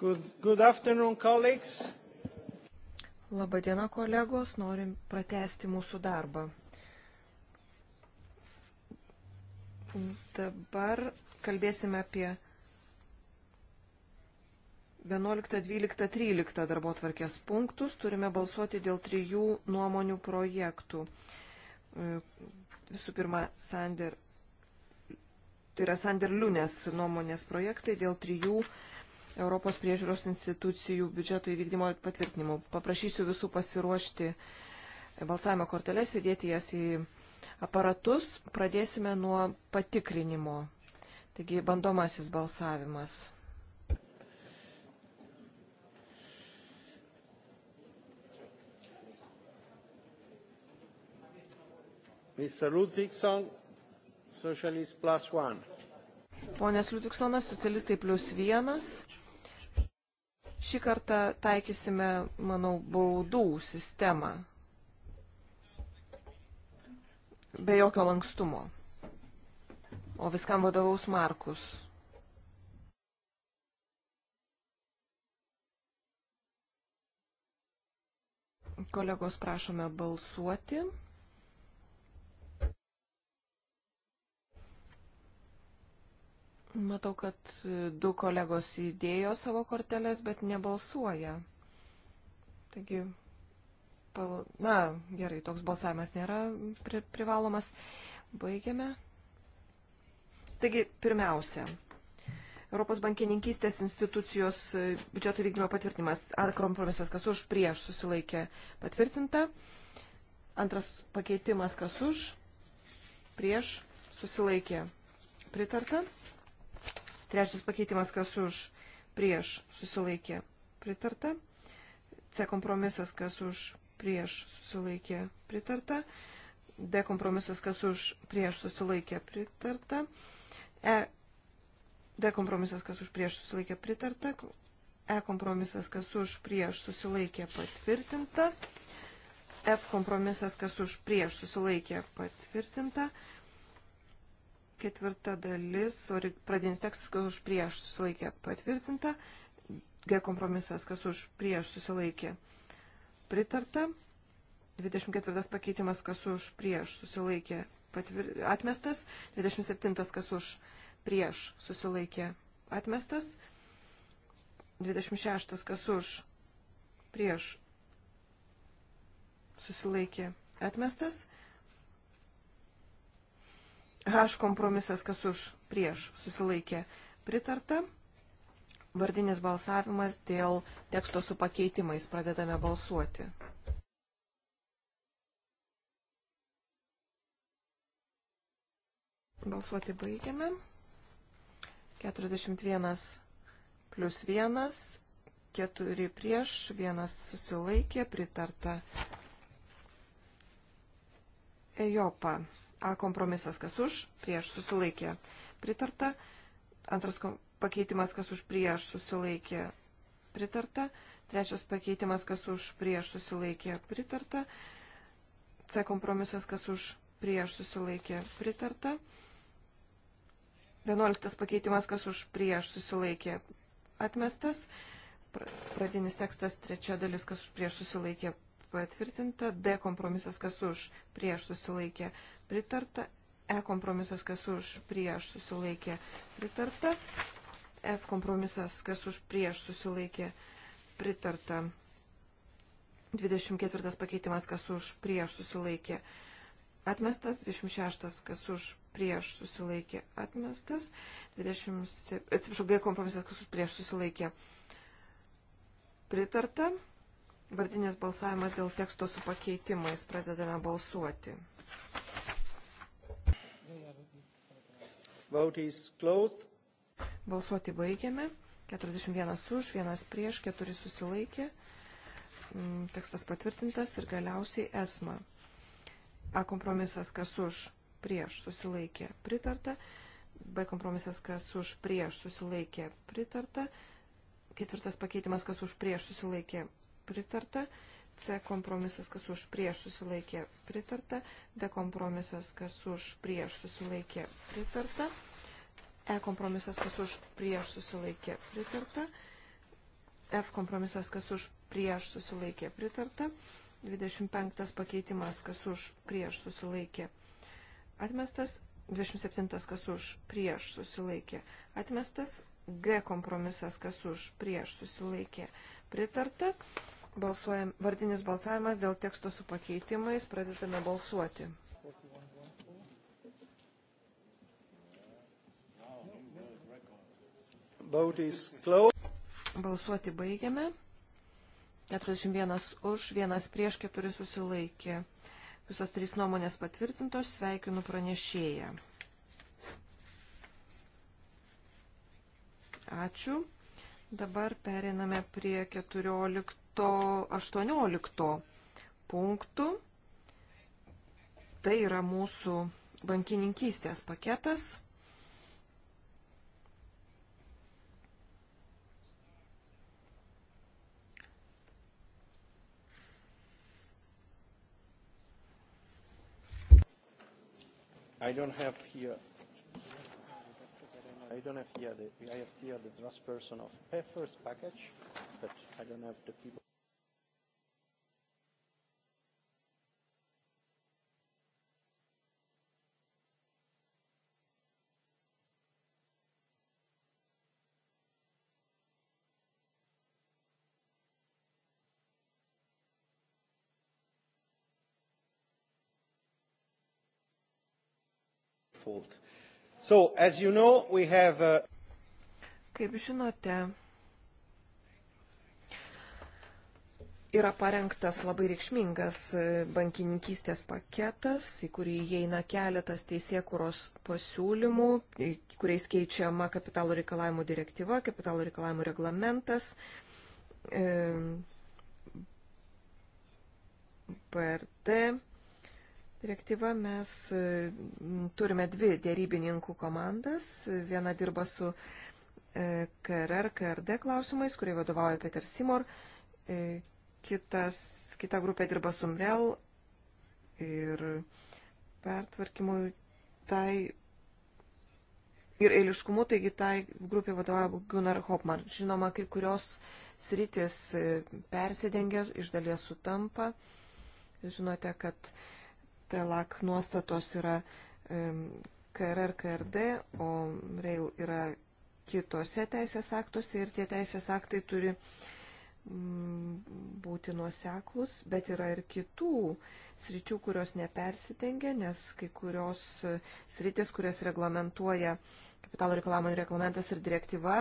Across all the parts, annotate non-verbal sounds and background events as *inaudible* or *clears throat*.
Good, good afternoon, colleagues. Labadiena, kolegos, norim pratesti mūsų darbą. Dabar kalbėsime apie 11, 12, 13 darbo tvarkės punktus. Turime balsuoti dėl trijų nuomonių projektų. Visų pirma, Sander tai yra Sanderliūnės nuomonės projektai dėl trijų Europos priežiūros institucijų biudžeto įvykdymo patvirtinimų. Paprašysiu visų pasiruošti balsavimo korteles, įdėti jas į aparatus. Pradėsime nuo patikrinimo. Taigi bandomasis balsavimas. Mr. Ludvigson, Socialist plus one. Ponas Liutiksonas, socialistai plus vienas. Šį kartą taikysime, manau, baudų sistemą. Be jokio lankstumo. O viskam vadovaus Markus. Kolegos prašome balsuoti. Matau, kad du kolegos įdėjo savo korteles, bet nebalsuoja. Taigi, pal... na, gerai, toks balsavimas nėra pri privalomas. Baigiame. Taigi, pirmiausia, Europos bankininkystės institucijos biudžeto vykdymo patvirtinimas. A kompromisas, kas už, prieš susilaikė patvirtinta. Antras pakeitimas, kas už, prieš susilaikė pritarta. Trečias pakeitimas, kas už, prieš, susilaikė, pritarta. C kompromisas, kas už, prieš, susilaikė, pritarta. D kompromisas, kas už, prieš, susilaikė, pritarta. E, D kompromisas, kas už, prieš, susilaikė, pritarta. E kompromisas, kas už, prieš, susilaikė, patvirtinta. F kompromisas, kas už, prieš, susilaikė, patvirtinta. E, Ketvirta dalis, pradinis tekstas, kas už prieš susilaikė patvirtinta. G kompromisas, kas už prieš susilaikė pritarta. 24 pakeitimas, kas už prieš susilaikė patvir... atmestas. 27 kas už prieš susilaikė atmestas. 26 kas už prieš susilaikė atmestas. H kompromisas, kas už prieš susilaikė pritarta. Vardinis balsavimas dėl teksto su pakeitimais. Pradedame balsuoti. Balsuoti baigiame. 41 plus 1, 4 prieš, 1 susilaikė, pritarta. Ejopa. A kompromisas kas už, prieš susilaikė pritarta. Antras pakeitimas kas už, prieš susilaikė pritarta. Trečias pakeitimas kas už, prieš susilaikė pritarta. C kompromisas kas už, prieš susilaikė pritarta. Vienuoliktas pakeitimas kas už, prieš susilaikė atmestas. Pradinis tekstas trečia dalis kas už, prieš susilaikė patvirtinta. D kompromisas kas už, prieš susilaikė pritarta pritarta. E kompromisas, kas už prieš susilaikė pritarta. F kompromisas, kas už prieš susilaikė pritarta. 24 pakeitimas, kas už prieš susilaikė atmestas. 26, kas už prieš susilaikė atmestas. 27, atsiprašau, G kompromisas, kas už prieš susilaikė pritarta. Vardinės balsavimas dėl teksto su pakeitimais. Pradedame balsuoti. Balsuoti baigiame. 41 už, 1 prieš, 4 susilaikė. Mm, tekstas patvirtintas ir galiausiai esma. A kompromisas kas už, prieš susilaikė pritarta. B kompromisas kas už, prieš susilaikė pritarta. Ketvirtas pakeitimas kas už, prieš susilaikė pritarta. pritarta C kompromisas, kas už prieš susilaikė pritarta. D kompromisas, kas už prieš susilaikė pritarta. E kompromisas, kas už prieš susilaikė pritarta. F kompromisas, kas už prieš susilaikė pritarta. 25 pakeitimas, kas už prieš susilaikė atmestas. 27 kas už prieš susilaikė atmestas. G kompromisas, kas už prieš susilaikė pritarta. Balsuojam, vardinis balsavimas dėl teksto su pakeitimais. Pradedame balsuoti. Balsuoti baigiame. 41 už, 1 prieš, 4 susilaikė. Visos trys nuomonės patvirtintos, sveikinu pranešėją. Ačiū. Dabar periname prie 14 118 punktų. Tai yra mūsų bankininkystės paketas. I don't have here. I don't have here the. I have here the draft person of Pfeffer's package but I don't know if the people. So, as you know, we have. Uh... Kaip žinote, yra parengtas labai reikšmingas e, bankininkystės paketas, į kurį įeina keletas teisėkuros pasiūlymų, kuriais keičiama kapitalo reikalavimų direktyva, kapitalo reikalavimų reglamentas, PRT e, direktyva. Mes e, turime dvi dėrybininkų komandas. Viena dirba su KRR, KRD klausimais, kurie vadovauja Peter Simor kitas, kita grupė dirba su MREL ir pertvarkymui tai ir eiliškumu, taigi tai grupė vadovauja Gunnar Hopman. Žinoma, kai kurios sritis persidengia, iš dalies sutampa. Žinote, kad TELAK nuostatos yra KRR, KRD, o RAIL yra kitose teisės aktuose ir tie teisės aktai turi Mm, būti nuoseklus, bet yra ir kitų sričių, kurios nepersitengia, nes kai kurios e, sritis, kurias reglamentuoja kapitalo reikalavimų reglamentas ir direktyva,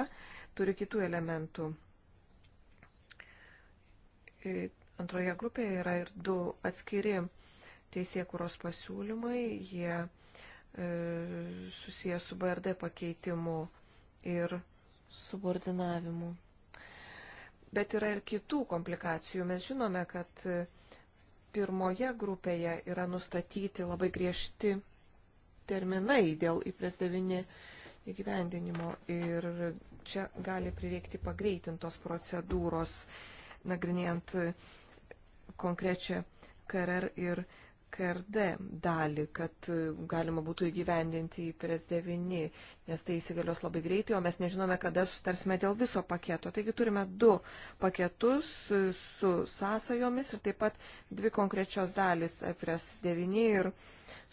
turi kitų elementų. E, antroje grupėje yra ir du atskiri teisėkuros pasiūlymai, jie e, susijęs su BRD pakeitimu ir subordinavimu bet yra ir kitų komplikacijų. Mes žinome, kad pirmoje grupėje yra nustatyti labai griežti terminai dėl IPRES 9 įgyvendinimo ir čia gali prireikti pagreitintos procedūros, nagrinėjant konkrečią KRR ir KRD dalį, kad e, galima būtų įgyvendinti į PRES 9, nes tai įsigalios labai greitai, o mes nežinome, kada sutarsime dėl viso paketo. Taigi turime du paketus e, su sąsajomis ir taip pat dvi konkrečios dalis e, PRES 9 ir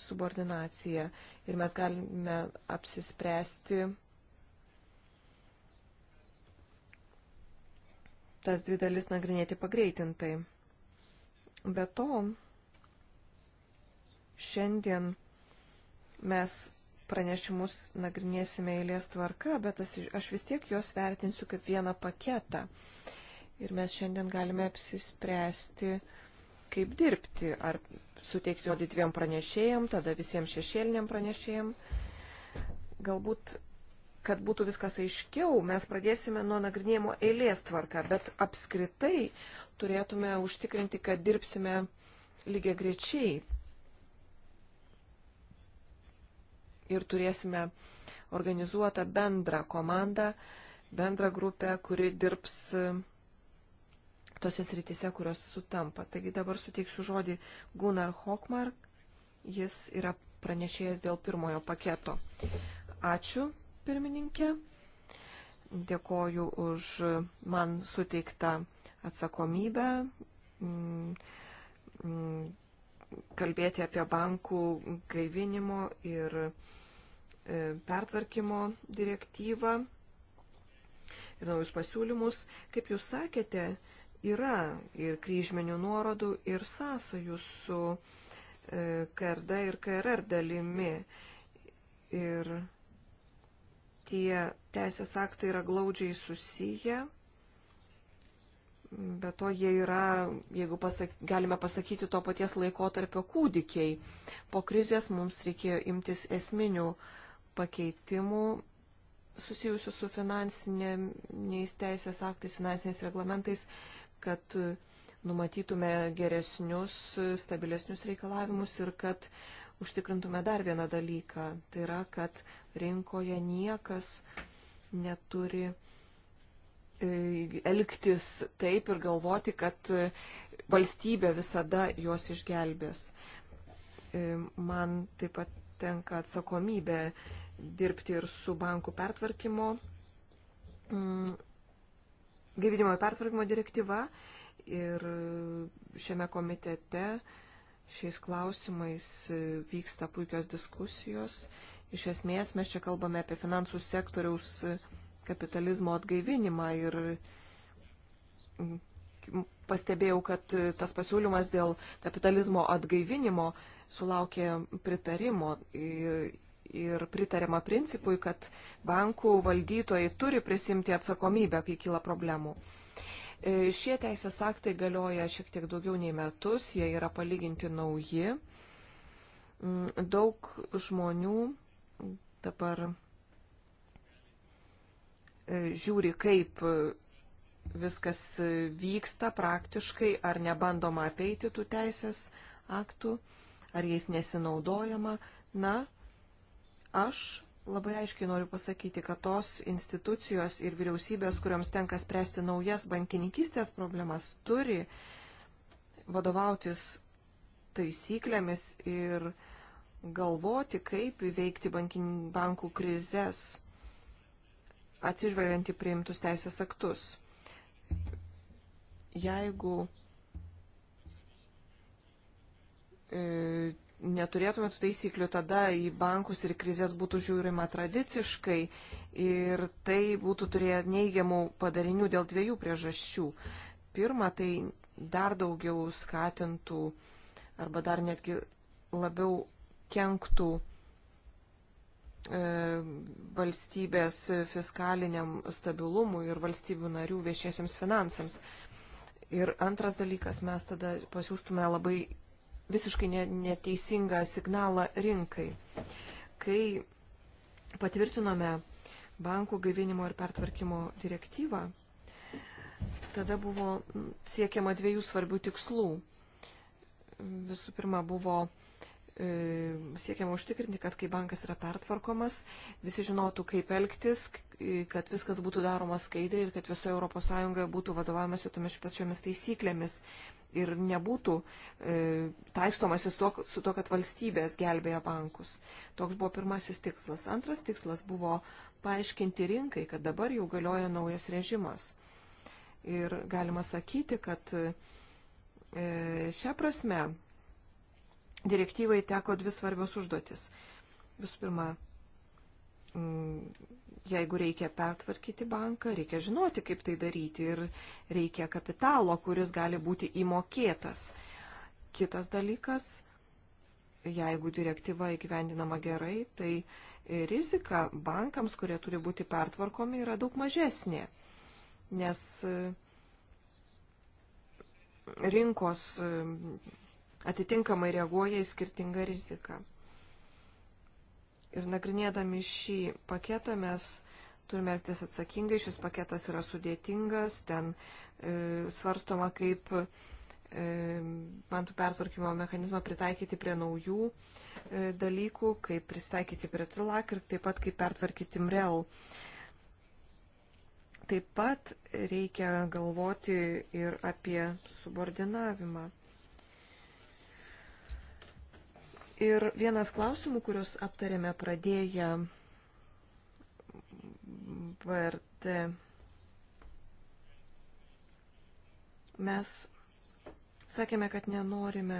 subordinacija. Ir mes galime apsispręsti tas dvi dalis nagrinėti pagreitintai. Be to, Šiandien mes pranešimus nagrinėsime eilės tvarka, bet aš vis tiek juos vertinsiu kaip vieną paketą. Ir mes šiandien galime apsispręsti, kaip dirbti. Ar suteikti žodį dviem pranešėjim, tada visiems šešėliniam pranešėjim. Galbūt, kad būtų viskas aiškiau, mes pradėsime nuo nagrinėjimo eilės tvarka, bet apskritai turėtume užtikrinti, kad dirbsime lygiai grečiai ir turėsime organizuotą bendrą komandą, bendrą grupę, kuri dirbs e, tose sritise, kurios sutampa. Taigi dabar suteiksiu žodį Gunnar Hokmark. Jis yra pranešėjas dėl pirmojo paketo. Ačiū, pirmininkė. Dėkoju už man suteiktą atsakomybę mm, mm, kalbėti apie bankų gaivinimo ir E, pertvarkymo direktyvą ir naujus pasiūlymus. Kaip jūs sakėte, yra ir kryžmenių nuorodų, ir sąsajų su e, KRD ir KRR dalimi. Ir tie teisės aktai yra glaudžiai susiję. Be to jie yra, jeigu pasak, galime pasakyti, to paties laikotarpio kūdikiai. Po krizės mums reikėjo imtis esminių uh, pakeitimų susijusių su finansiniais teisės aktais, finansiniais reglamentais, kad numatytume geresnius, stabilesnius reikalavimus ir kad užtikrintume dar vieną dalyką. Tai yra, kad rinkoje niekas neturi e, elgtis taip ir galvoti, kad e, valstybė visada juos išgelbės. E, man taip pat tenka atsakomybė dirbti ir su bankų pertvarkymo, mm, gyvinimo pertvarkymo direktyva ir šiame komitete šiais klausimais vyksta puikios diskusijos. Iš esmės mes čia kalbame apie finansų sektoriaus kapitalizmo atgaivinimą ir pastebėjau, kad tas pasiūlymas dėl kapitalizmo atgaivinimo sulaukė pritarimo ir pritarėma principui, kad bankų valdytojai turi prisimti atsakomybę, kai kyla problemų. E, šie teisės aktai galioja šiek tiek daugiau nei metus, jie yra palyginti nauji. Mm, daug žmonių dabar e, žiūri, kaip viskas vyksta praktiškai, ar nebandoma apeiti tų teisės aktų, ar jais nesinaudojama. Na, Aš labai aiškiai noriu pasakyti, kad tos institucijos ir vyriausybės, kuriams tenka spręsti naujas bankininkystės problemas, turi vadovautis taisyklėmis ir galvoti, kaip įveikti bankin, bankų krizės, atsižvelgiant į priimtus teisės aktus. Jeigu e, neturėtume tų taisyklių, tada į bankus ir krizės būtų žiūrima tradiciškai ir tai būtų turėję neigiamų padarinių dėl dviejų priežasčių. Pirma, tai dar daugiau skatintų arba dar netgi labiau kenktų e, valstybės fiskaliniam stabilumui ir valstybių narių viešiesiams finansams. Ir antras dalykas, mes tada pasiūstume labai visiškai neteisingą signalą rinkai. Kai patvirtinome bankų gaivinimo ir pertvarkymo direktyvą, tada buvo siekiama dviejų svarbių tikslų. Visų pirma, buvo e, siekiama užtikrinti, kad kai bankas yra pertvarkomas, visi žinotų, kaip elgtis, e, kad viskas būtų daroma skaidriai ir kad visoje ES būtų vadovavimasi tomis pačiomis taisyklėmis ir nebūtų e, taikstomasi su, su to, kad valstybės gelbėja bankus. Toks buvo pirmasis tikslas. Antras tikslas buvo paaiškinti rinkai, kad dabar jau galioja naujas režimas. Ir galima sakyti, kad e, šią prasme direktyvai teko dvi svarbios užduotis. Visų pirma, jeigu reikia pertvarkyti banką, reikia žinoti, kaip tai daryti ir reikia kapitalo, kuris gali būti įmokėtas. Kitas dalykas, jeigu direktyva įgyvendinama gerai, tai rizika bankams, kurie turi būti pertvarkomi, yra daug mažesnė, nes e, rinkos e, atitinkamai reaguoja į skirtingą riziką. Ir nagrinėdami šį paketą mes turime elgtis atsakingai, šis paketas yra sudėtingas, ten e, svarstoma, kaip e, mantų pertvarkymo mechanizmą pritaikyti prie naujų e, dalykų, kaip pristaikyti prie trilak ir taip pat kaip pertvarkyti mrel. Taip pat reikia galvoti ir apie subordinavimą. Ir vienas klausimų, kuriuos aptarėme pradėję VRT, mes sakėme, kad nenorime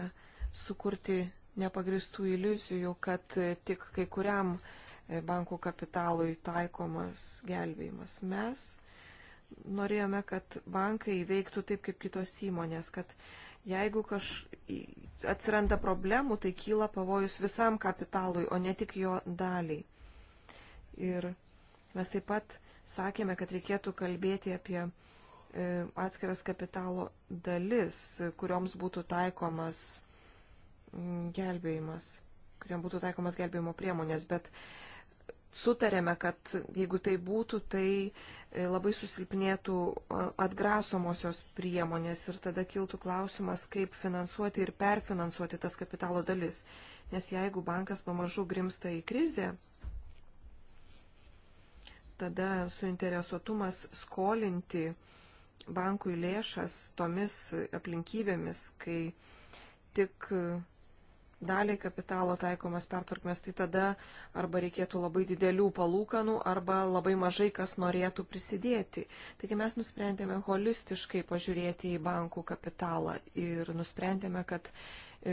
sukurti nepagristų iliuzijų, kad tik kai kuriam bankų kapitalui taikomas gelbėjimas. Mes norėjome, kad bankai veiktų taip kaip kitos įmonės, kad Jeigu kaž, atsiranda problemų, tai kyla pavojus visam kapitalui, o ne tik jo daliai. Ir mes taip pat sakėme, kad reikėtų kalbėti apie e, atskiras kapitalo dalis, kurioms būtų taikomas mm, gelbėjimas, kuriam būtų taikomas gelbėjimo priemonės, bet sutarėme, kad jeigu tai būtų, tai e, labai susilpnėtų atgrasomosios priemonės ir tada kiltų klausimas, kaip finansuoti ir perfinansuoti tas kapitalo dalis. Nes jeigu bankas pamažu grimsta į krizę, tada suinteresuotumas skolinti bankui lėšas tomis aplinkybėmis, kai tik daliai kapitalo taikomas pertvarkymas, tai tada arba reikėtų labai didelių palūkanų, arba labai mažai kas norėtų prisidėti. Taigi mes nusprendėme holistiškai pažiūrėti į bankų kapitalą ir nusprendėme, kad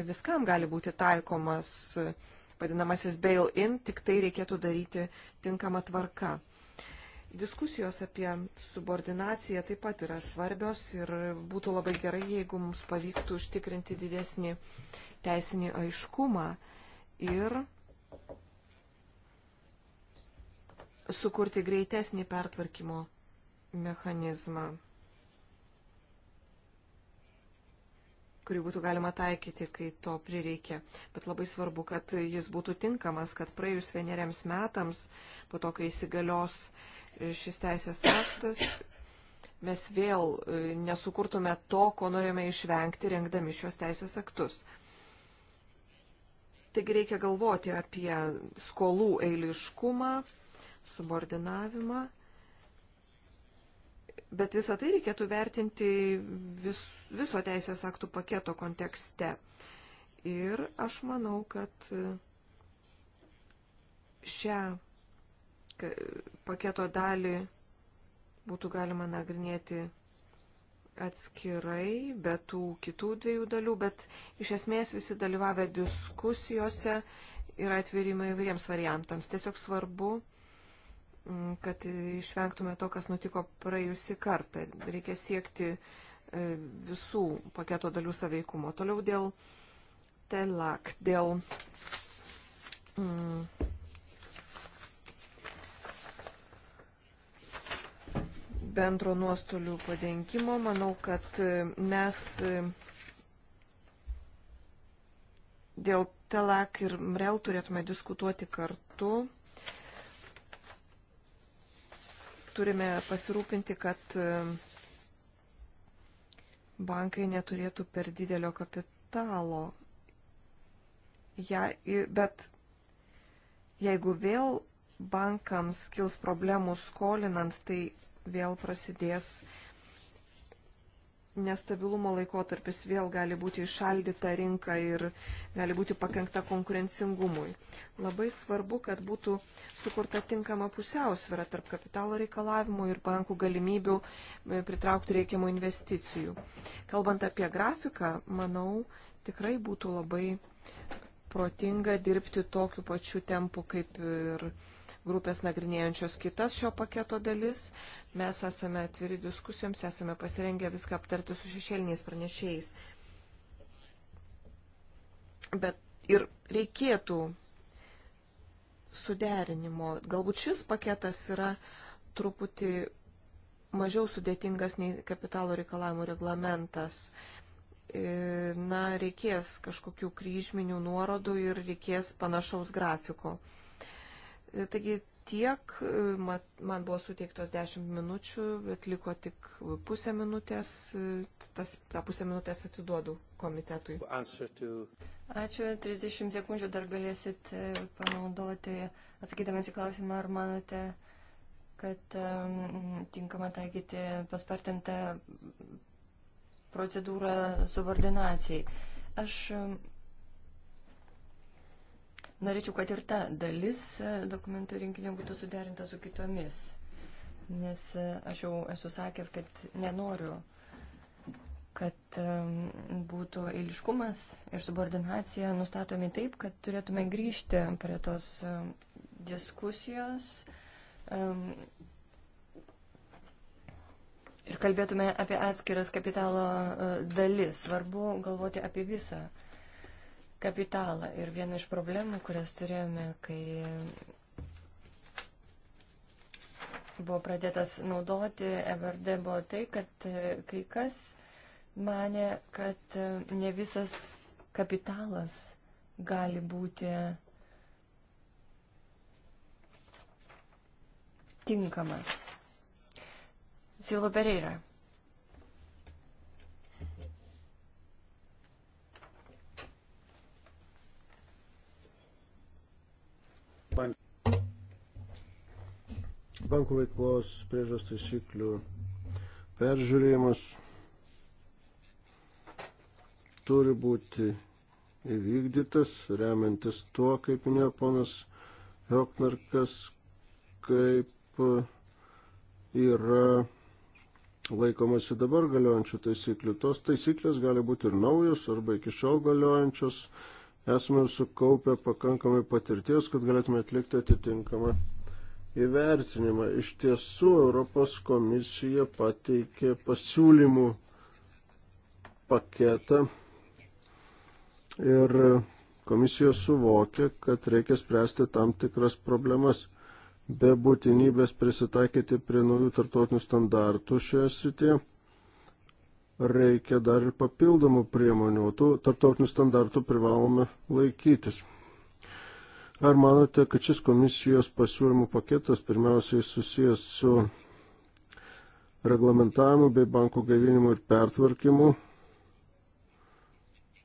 viskam gali būti taikomas vadinamasis bail-in, tik tai reikėtų daryti tinkamą tvarką. Diskusijos apie subordinaciją taip pat yra svarbios ir būtų labai gerai, jeigu mums pavyktų užtikrinti didesnį teisinį aiškumą ir sukurti greitesnį pertvarkymo mechanizmą, kurį būtų galima taikyti, kai to prireikia. Bet labai svarbu, kad jis būtų tinkamas, kad praėjus vieneriams metams, po to, kai įsigalios e, šis teisės aktas, mes vėl e, nesukurtume to, ko norėjome išvengti, rengdami šios teisės aktus. Taigi reikia galvoti apie skolų eiliškumą, subordinavimą, bet visą tai reikėtų vertinti vis, viso teisės aktų paketo kontekste. Ir aš manau, kad e, šią paketo dalį būtų galima nagrinėti atskirai, be tų kitų dviejų dalių, bet iš esmės visi dalyvavę diskusijose yra atvirimai įvairiems variantams. Tiesiog svarbu, mm, kad išvengtume to, kas nutiko praėjusi kartą. Reikia siekti e, visų paketo dalių saveikumo. Toliau dėl telak, dėl mm, bendro nuostolių padengimo. Manau, kad e, mes e, dėl TELAK ir MREL turėtume diskutuoti kartu. Turime pasirūpinti, kad e, bankai neturėtų per didelio kapitalo. Ja, bet jeigu vėl bankams kils problemų skolinant, tai vėl prasidės nestabilumo laikotarpis, vėl gali būti išaldyta rinka ir gali būti pakengta konkurencingumui. Labai svarbu, kad būtų sukurta tinkama pusiausvėra tarp kapitalo reikalavimų ir bankų galimybių e, pritraukti reikiamų investicijų. Kalbant apie grafiką, manau, tikrai būtų labai protinga dirbti tokiu pačiu tempu kaip ir grupės nagrinėjančios kitas šio paketo dalis. Mes esame atviri diskusijoms, esame pasirengę viską aptarti su šešėliniais pranešėjais. Bet ir reikėtų suderinimo. Galbūt šis paketas yra truputį mažiau sudėtingas nei kapitalo reikalavimų reglamentas. E, na, reikės kažkokių kryžminių nuorodų ir reikės panašaus grafiko. Taigi tiek, man buvo suteiktos 10 minučių, bet liko tik pusę minutės, tas, tą pusę minutės atiduodu komitetui. Ačiū, 30 sekundžių dar galėsit e, panaudoti, atsakydamas į klausimą, ar manote, kad um, tinkama taikyti paspartintą procedūrą subordinacijai. Aš um, Norėčiau, kad ir ta dalis e, dokumentų rinkinio būtų suderinta su kitomis, nes e, aš jau esu sakęs, kad nenoriu, kad e, būtų eiliškumas ir subordinacija nustatomi taip, kad turėtume grįžti prie tos diskusijos ir kalbėtume apie atskiras kapitalo dalis. Svarbu galvoti apie visą kapitalą. Ir viena iš problemų, kurias turėjome, kai buvo pradėtas naudoti EVRD, buvo tai, kad e, kai kas mane, kad e, ne visas kapitalas gali būti tinkamas. Silva Pereira. Bankų veiklos priežas taisyklių peržiūrėjimas turi būti įvykdytas, remiantis tuo, kaip minėjo ponas Joknarkas, kaip yra laikomasi dabar galiojančių taisyklių. Tos taisyklės gali būti ir naujos arba iki šiol galiojančios esame sukaupę pakankamai patirties, kad galėtume atlikti atitinkamą įvertinimą. Iš tiesų, Europos komisija pateikė pasiūlymų paketą ir komisija suvokė, kad reikia spręsti tam tikras problemas. Be būtinybės prisitaikyti prie naujų tartotinių standartų šioje srityje reikia dar ir papildomų priemonių, o tų tarptautinių standartų privalome laikytis. Ar manote, kad šis komisijos pasiūlymų paketas pirmiausiai susijęs su reglamentavimu bei bankų gaivinimu ir pertvarkimu?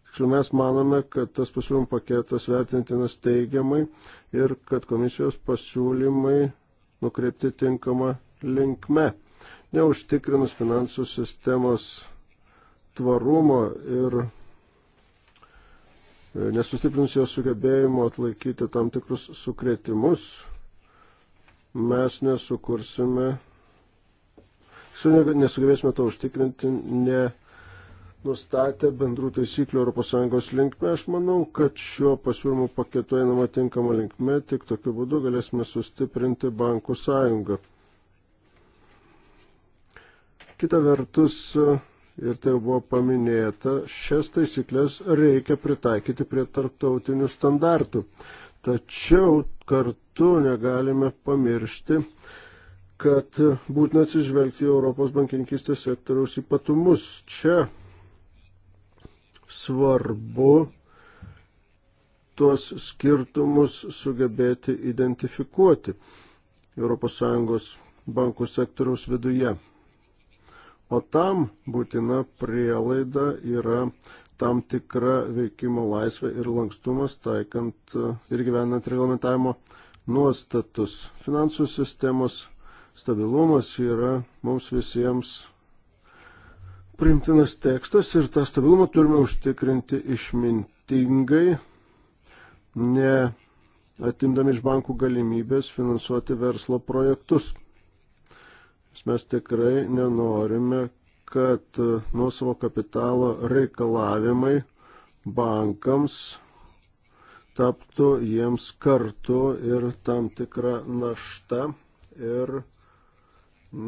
Tačiau mes manome, kad tas pasiūlymų paketas vertintinas teigiamai ir kad komisijos pasiūlymai nukreipti tinkamą linkme, neužtikrinus finansų sistemos tvarumo ir e, nesustiprinus jo sugebėjimo atlaikyti tam tikrus sukretimus, mes nesukursime, nesugebėsime to užtikrinti, ne nustatę bendrų taisyklių ES linkme. Aš manau, kad šiuo pasiūlymu paketu einama tinkama linkme, tik tokiu būdu galėsime sustiprinti bankų sąjungą. Kita vertus, ir tai buvo paminėta, šias taisyklės reikia pritaikyti prie tarptautinių standartų. Tačiau kartu negalime pamiršti, kad būtina atsižvelgti į Europos bankininkistės sektoriaus ypatumus. Čia svarbu tuos skirtumus sugebėti identifikuoti ES bankų sektoriaus viduje. O tam būtina prielaida yra tam tikra veikimo laisvė ir lankstumas taikant e, ir gyvenant reglamentavimo nuostatus. Finansų sistemos stabilumas yra mums visiems primtinas tekstas ir tą stabilumą turime užtikrinti išmintingai, ne atimdami iš bankų galimybės finansuoti verslo projektus. Mes tikrai nenorime, kad e, nuosavo kapitalo reikalavimai bankams taptų jiems kartu ir tam tikrą naštą ir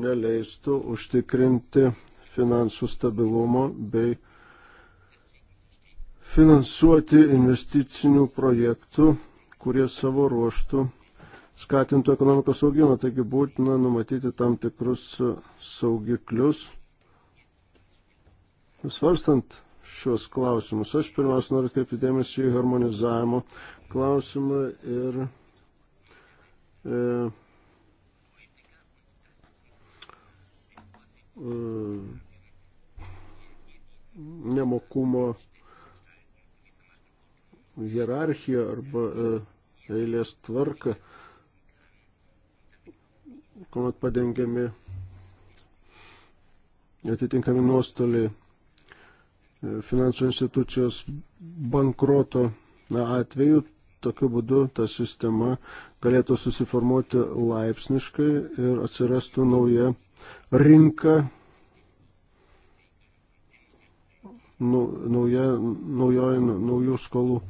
neleistų užtikrinti finansų stabilumo bei finansuoti investicinių projektų, kurie savo ruoštų skatintų ekonomikos augimą, taigi būtina numatyti tam tikrus saugiklius. Svarstant šios klausimus, aš pirmiausia noriu atkreipti dėmesį į harmonizavimo klausimą ir e, e nemokumo hierarchiją arba e, eilės tvarką kuomet padengiami atitinkami nuostoliai e, finansų institucijos bankroto atveju, tokiu būdu ta sistema galėtų susiformuoti laipsniškai ir atsirastų nauja rinka, nu, nauja, naujoji, naujų skolų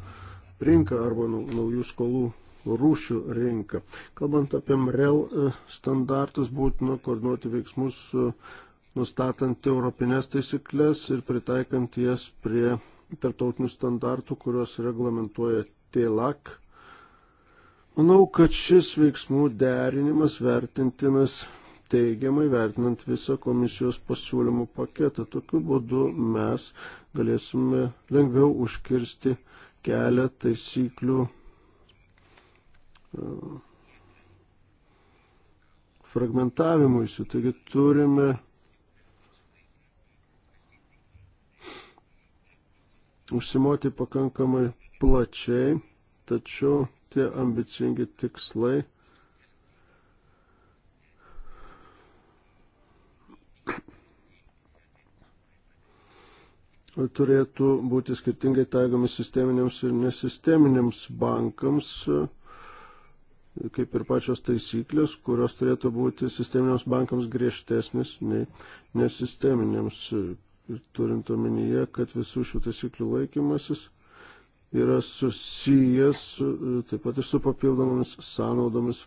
rinka arba naujų skolų rūšių rinką. Kalbant apie MREL e, standartus, būtina koordinuoti veiksmus, e, nustatant europinės taisyklės ir pritaikant jas prie tarptautinių standartų, kurios reglamentuoja TELAC. Manau, kad šis veiksmų derinimas vertintinas teigiamai vertinant visą komisijos pasiūlymų paketą. Tokiu būdu mes galėsime lengviau užkirsti kelią taisyklių fragmentavimuisi. Taigi turime užsimoti pakankamai plačiai, tačiau tie ambicingi tikslai turėtų būti skirtingai taigomi sisteminiams ir nesisteminiams bankams kaip ir pačios taisyklės, kurios turėtų būti sisteminiams bankams griežtesnis nei nesisteminiams, turint omenyje, kad visų šių taisyklių laikymasis yra susijęs taip pat ir su papildomomis sąnaudomis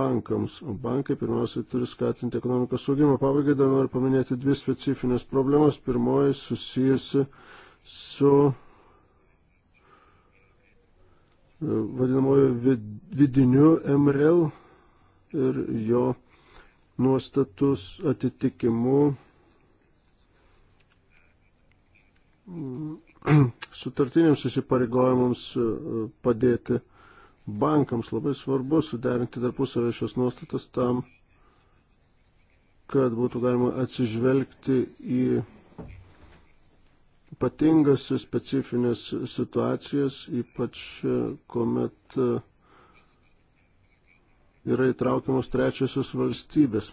bankams. O bankai pirmiausiai turi skatinti ekonomikos augimą. Pabaigai dar noriu paminėti dvi specifines problemas. Pirmoji susijusi su vadinamojo vidiniu MRL ir jo nuostatus atitikimu *clears throat* sutartiniams įsipareigojimams e, padėti bankams. Labai svarbu suderinti tarpusavę šios nuostatas tam, kad būtų galima atsižvelgti į ypatingas specifinės situacijas, ypač e, kuomet e, yra įtraukiamos trečiosios valstybės.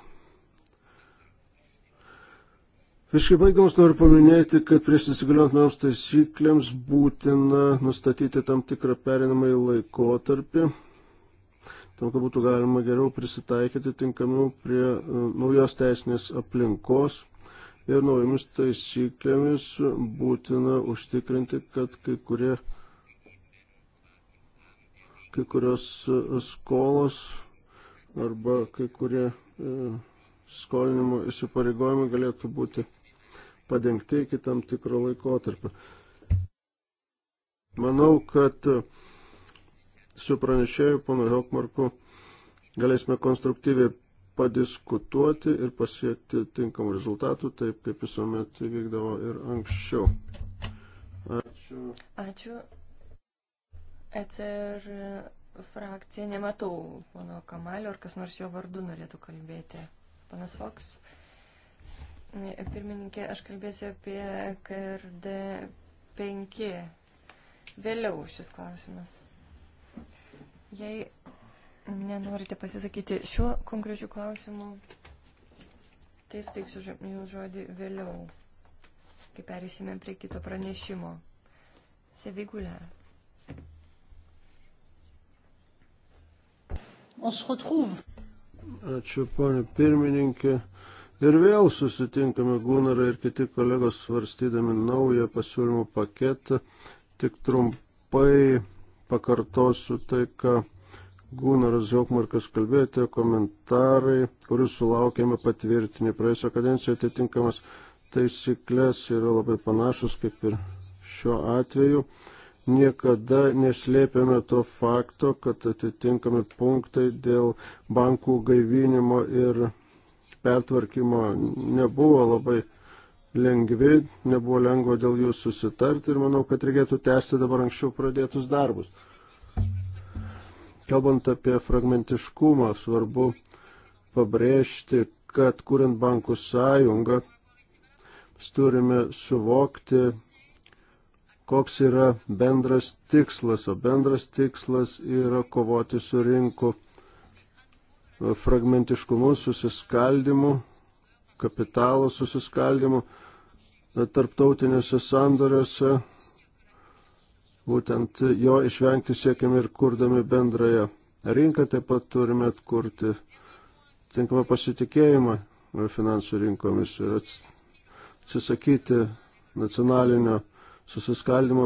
Visiškai baigdamas noriu paminėti, kad prieš įsigaliant naujoms taisyklėms būtina nustatyti tam tikrą perinamąjį laikotarpį, tam, kad būtų galima geriau prisitaikyti tinkamiau prie e, naujos teisinės aplinkos ir naujomis taisyklėmis būtina užtikrinti, kad kai, kurie, kai kurios skolos arba kai kurie e, skolinimo įsipareigojimai galėtų būti padengti iki tam tikro laikotarpio. Manau, kad su pranešėju panu Hokmarku galėsime konstruktyviai padiskutuoti ir pasiekti tinkamų rezultatų, taip kaip visuomet vykdavo ir anksčiau. Ačiū. Ačiū. ECR frakcija nematau pono Kamalio, ar kas nors jo vardu norėtų kalbėti. Panas Foks. Pirmininkė, aš kalbėsiu apie KRD 5. Vėliau šis klausimas. Jei nenorite pasisakyti šiuo konkrečiu klausimu, tai suteiksiu jums žodį vėliau, kai perėsime prie kito pranešimo. Sevigulė. Ačiū, ponė pirmininkė. Ir vėl susitinkame Gunarai ir kiti kolegos svarstydami naują pasiūlymų paketą. Tik trumpai pakartosiu tai, ką Gunaras Jokmarkas kalbėjote, komentarai, kurius sulaukėme patvirtinį. Praėjusio kadencijoje atitinkamas taisyklės yra labai panašus kaip ir šiuo atveju. Niekada neslėpėme to fakto, kad atitinkami punktai dėl bankų gaivinimo ir pertvarkymo nebuvo labai lengvi, nebuvo lengva dėl jų susitarti ir manau, kad reikėtų tęsti dabar anksčiau pradėtus darbus. Kalbant apie fragmentiškumą, svarbu pabrėžti, kad kuriant bankų sąjungą, mes turime suvokti, koks yra bendras tikslas, o bendras tikslas yra kovoti su rinku fragmentiškumu, susiskaldimu, kapitalo susiskaldimu tarptautiniuose sandoriuose Būtent jo išvengti siekiam ir kurdami bendrąją rinką, taip pat turime atkurti tinkamą pasitikėjimą finansų rinkomis ir atsisakyti nacionalinio susiskaldimo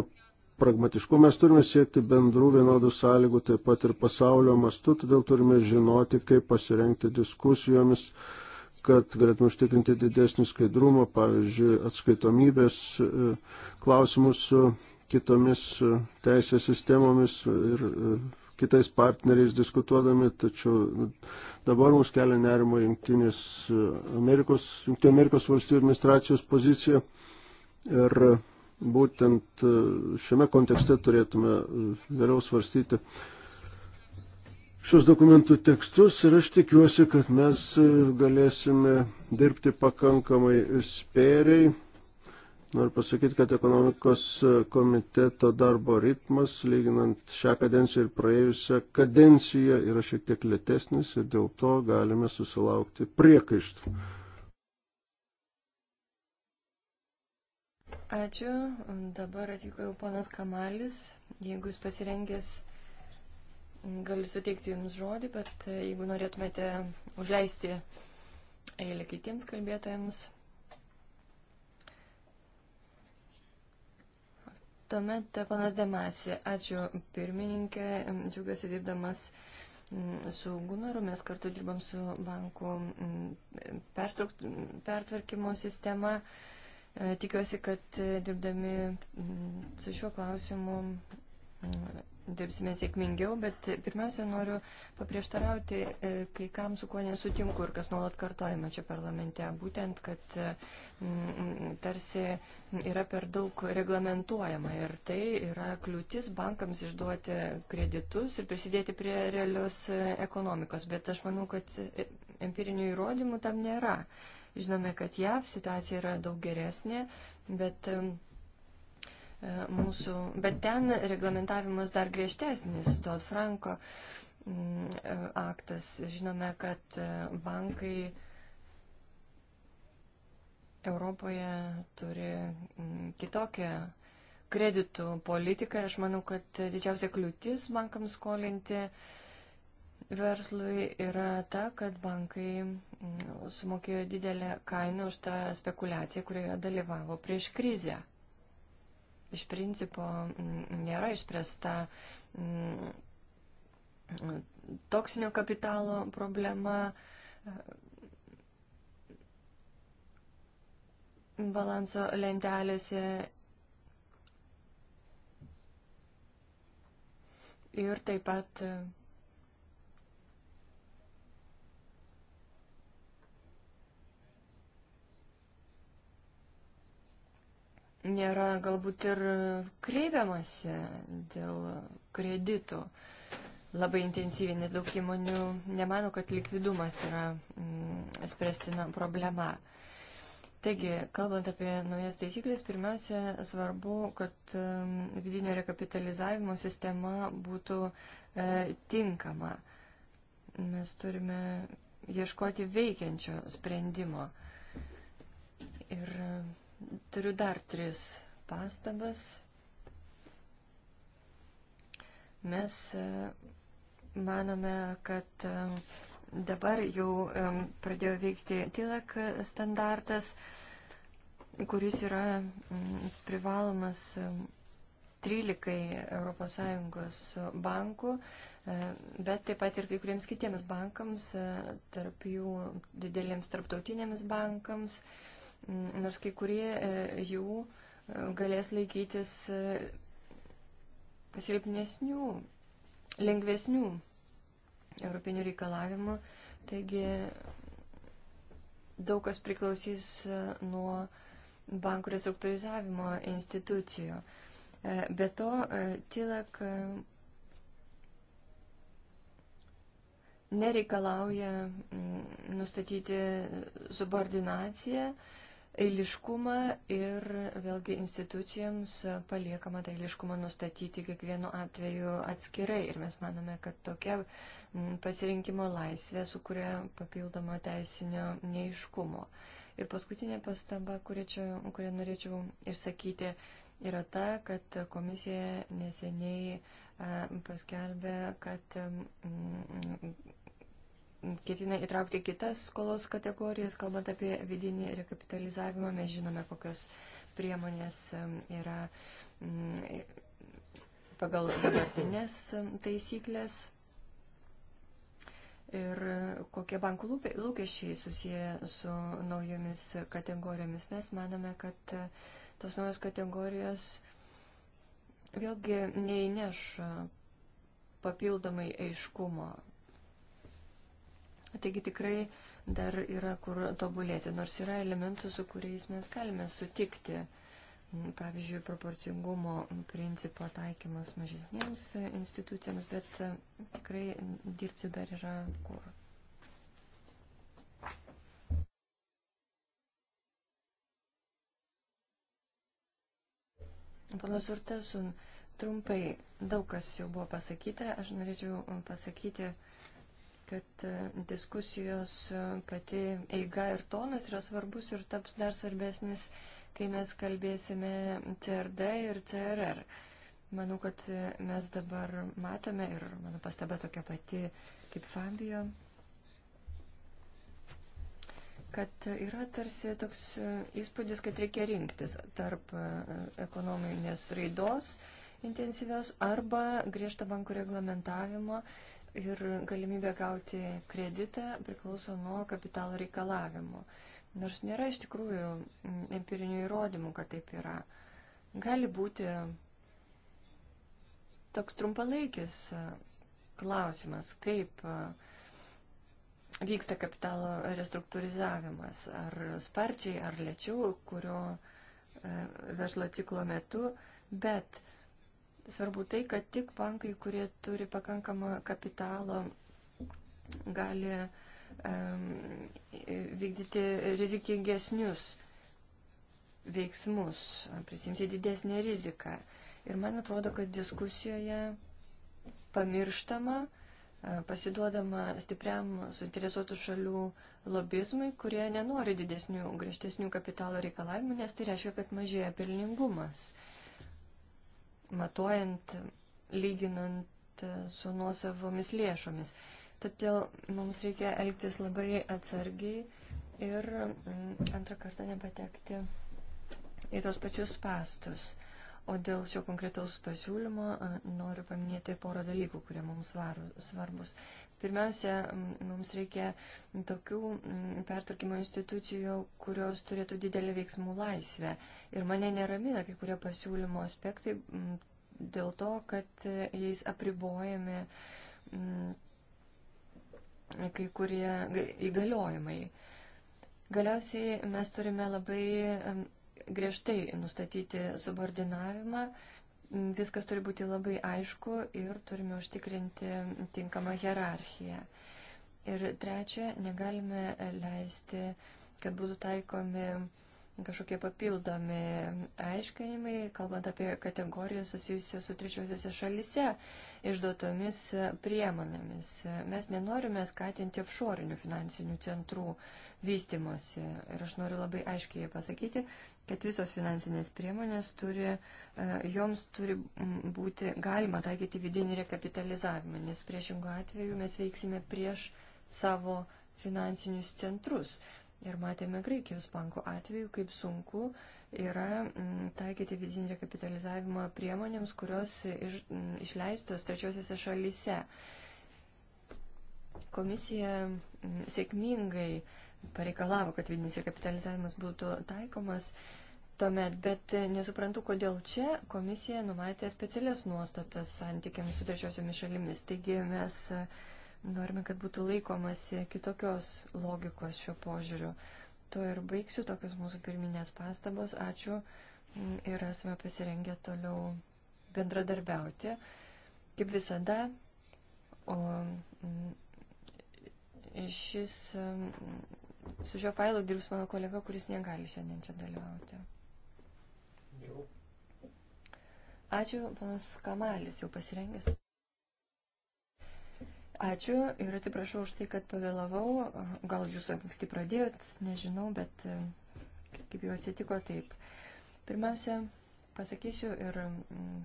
pragmatiškų mes turime siekti bendrų vienodų sąlygų, taip pat ir pasaulio mastu, todėl turime žinoti, kaip pasirengti diskusijomis, kad galėtume užtikrinti didesnį skaidrumą, pavyzdžiui, atskaitomybės e, klausimus kitomis e, teisės sistemomis ir e, kitais partneriais diskutuodami, tačiau nu, dabar mums kelia nerimo Junktinės e, Amerikos, Junktinės Amerikos valstybių administracijos pozicija ir būtent šiame kontekste turėtume vėliau svarstyti šios dokumentų tekstus ir aš tikiuosi, kad mes galėsime dirbti pakankamai spėriai Noriu pasakyti, kad ekonomikos komiteto darbo ritmas, lyginant šią kadenciją ir praėjusią kadenciją, yra šiek tiek lėtesnis ir dėl to galime susilaukti priekaištų. Ačiū. Dabar atvyko jau ponas Kamalis. Jeigu jūs pasirengęs, galiu suteikti jums žodį, bet jeigu norėtumėte užleisti eilę kitiems kalbėtojams. Tuomet panas Demasi, ačiū pirmininkė, džiugiuosi dirbdamas mm, su Gunaru, mes kartu dirbam su bankų mm, pertvarkymo sistema. E, tikiuosi, kad e, dirbdami mm, su šiuo klausimu dirbsime sėkmingiau, bet pirmiausia noriu paprieštarauti e, kai kam, su kuo nesutinku ir kas nuolat kartojama čia parlamente. Būtent, kad tarsi yra per daug reglamentuojama ir tai yra kliūtis bankams išduoti kreditus ir prisidėti prie realios e, ekonomikos. Bet aš manau, kad e, empirinių įrodymų tam nėra. Žinome, kad JAV situacija yra daug geresnė, bet. Um, mūsų, bet ten reglamentavimas dar griežtesnis, Dodd Franko mm, e, aktas. Žinome, kad e, bankai Europoje turi mm, kitokią kreditų politiką ir aš manau, kad didžiausia kliūtis bankams skolinti verslui yra ta, kad bankai mm, sumokėjo didelę kainą už tą spekulaciją, kurioje dalyvavo prieš krizę iš principo mm, nėra išspręsta mm, toksinio kapitalo problema, e, balanso lentelėse ir taip pat e, nėra galbūt ir kreipiamasi dėl kreditų labai intensyviai, nes daug įmonių nemano, kad likvidumas yra mm, spręstina problema. Taigi, kalbant apie naujas taisyklės, pirmiausia, svarbu, kad mm, vidinio rekapitalizavimo sistema būtų e, tinkama. Mes turime ieškoti veikiančio sprendimo. Ir e, Turiu dar tris pastabas. Mes e, manome, kad e, dabar jau e, pradėjo veikti tilak standartas, kuris yra privalomas 13 ES bankų, bet taip pat ir kai kuriems kitiems bankams, tarp jų dideliems tarptautiniams bankams, nors kai kurie e, jų e, galės laikytis e, silpnesnių, lengvesnių europinių reikalavimų. Taigi daug kas priklausys nuo bankų restruktūrizavimo institucijų. Be to, TILAK nereikalauja mm, nustatyti subordinaciją eiliškumą ir vėlgi institucijoms paliekama tą eiliškumą nustatyti kiekvienu atveju atskirai. Ir mes manome, kad tokia pasirinkimo laisvė sukuria papildomo teisinio neiškumo. Ir paskutinė pastaba, kurią, čia, kurią norėčiau išsakyti, yra ta, kad komisija neseniai paskelbė, kad ketina įtraukti kitas skolos kategorijas, kalbant apie vidinį rekapitalizavimą. Mes žinome, kokios priemonės yra mm, pagal dabartinės taisyklės ir kokie bankų lūkesčiai susiję su naujomis kategorijomis. Mes manome, kad e, tos naujos kategorijos vėlgi neįneš e, papildomai aiškumo Taigi tikrai dar yra kur tobulėti, nors yra elementų, su kuriais mes galime sutikti. Mm, pavyzdžiui, proporcingumo principo taikymas mažesniems e, institucijams, bet e, tikrai dirbti dar yra kur. Panas Urtasun, trumpai daug kas jau buvo pasakyta, aš norėčiau pasakyti, kad e, diskusijos e, pati eiga ir tonas yra svarbus ir taps dar svarbesnis, kai mes kalbėsime CRD ir CRR. Manau, kad e, mes dabar matome ir mano pastaba tokia pati kaip Fabio, kad yra tarsi toks įspūdis, kad reikia rinktis tarp ekonominės raidos intensyvios arba griežto bankų reglamentavimo ir galimybė gauti kreditą priklauso nuo kapitalo reikalavimų. Nors nėra iš tikrųjų empirinių įrodymų, kad taip yra. Gali būti toks trumpalaikis klausimas, kaip vyksta kapitalo restruktūrizavimas, ar sparčiai, ar lėčiau, kurio e, verslo ciklo metu, bet Svarbu tai, kad tik bankai, kurie turi pakankamą kapitalo, gali um, vykdyti rizikingesnius veiksmus, prisimti didesnį riziką. Ir man atrodo, kad diskusijoje pamirštama, e, pasiduodama stipriam suinteresuotų šalių lobizmui, kurie nenori didesnių, griežtesnių kapitalo reikalavimų, nes tai reiškia, kad mažėja pelningumas. Uh, matuojant, lyginant su nuosavomis lėšomis. Todėl mums reikia elgtis labai atsargiai ir mm, antrą kartą nepatekti į tos pačius pastus. O dėl šio konkretaus pasiūlymo noriu paminėti porą dalykų, kurie mums svarbus. Pirmiausia, mums reikia tokių pertvarkymo institucijų, kurios turėtų didelį veiksmų laisvę. Ir mane neramina kai kurie pasiūlymo aspektai dėl to, kad e, jais apribojami kai kurie įgaliojimai. Galiausiai mes turime labai griežtai nustatyti subordinavimą. Viskas turi būti labai aišku ir turime užtikrinti tinkamą hierarchiją. Ir trečia, negalime leisti, kad būtų taikomi kažkokie papildomi aiškinimai, kalbant apie kategorijas susijusias su trečiosiuose šalise išduotomis priemonėmis. Mes nenorime skatinti offshore finansinių centrų vystimosi. Ir aš noriu labai aiškiai pasakyti, kad visos finansinės priemonės turi, e, joms turi būti galima taikyti vidinį rekapitalizavimą, nes priešingų atveju mes veiksime prieš savo finansinius centrus. Ir matėme Graikijos banko atveju, kaip sunku yra taikyti vidinį rekapitalizavimą priemonėms, kurios iš, išleistos trečiosiose šalyse. Komisija sėkmingai pareikalavo, kad vidinis rekapitalizavimas būtų taikomas tuomet, bet nesuprantu, kodėl čia komisija numatė specialias nuostatas santykiams su trečiosiomis šalimis. Taigi mes e, norime, kad būtų laikomasi kitokios logikos šio požiūriu. To ir baigsiu, tokios mūsų pirminės pastabos. Ačiū mm, ir esame pasirengę toliau bendradarbiauti. Kaip visada, o mm, šis, mm, su šio failu dirbs mano kolega, kuris negali šiandien čia dalyvauti. Ačiū, panas Kamalis, jau pasirengęs. Ačiū ir atsiprašau už tai, kad pavėlavau. Gal jūs anksti pradėjot, nežinau, bet e, kaip jau atsitiko taip. Pirmiausia, pasakysiu ir mm,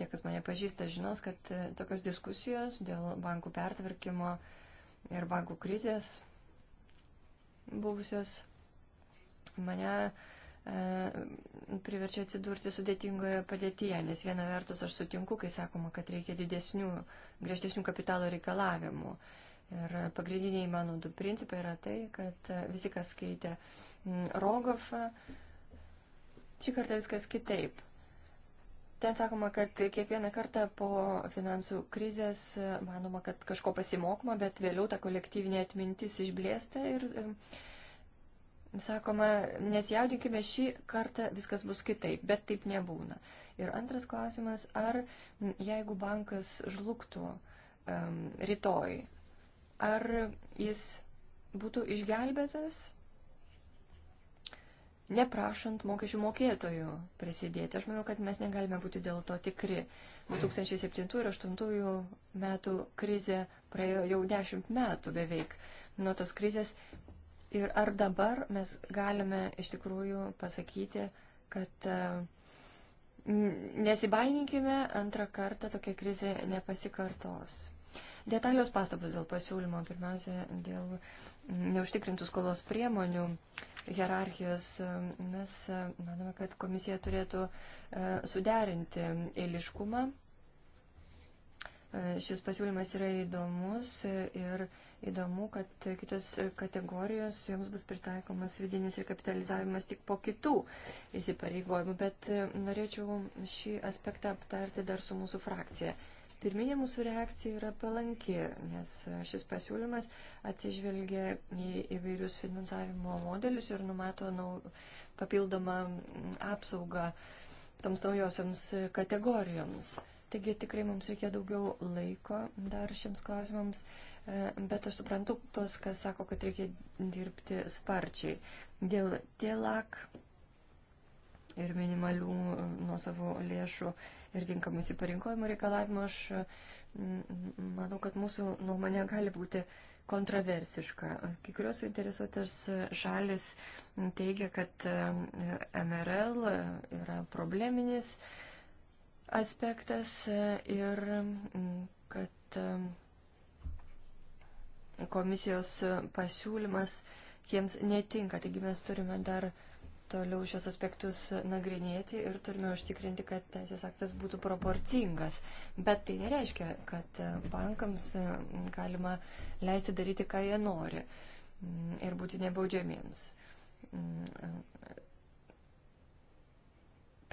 tie, kas mane pažįsta, žinos, kad e, tokios diskusijos dėl bankų pertvarkymo ir bankų krizės buvusios mane uh, E, priverčia atsidurti sudėtingoje padėtyje, nes viena vertus aš sutinku, kai sakoma, kad reikia didesnių, griežtesnių kapitalo reikalavimų. Ir pagrindiniai mano du principai yra tai, kad visi, kas skaitė Rogofą, šį kartą viskas kitaip. Ten sakoma, kad kiekvieną kartą po finansų krizės e, manoma, kad kažko pasimokoma, bet vėliau ta kolektyvinė atmintis išblėsta ir e, sakoma, nesijaudinkime šį kartą, viskas bus kitaip, bet taip nebūna. Ir antras klausimas, ar jeigu bankas žlugtų um, rytoj, ar jis būtų išgelbėtas, neprašant mokesčių mokėtojų prisidėti. Aš manau, kad mes negalime būti dėl to tikri. 2007 ir 2008 metų krizė praėjo jau 10 metų beveik nuo tos krizės Ir ar dabar mes galime iš tikrųjų pasakyti, kad e, nesibaiminkime, antrą kartą tokia krizė nepasikartos. Detalios pastabos dėl pasiūlymo, pirmiausia, dėl neužtikrintų skolos priemonių hierarchijos. E, mes e, manome, kad komisija turėtų suderinti eiliškumą E, šis pasiūlymas yra įdomus ir įdomu, kad kitos kategorijos joms bus pritaikomas vidinis rekapitalizavimas tik po kitų įsipareigojimų, bet e, norėčiau šį aspektą aptarti dar su mūsų frakcija. Pirminė mūsų reakcija yra palanki, nes šis pasiūlymas atsižvelgia į įvairius finansavimo modelius ir numato nau, papildomą apsaugą toms naujosiams kategorijoms. Taigi tikrai mums reikia daugiau laiko dar šiems klausimams, e, bet aš suprantu tos, kas sako, kad reikia dirbti sparčiai. Dėl TELAK ir minimalių e, nuo savo lėšų ir tinkamų įsipareikojimų reikalavimų aš manau, kad mūsų nuomonė gali būti kontroversiška. Kai kurios suinteresuotas šalis teigia, kad e, MRL yra probleminis aspektas ir mm, kad mm, komisijos pasiūlymas jiems netinka. Taigi mes turime dar toliau šios aspektus nagrinėti ir turime užtikrinti, kad teisės aktas būtų proporcingas. Bet tai nereiškia, kad bankams mm, galima leisti daryti, ką jie nori ir būti nebaudžiamiems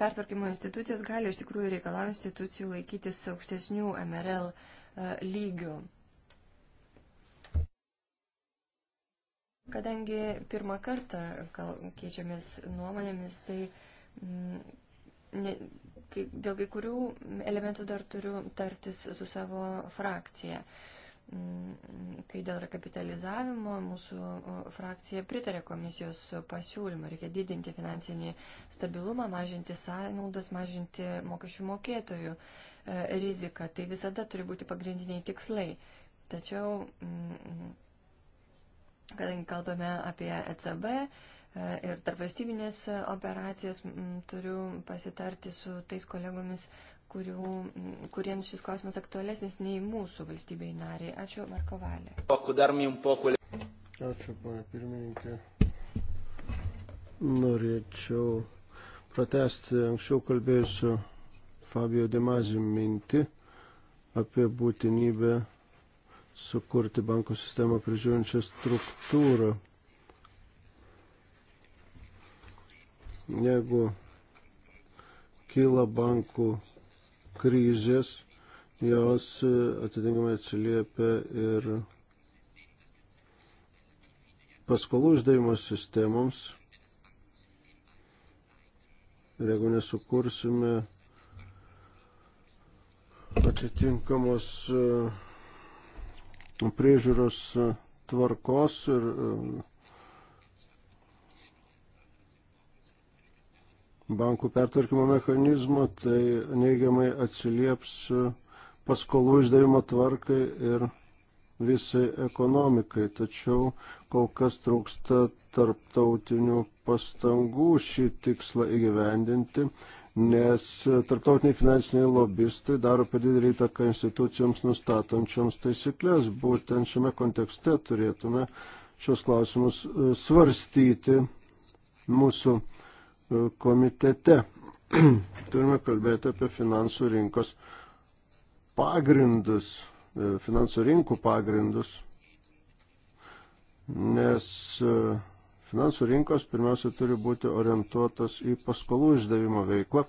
pertvarkymo institucijos gali iš tikrųjų reikalauti institucijų laikytis aukštesnių MRL e, lygių. Kadangi pirmą kartą keičiamės nuomonėmis, tai mm, ne, kai, dėl kai kurių elementų dar turiu tartis su savo frakcija. Uh, kai dėl rekapitalizavimo mūsų frakcija pritarė komisijos pasiūlymą. Reikia didinti finansinį stabilumą, mažinti sąnaudas, mažinti mokesčių mokėtojų e, riziką. Tai visada turi būti pagrindiniai tikslai. Tačiau, kadangi kalbame apie ECB, e, ir tarpvalstybinės operacijas m, turiu pasitarti su tais kolegomis, kurių, kuriems šis klausimas aktualesnis nei mūsų valstybei nariai. Ačiū, Marko Valė. Ačiū, pana pirmininkė. Norėčiau pratesti anksčiau kalbėjusiu Fabio Demazio mintį apie būtinybę sukurti banko sistemą prižiūrinčią struktūrą. Jeigu kyla bankų krizės, jos e, atitinkamai atsiliepia ir paskolų išdavimo sistemoms. Ir jeigu nesukursime atitinkamos e, priežiūros e, tvarkos ir bankų pertvarkymo mechanizmo, tai neigiamai atsilieps paskolų išdavimo tvarkai ir visai ekonomikai. Tačiau kol kas trūksta tarptautinių pastangų šį tikslą įgyvendinti, nes tarptautiniai finansiniai lobistai daro per didelį įtaką institucijoms nustatančioms taisyklės. Būtent šiame kontekste turėtume šios klausimus svarstyti mūsų komitete. *clears throat* Turime kalbėti apie finansų rinkos pagrindus, e, finansų rinkų pagrindus, nes e, finansų rinkos pirmiausia turi būti orientuotos į paskolų išdavimo veiklą.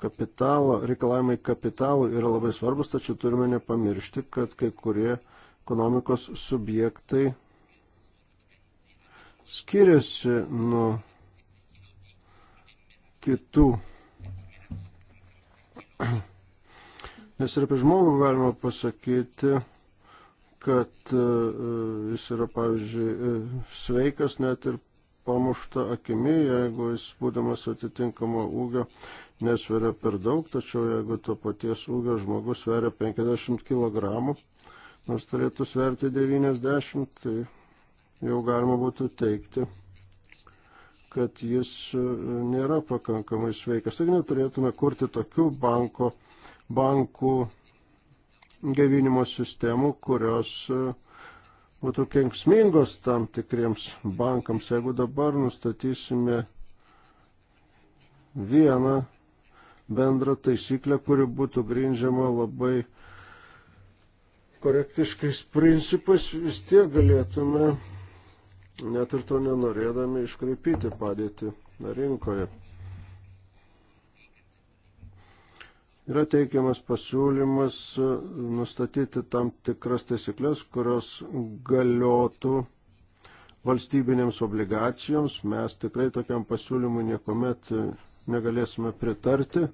kapitalo, reikalavimai kapitalų yra labai svarbus, tačiau turime nepamiršti, kad kai kurie ekonomikos subjektai skiriasi nuo kitų. Nes ir apie žmogų galima pasakyti, kad e, jis yra, pavyzdžiui, e, sveikas net ir pamušta akimi, jeigu jis būdamas atitinkamo ūgio nesveria per daug, tačiau jeigu to paties ūgio žmogus sveria 50 kg, nors turėtų sverti 90, tai jau galima būtų teikti, kad jis e, nėra pakankamai sveikas. Taigi neturėtume kurti tokių banko, bankų gaivinimo sistemų, kurios e, būtų kenksmingos tam tikriems bankams. Jeigu dabar nustatysime vieną bendrą taisyklę, kuri būtų grindžiama labai korektiškais principais, vis tiek galėtume net ir to nenorėdami iškreipyti padėti rinkoje. Yra teikiamas pasiūlymas nustatyti tam tikras taisyklės, kurios galiotų valstybinėms obligacijoms. Mes tikrai tokiam pasiūlymui niekuomet negalėsime pritarti.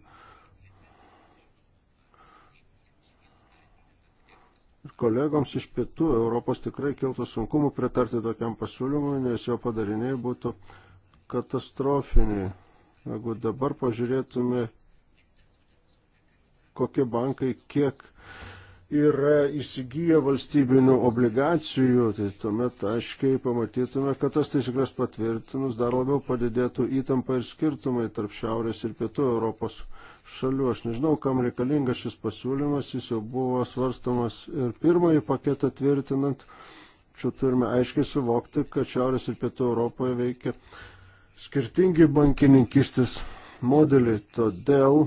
kolegoms iš pietų Europos tikrai kiltų sunkumų pritarti tokiam pasiūlymui, nes jo padariniai būtų katastrofiniai. Jeigu dabar pažiūrėtume, kokie bankai kiek yra įsigiję valstybinių obligacijų, tai tuomet aiškiai pamatytume, kad tas taisyklės patvirtinus dar labiau padidėtų įtampa ir skirtumai tarp Šiaurės ir Pietų Europos šalių. Aš nežinau, kam reikalingas šis pasiūlymas, jis jau buvo svarstamas ir pirmąjį paketą tvirtinant. Čia turime aiškiai suvokti, kad Šiaurės ir Pietų Europoje veikia skirtingi bankininkistės modeliai. Todėl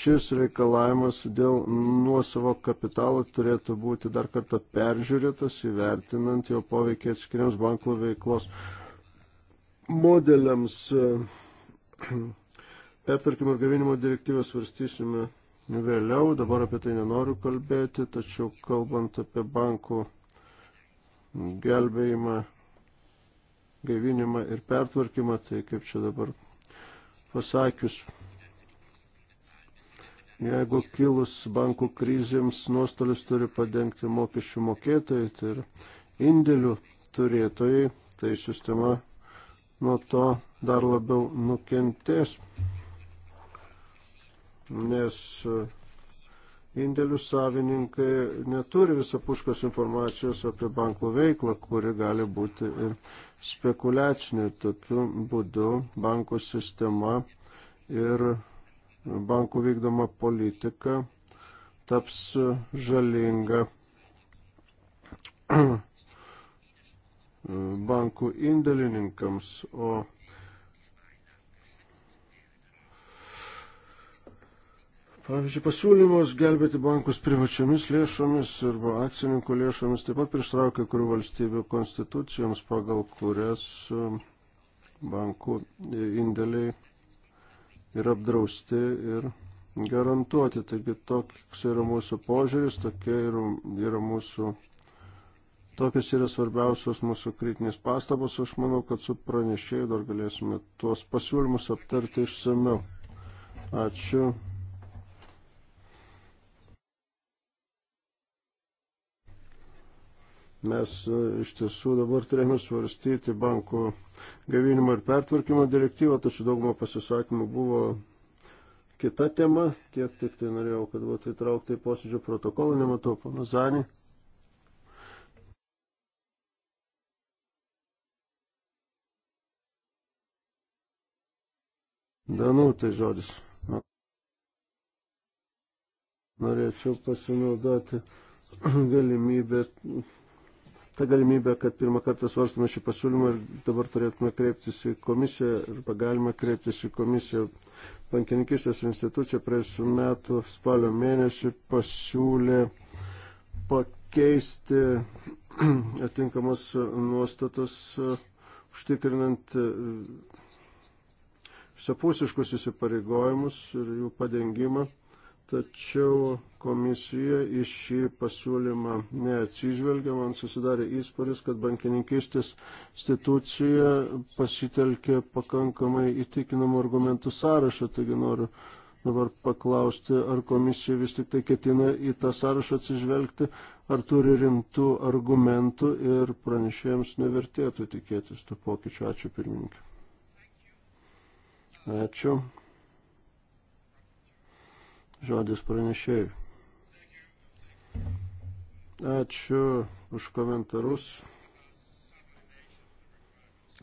šis reikalavimas dėl nuosavo kapitalo turėtų būti dar kartą peržiūrėtas, įvertinant jo poveikį atskiriams bankų veiklos modeliams pertvarkymo ir gavinimo direktyvą svarstysime vėliau, dabar apie tai nenoriu kalbėti, tačiau kalbant apie bankų gelbėjimą, gaivinimą ir pertvarkymą, tai kaip čia dabar pasakius, jeigu kilus bankų krizėms nuostolis turi padengti mokesčių mokėtojai, tai ir indėlių turėtojai, tai sistema nuo to dar labiau nukentės nes e, indėlių savininkai neturi visapuškos informacijos apie banko veiklą, kuri gali būti ir spekuliacinė. Tokiu būdu banko sistema ir bankų vykdoma politika taps e, žalinga *clears throat* bankų indėlininkams, o Pavyzdžiui, pasiūlymus gelbėti bankus privačiomis lėšomis arba akcininkų lėšomis taip pat prieštraukia kurių valstybių konstitucijoms, pagal kurias um, bankų indėliai yra apdrausti ir garantuoti. Taigi toks yra mūsų požiūris, tokie yra, yra mūsų, tokios yra svarbiausios mūsų kritinės pastabos. Aš manau, kad su pranešėjai dar galėsime tuos pasiūlymus aptarti išsameu. Ačiū. Mes e, iš tiesų dabar turėjome svarstyti bankų gavinimo ir pertvarkymo direktyvą, tačiau daugumą pasisakymų buvo kita tema. Tiek tik tai norėjau, kad būtų įtraukta į posėdžio protokolą, nematau pana Zanį. Danutai žodis. Norėčiau pasinaudoti *clears throat* galimybę tą galimybę, kad pirmą kartą svarstame šį pasiūlymą ir dabar turėtume kreiptis į komisiją arba galime kreiptis į komisiją. Bankininkistės institucija praėjusiu metu spalio mėnesį pasiūlė pakeisti *clears throat* atinkamos nuostatos uh, užtikrinant uh, visapusiškus įsipareigojimus ir jų padengimą tačiau komisija į šį pasiūlymą neatsižvelgia. Man susidarė įspūdis, kad bankininkistės institucija pasitelkė pakankamai įtikinamų argumentų sąrašą, taigi noriu dabar paklausti, ar komisija vis tik tai ketina į tą sąrašą atsižvelgti, ar turi rimtų argumentų ir pranešėjams nevertėtų tikėtis tų pokyčių. Ačiū pirmininkai. Ačiū. Žodis pranešėjai. Ačiū už komentarus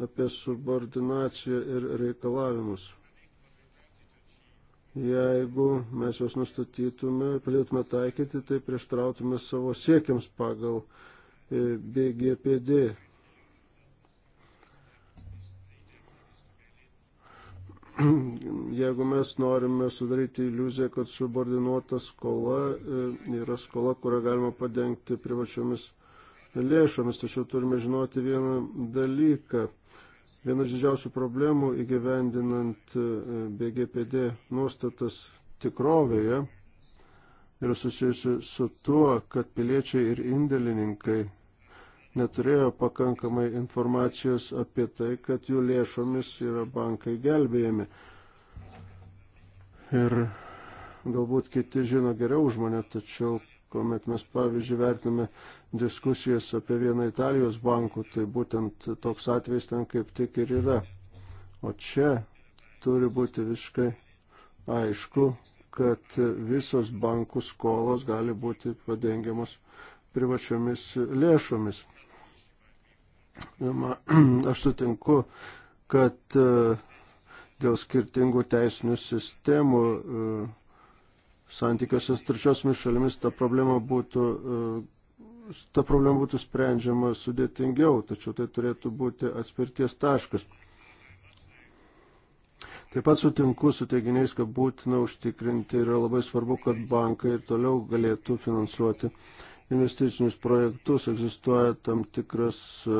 apie subordinaciją ir reikalavimus. Jeigu mes juos nustatytume, pradėtume taikyti, tai prieštrautume savo siekiams pagal e, BGPD *clears throat* jeigu mes norime sudaryti iliuziją, kad subordinuota skola e, yra skola, kurią galima padengti privačiomis lėšomis, tačiau turime žinoti vieną dalyką. Vienas didžiausių problemų įgyvendinant e, BGPD nuostatas tikrovėje yra susijusi su tuo, kad piliečiai ir indėlininkai neturėjo pakankamai informacijos apie tai, kad jų lėšomis yra bankai gelbėjami. Ir galbūt kiti žino geriau už mane, tačiau kuomet mes pavyzdžiui vertiname diskusijas apie vieną Italijos bankų, tai būtent toks atvejs ten kaip tik ir yra. O čia turi būti visiškai aišku, kad visos bankų skolos gali būti padengiamos privačiomis lėšomis. *clears throat* Aš sutinku, kad e, dėl skirtingų teisinių sistemų e, santykiuose su trečiosiomis šalimis ta problema būtų e, ta problema būtų sprendžiama sudėtingiau, tačiau tai turėtų būti atspirties taškas. Taip pat sutinku su teiginiais, kad būtina užtikrinti yra labai svarbu, kad bankai ir toliau galėtų finansuoti uh, investicinius projektus, egzistuoja tam tikras e,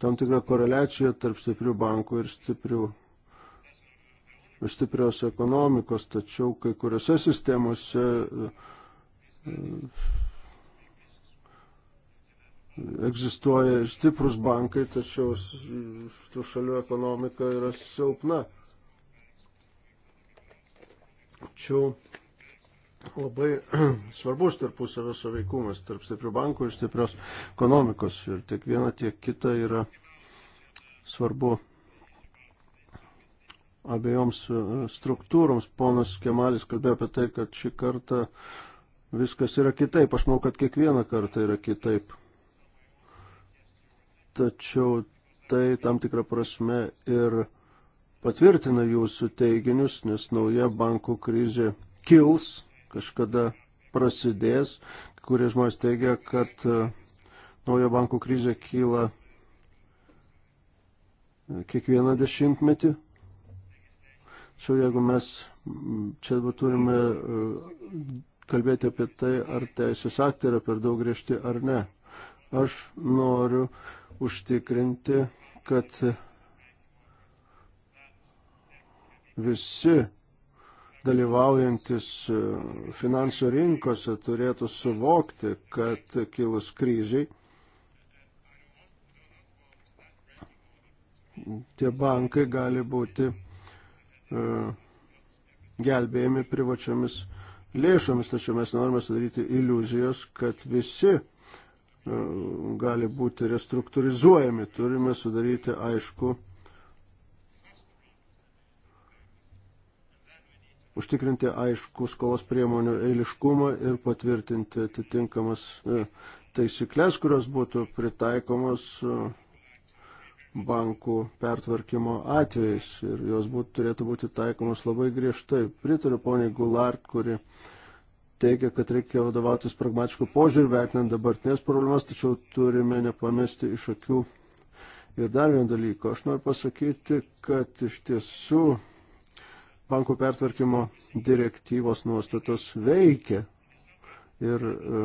tam tikra koreliacija tarp stiprių bankų ir stiprių ir stiprios ekonomikos, tačiau kai kuriuose sistemose e, e, egzistuoja ir stiprus bankai, tačiau tų šalių ekonomika yra silpna. Tačiau labai *clears throat* svarbus tarpusavio saveikumas tarp stiprių bankų ir stiprios ekonomikos. Ir tiek viena, tiek kita yra svarbu abiejoms e, struktūroms. Ponas Kemalis kalbėjo apie tai, kad šį kartą viskas yra kitaip. Aš manau, kad kiekvieną kartą yra kitaip. Tačiau tai tam tikrą prasme ir patvirtina jūsų teiginius, nes nauja bankų krizė kils kažkada prasidės, kurie žmonės teigia, kad e, naujo bankų krizė kyla kiekvieną dešimtmetį. Tačiau jeigu mes čia turime e, kalbėti apie tai, ar teisės aktai yra per daug griežti ar ne, aš noriu užtikrinti, kad visi dalyvaujantis e, finansų rinkose turėtų suvokti, kad kilus kryžiai tie bankai gali būti e, gelbėjami privačiomis lėšomis, tačiau mes norime sudaryti iliuzijos, kad visi e, gali būti restruktūrizuojami. Turime sudaryti aišku užtikrinti aišku skolos priemonių eiliškumą ir patvirtinti atitinkamas e, taisyklės, kurios būtų pritaikomos e, bankų pertvarkymo atvejais ir jos būt, turėtų būti taikomos labai griežtai. Pritariu poniai Gulart, kuri teigia, kad reikia vadovautis pragmatiškų požiūrį, vertinant dabartinės problemas, tačiau turime nepamesti iš akių. Ir dar vieną dalyką, aš noriu pasakyti, kad iš tiesų bankų pertvarkymo direktyvos nuostatos veikia. Ir e,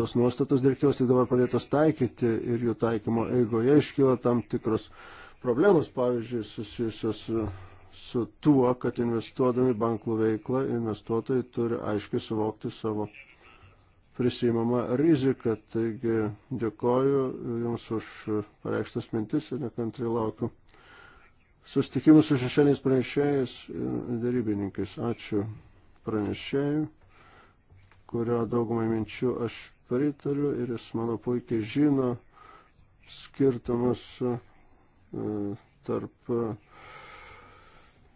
tos nuostatos direktyvos tik dabar pradėtos taikyti ir jų taikymo eigoje iškyla tam tikros problemos, pavyzdžiui, susijusios e, su tuo, kad investuodami bankų veiklą investuotojai turi aiškiai suvokti savo prisimama rizika. Taigi dėkoju Jums už pareikštas mintis ir nekantrai laukiu sustikimus su šešėliais pranešėjais ir darybininkais. Ačiū pranešėjui, kurio daugumai minčių aš pritariu ir jis, mano, puikiai žino skirtumus e, tarp e,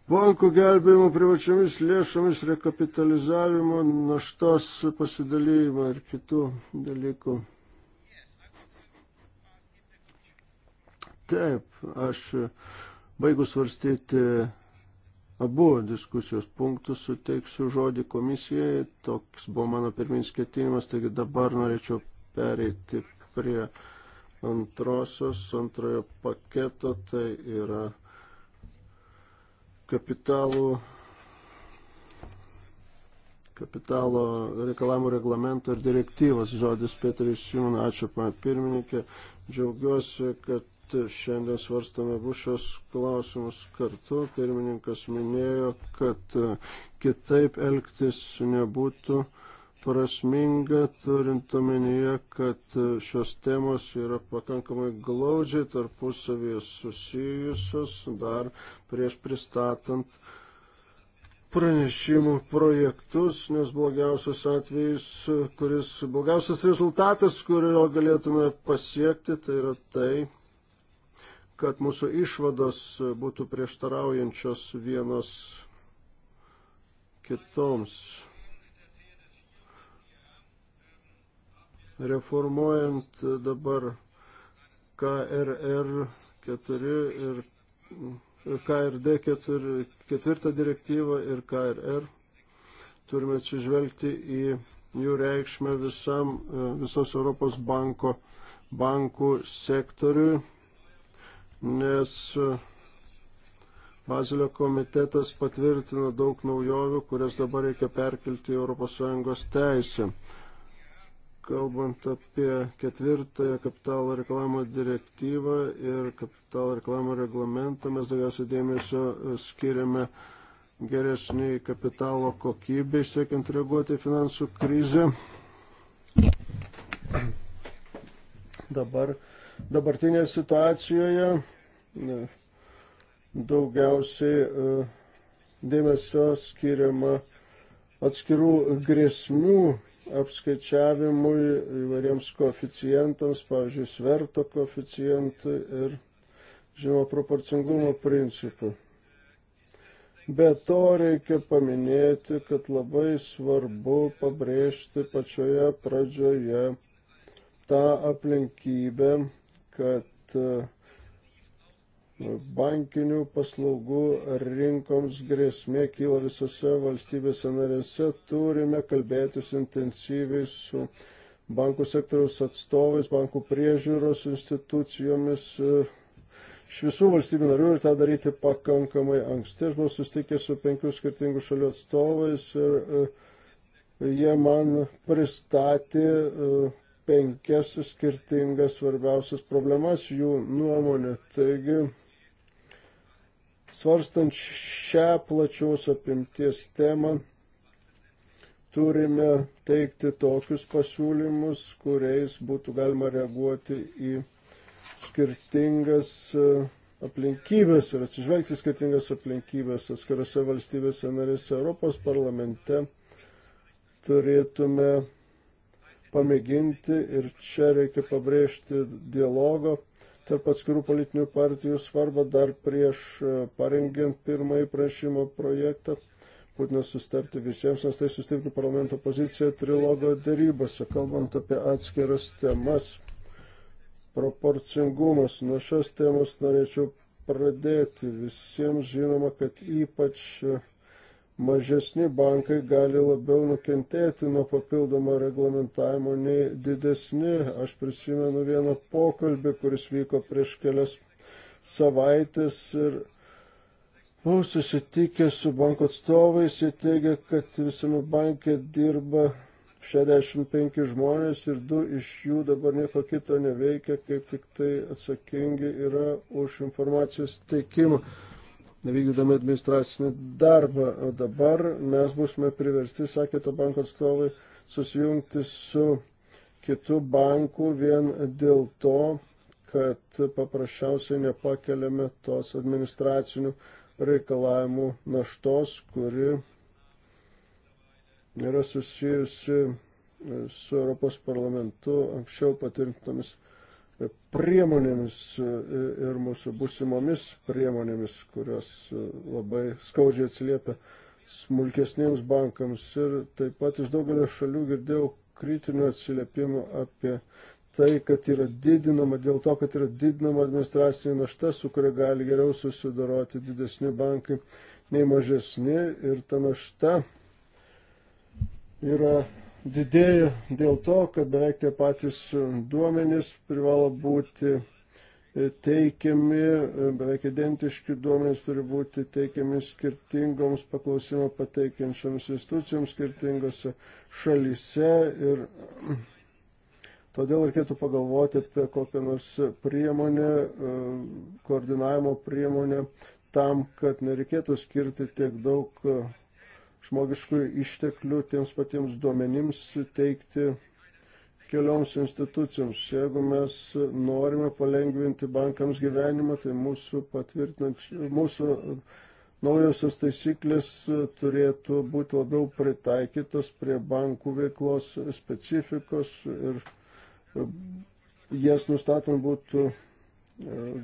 bankų gelbėjimo privačiomis lėšomis, rekapitalizavimo, naštos pasidalymo ir kitų dalykų. Taip, aš Baigus svarstyti abu diskusijos punktus, suteiksiu žodį komisijai. Toks buvo mano pirminis ketinimas, taigi dabar norėčiau pereiti prie antrosios, antrojo paketo, tai yra kapitalų kapitalo reikalavimų reglamento ir direktyvos žodis Petris Jūna. Ačiū, pana pirmininkė. Džiaugiuosi, kad šiandien svarstame abu šios klausimus kartu. Pirmininkas minėjo, kad e, kitaip elgtis nebūtų prasminga, turint omenyje, kad e, šios temos yra pakankamai glaudžiai tarpusavėje susijusios dar prieš pristatant pranešimų projektus, nes blogiausias atvejis, kuris, blogiausias rezultatas, kurio galėtume pasiekti, tai yra tai, kad mūsų išvados būtų prieštaraujančios vienos kitoms. Reformuojant dabar KRR 4 ir KRD 4, ketvirtą direktyvą ir KRR, turime atsižvelgti į jų reikšmę visam, visos Europos banko, bankų sektoriui nes e, Bazilio komitetas patvirtino daug naujovių, kurias dabar reikia perkelti į ES teisę. Kalbant apie ketvirtąją kapitalo reklamo direktyvą ir kapitalo reklamo reglamentą, mes daugiausiai dėmesio e, skiriame geresniai kapitalo kokybei, siekiant reaguoti į finansų krizę. Dabar, dabartinėje situacijoje daugiausiai e, dėmesio skiriama atskirų grėsmių apskaičiavimui įvairiems koeficientams, pavyzdžiui, sverto koeficientui ir, žinoma, proporcingumo principui. Be to reikia paminėti, kad labai svarbu pabrėžti pačioje pradžioje tą aplinkybę, kad uh, bankinių paslaugų rinkoms grėsmė kyla visose valstybėse narėse, turime kalbėtis intensyviai su bankų sektoriaus atstovais, bankų priežiūros institucijomis iš visų valstybių narių ir tą daryti pakankamai anksti. Aš buvau susitikęs su penkių skirtingų šalių atstovais ir e, jie man pristatė e, penkias skirtingas svarbiausias problemas jų nuomonė. Taigi, Svarstant šią plačios apimties temą, turime teikti tokius pasiūlymus, kuriais būtų galima reaguoti į skirtingas e, aplinkybės ir atsižvelgti skirtingas aplinkybės atskirose valstybėse narėse Europos parlamente turėtume pamėginti ir čia reikia pabrėžti dialogo tarp atskirų politinių partijų svarbą dar prieš e, parengiant pirmąjį prašymo projektą. Būtina sustarti visiems, nes tai sustiprina parlamento poziciją trilogo dėrybose, kalbant apie atskiras temas. Proporcingumas. Nuo šios temos norėčiau pradėti. Visiems žinoma, kad ypač mažesni bankai gali labiau nukentėti nuo papildomo reglamentavimo nei didesni. Aš prisimenu vieną pokalbį, kuris vyko prieš kelias savaitės ir buvau susitikęs su banko atstovais, jie teigia, kad visame banke dirba 65 žmonės ir du iš jų dabar nieko kito neveikia, kaip tik tai atsakingi yra už informacijos teikimą vykdydami administracinį darbą. O dabar mes būsime priversti, sakė to banko atstovai, susijungti su kitų bankų vien dėl to, kad paprasčiausiai nepakeliame tos administracinių reikalavimų naštos, kuri yra susijusi su Europos parlamentu anksčiau patvirtintomis priemonėmis e, ir mūsų busimomis priemonėmis, kurios e, labai skaudžiai atsiliepia smulkesniems bankams. Ir taip pat iš daugelio šalių girdėjau kritinių atsiliepimų apie tai, kad yra didinama, dėl to, kad yra didinama administracinė našta, su kuria gali geriau susidoroti didesni bankai nei mažesni ir ta našta yra didėja dėl to, kad beveik tie patys duomenys privalo būti teikiami, beveik identiški duomenys turi būti teikiami skirtingoms paklausimą pateikiančioms institucijoms skirtingose šalyse ir todėl reikėtų pagalvoti apie kokią nors priemonę, koordinavimo priemonę tam, kad nereikėtų skirti tiek daug žmogiškųjų išteklių tiems patiems duomenims teikti kelioms institucijoms. Jeigu mes norime palengvinti bankams gyvenimą, tai mūsų, mūsų naujosios taisyklės turėtų būti labiau pritaikytos prie bankų veiklos specifikos ir jas nustatant būtų e,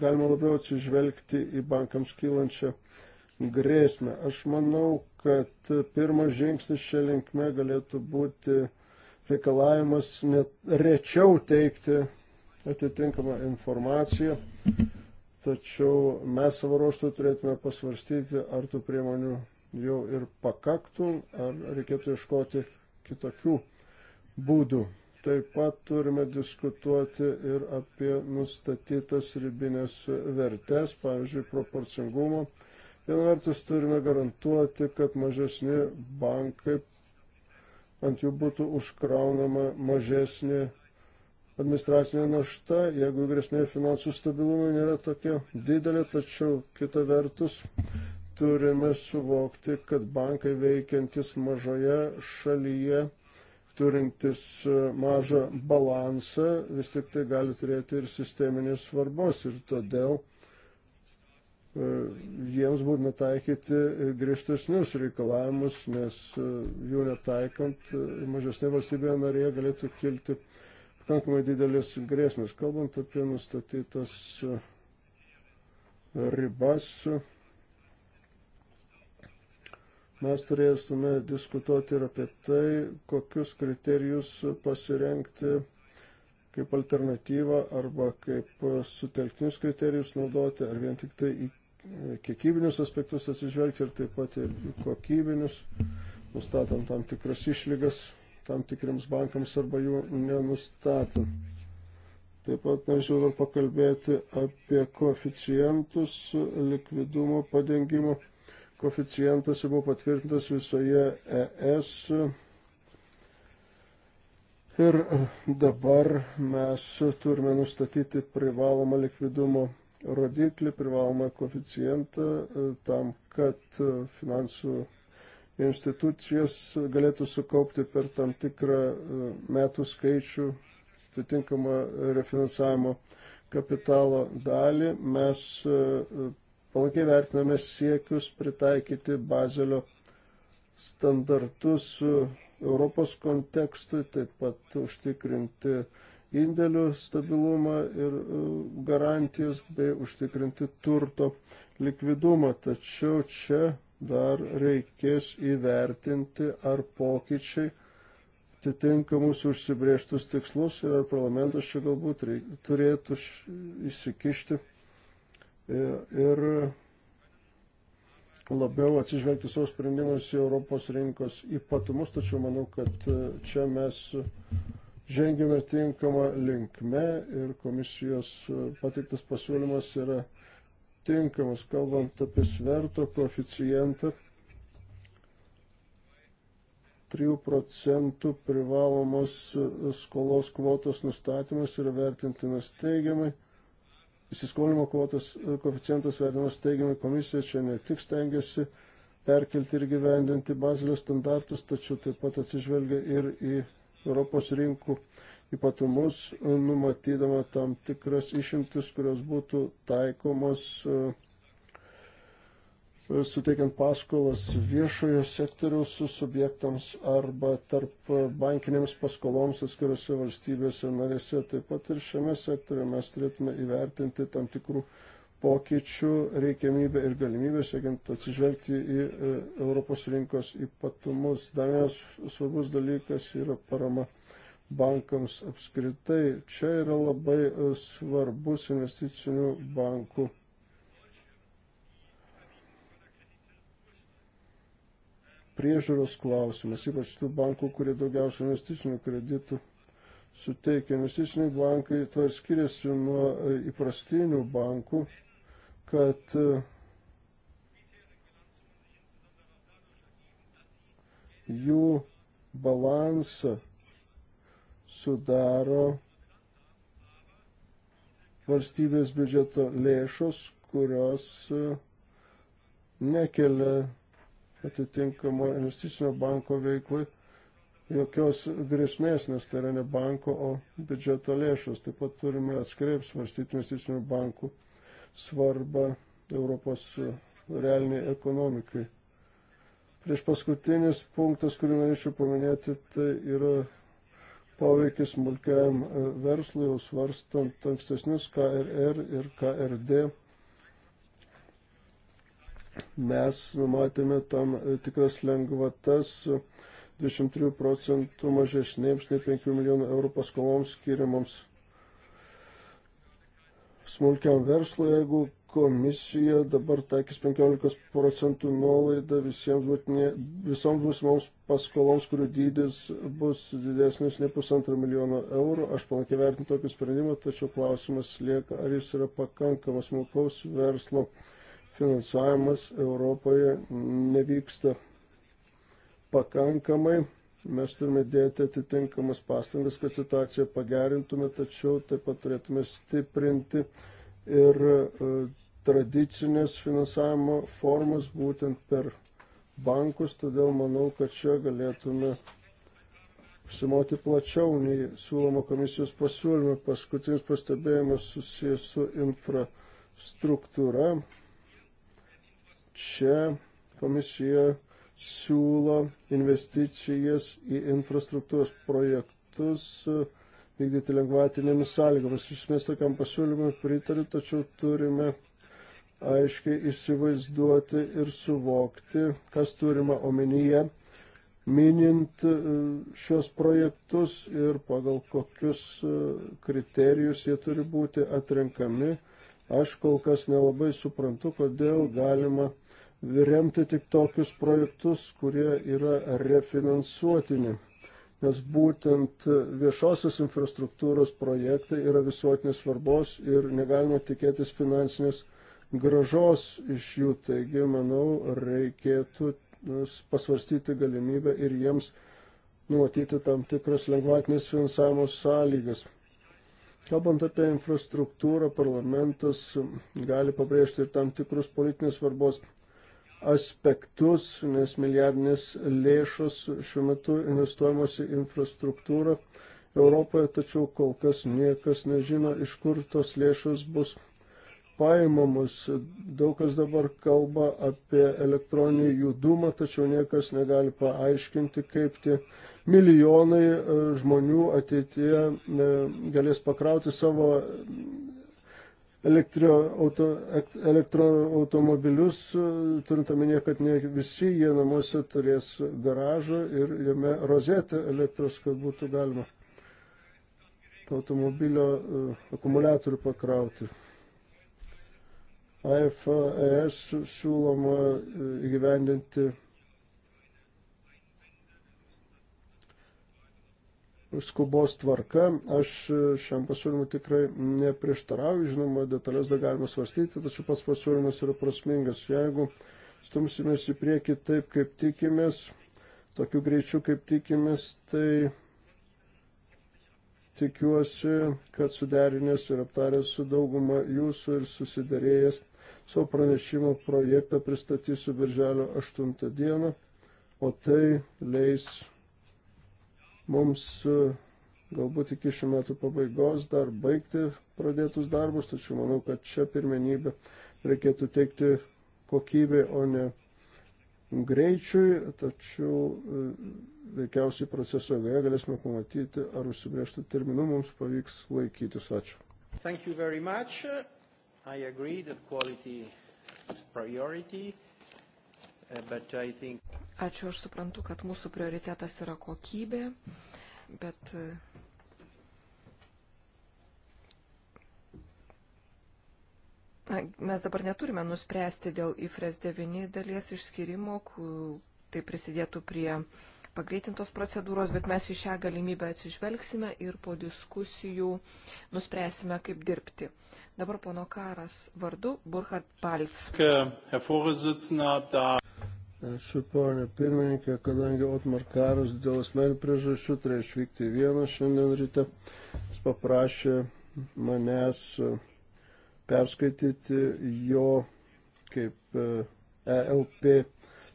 galima labiau atsižvelgti į bankams kylančią grėsmę. Aš manau, kad pirmas žingsnis šią linkmę galėtų būti reikalavimas net rečiau teikti atitinkamą informaciją, tačiau mes savo ruoštų turėtume pasvarstyti, ar tų priemonių jau ir pakaktų, ar reikėtų iškoti kitokių būdų. Taip pat turime diskutuoti ir apie nustatytas ribinės vertės, pavyzdžiui, proporcingumo Viena vertus turime garantuoti, kad mažesni bankai, ant jų būtų užkraunama mažesnė administracinė našta, jeigu grėsmė finansų stabilumui nėra tokia didelė, tačiau kita vertus turime suvokti, kad bankai veikiantis mažoje šalyje turintis e, mažą balansą vis tik tai gali turėti ir sisteminės svarbos ir todėl E, jiems būtina taikyti griežtesnius reikalavimus, nes e, jų netaikant e, mažesnė valstybė narėje galėtų kilti pakankamai didelės grėsmės. Kalbant apie nustatytas ribas, mes turėsime diskutuoti ir apie tai, kokius kriterijus pasirenkti kaip alternatyvą arba kaip sutelktinius kriterijus naudoti, ar vien tik tai į kiekybinius aspektus atsižvelgti ir taip pat ir kokybinius, nustatant tam tikras išlygas tam tikriams bankams arba jų nenustatant. Taip pat norėčiau dar pakalbėti apie koeficientus likvidumo padengimo. Koeficientas buvo patvirtintas visoje ES. Ir dabar mes turime nustatyti privalomą likvidumo rodiklį, privalomą koficijantą, e, tam, kad e, finansų institucijos galėtų sukaupti per tam tikrą e, metų skaičių atitinkamą refinansavimo kapitalo dalį. Mes palankiai vertiname siekius pritaikyti bazelio standartus Europos kontekstui, taip pat užtikrinti uh, indėlių stabilumą ir e, garantijas bei užtikrinti turto likvidumą. Tačiau čia dar reikės įvertinti, ar pokyčiai atitinka mūsų užsibrieštus tikslus ir ar parlamentas čia galbūt reik, turėtų įsikišti e, ir labiau atsižvelgti savo sprendimus į Europos rinkos ypatumus, tačiau manau, kad e, čia mes žengėme tinkamą linkme ir komisijos e, pateiktas pasiūlymas yra tinkamas, kalbant apie sverto koeficientą. 3 procentų privalomos e, skolos kvotos nustatymas yra vertintinas teigiamai. Įsiskolinimo kvotos e, koeficientas vertinamas teigiamai komisija čia ne tik stengiasi perkelti ir gyvendinti bazilio standartus, tačiau taip pat atsižvelgia ir į Europos rinkų ypatumus, numatydama tam tikras išimtis, kurios būtų taikomos e, suteikiant paskolas viešojo sektoriaus subjektams arba tarp bankinėms paskoloms atskirose valstybėse narėse. Taip pat ir šiame sektoriu mes turėtume įvertinti tam tikrų pokyčių reikiamybę ir galimybę, siekiant atsižvelgti į e, Europos rinkos ypatumus. Dar vienas svarbus dalykas yra parama bankams apskritai. Čia yra labai e, svarbus investicinių bankų. Priežiūros klausimas, ypač tų bankų, kurie daugiausia investicinių kreditų suteikia. Investiciniai bankai to ir skiriasi nuo e, įprastinių bankų kad e, jų balansą sudaro valstybės biudžeto lėšos, kurios e, nekelia atitinkamo investicinio banko veiklai jokios grėsmės, nes tai yra ne banko, o biudžeto lėšos. Taip pat turime atskiriai svarstyti investicinių bankų svarbą Europos realiniai ekonomikai. Prieš paskutinis punktas, kurį norėčiau paminėti, tai yra poveikis smulkiajam e, verslui, jau svarstant ankstesnius KRR ir KRD. Mes numatėme tam e, tikras lengvatas 23 e, procentų mažesnėms nei 5 milijonų eurų paskoloms skiriamams smulkiam verslui, jeigu komisija dabar taikys 15 procentų nuolaidą visiems būtinė, visoms būsimoms paskoloms, kurių dydis bus didesnis nei pusantro milijono eurų. Aš palankiai vertinu tokį sprendimą, tačiau klausimas lieka, ar jis yra pakankamas smulkaus verslo finansavimas Europoje nevyksta pakankamai mes turime dėti atitinkamas pastangas, kad situaciją pagerintume, tačiau taip pat turėtume stiprinti ir e, tradicinės finansavimo formas būtent per bankus, todėl manau, kad čia galėtume apsimoti plačiau nei siūloma komisijos pasiūlymą. Paskutinis pastebėjimas susijęs su infrastruktūra. Čia komisija siūlo investicijas į infrastruktūros projektus e, vykdyti lengvatinėmis sąlygomis. Iš esmės tokiam pasiūlymui pritariu, tačiau turime aiškiai įsivaizduoti ir suvokti, kas turima omenyje, minint e, šios projektus ir pagal kokius e, kriterijus jie turi būti atrenkami. Aš kol kas nelabai suprantu, kodėl galima remti tik tokius projektus, kurie yra refinansuotini. Nes būtent viešosios infrastruktūros projektai yra visuotinės svarbos ir negalima tikėtis finansinės gražos iš jų. Taigi, manau, reikėtų pasvarstyti galimybę ir jiems numatyti tam tikras lengvatinės finansavimo sąlygas. Kalbant apie infrastruktūrą, parlamentas gali pabrėžti ir tam tikrus politinės svarbos aspektus, nes milijardinės lėšos šiuo metu investuojamos į infrastruktūrą Europoje, tačiau kol kas niekas nežino, iš kur tos lėšos bus paimamos. Daug kas dabar kalba apie elektroninį judumą, tačiau niekas negali paaiškinti, kaip tie milijonai e, žmonių ateityje e, galės pakrauti savo elektro, auto, elektroautomobilius, e, turint omenyje, kad ne visi jie namuose turės garažą ir jame rozetę elektros, kad būtų galima to automobilio e, akumuliatorių pakrauti. AFES siūloma e, įgyvendinti skubos tvarka. Aš šiam pasiūlymui tikrai neprieštarauju, žinoma, detalės dar galima svarstyti, tačiau pats pasiūlymas yra prasmingas. Jeigu stumsimės į priekį taip, kaip tikimės, tokiu greičiu, kaip tikimės, tai tikiuosi, kad suderinės ir aptaręs su dauguma jūsų ir susidarėjęs savo pranešimo projektą pristatysiu birželio 8 dieną, o tai leis mums e, galbūt iki šių metų pabaigos dar baigti pradėtus darbus, tačiau manau, kad čia pirmenybę reikėtų teikti kokybė, o ne greičiui, tačiau e, veikiausiai proceso eigoje galėsime pamatyti, ar užsibriežtų terminų mums pavyks laikytis. Ačiū. Thank you very much. I agree that quality is priority. Uh, Ačiū, aš suprantu, kad mūsų prioritetas yra kokybė, bet Na, mes dabar neturime nuspręsti dėl IFRES 9 dalies išskirimo, tai prisidėtų prie pagreitintos procedūros, bet mes į šią galimybę atsižvelgsime ir po diskusijų nuspręsime, kaip dirbti. Dabar pono karas vardu Burkhard Palc. Ačiū, ponė pirmininkė, kadangi Otmar Karas dėl asmenių priežasčių turėjo išvykti vieną šiandien ryte, jis paprašė manęs e, perskaityti jo kaip ELP e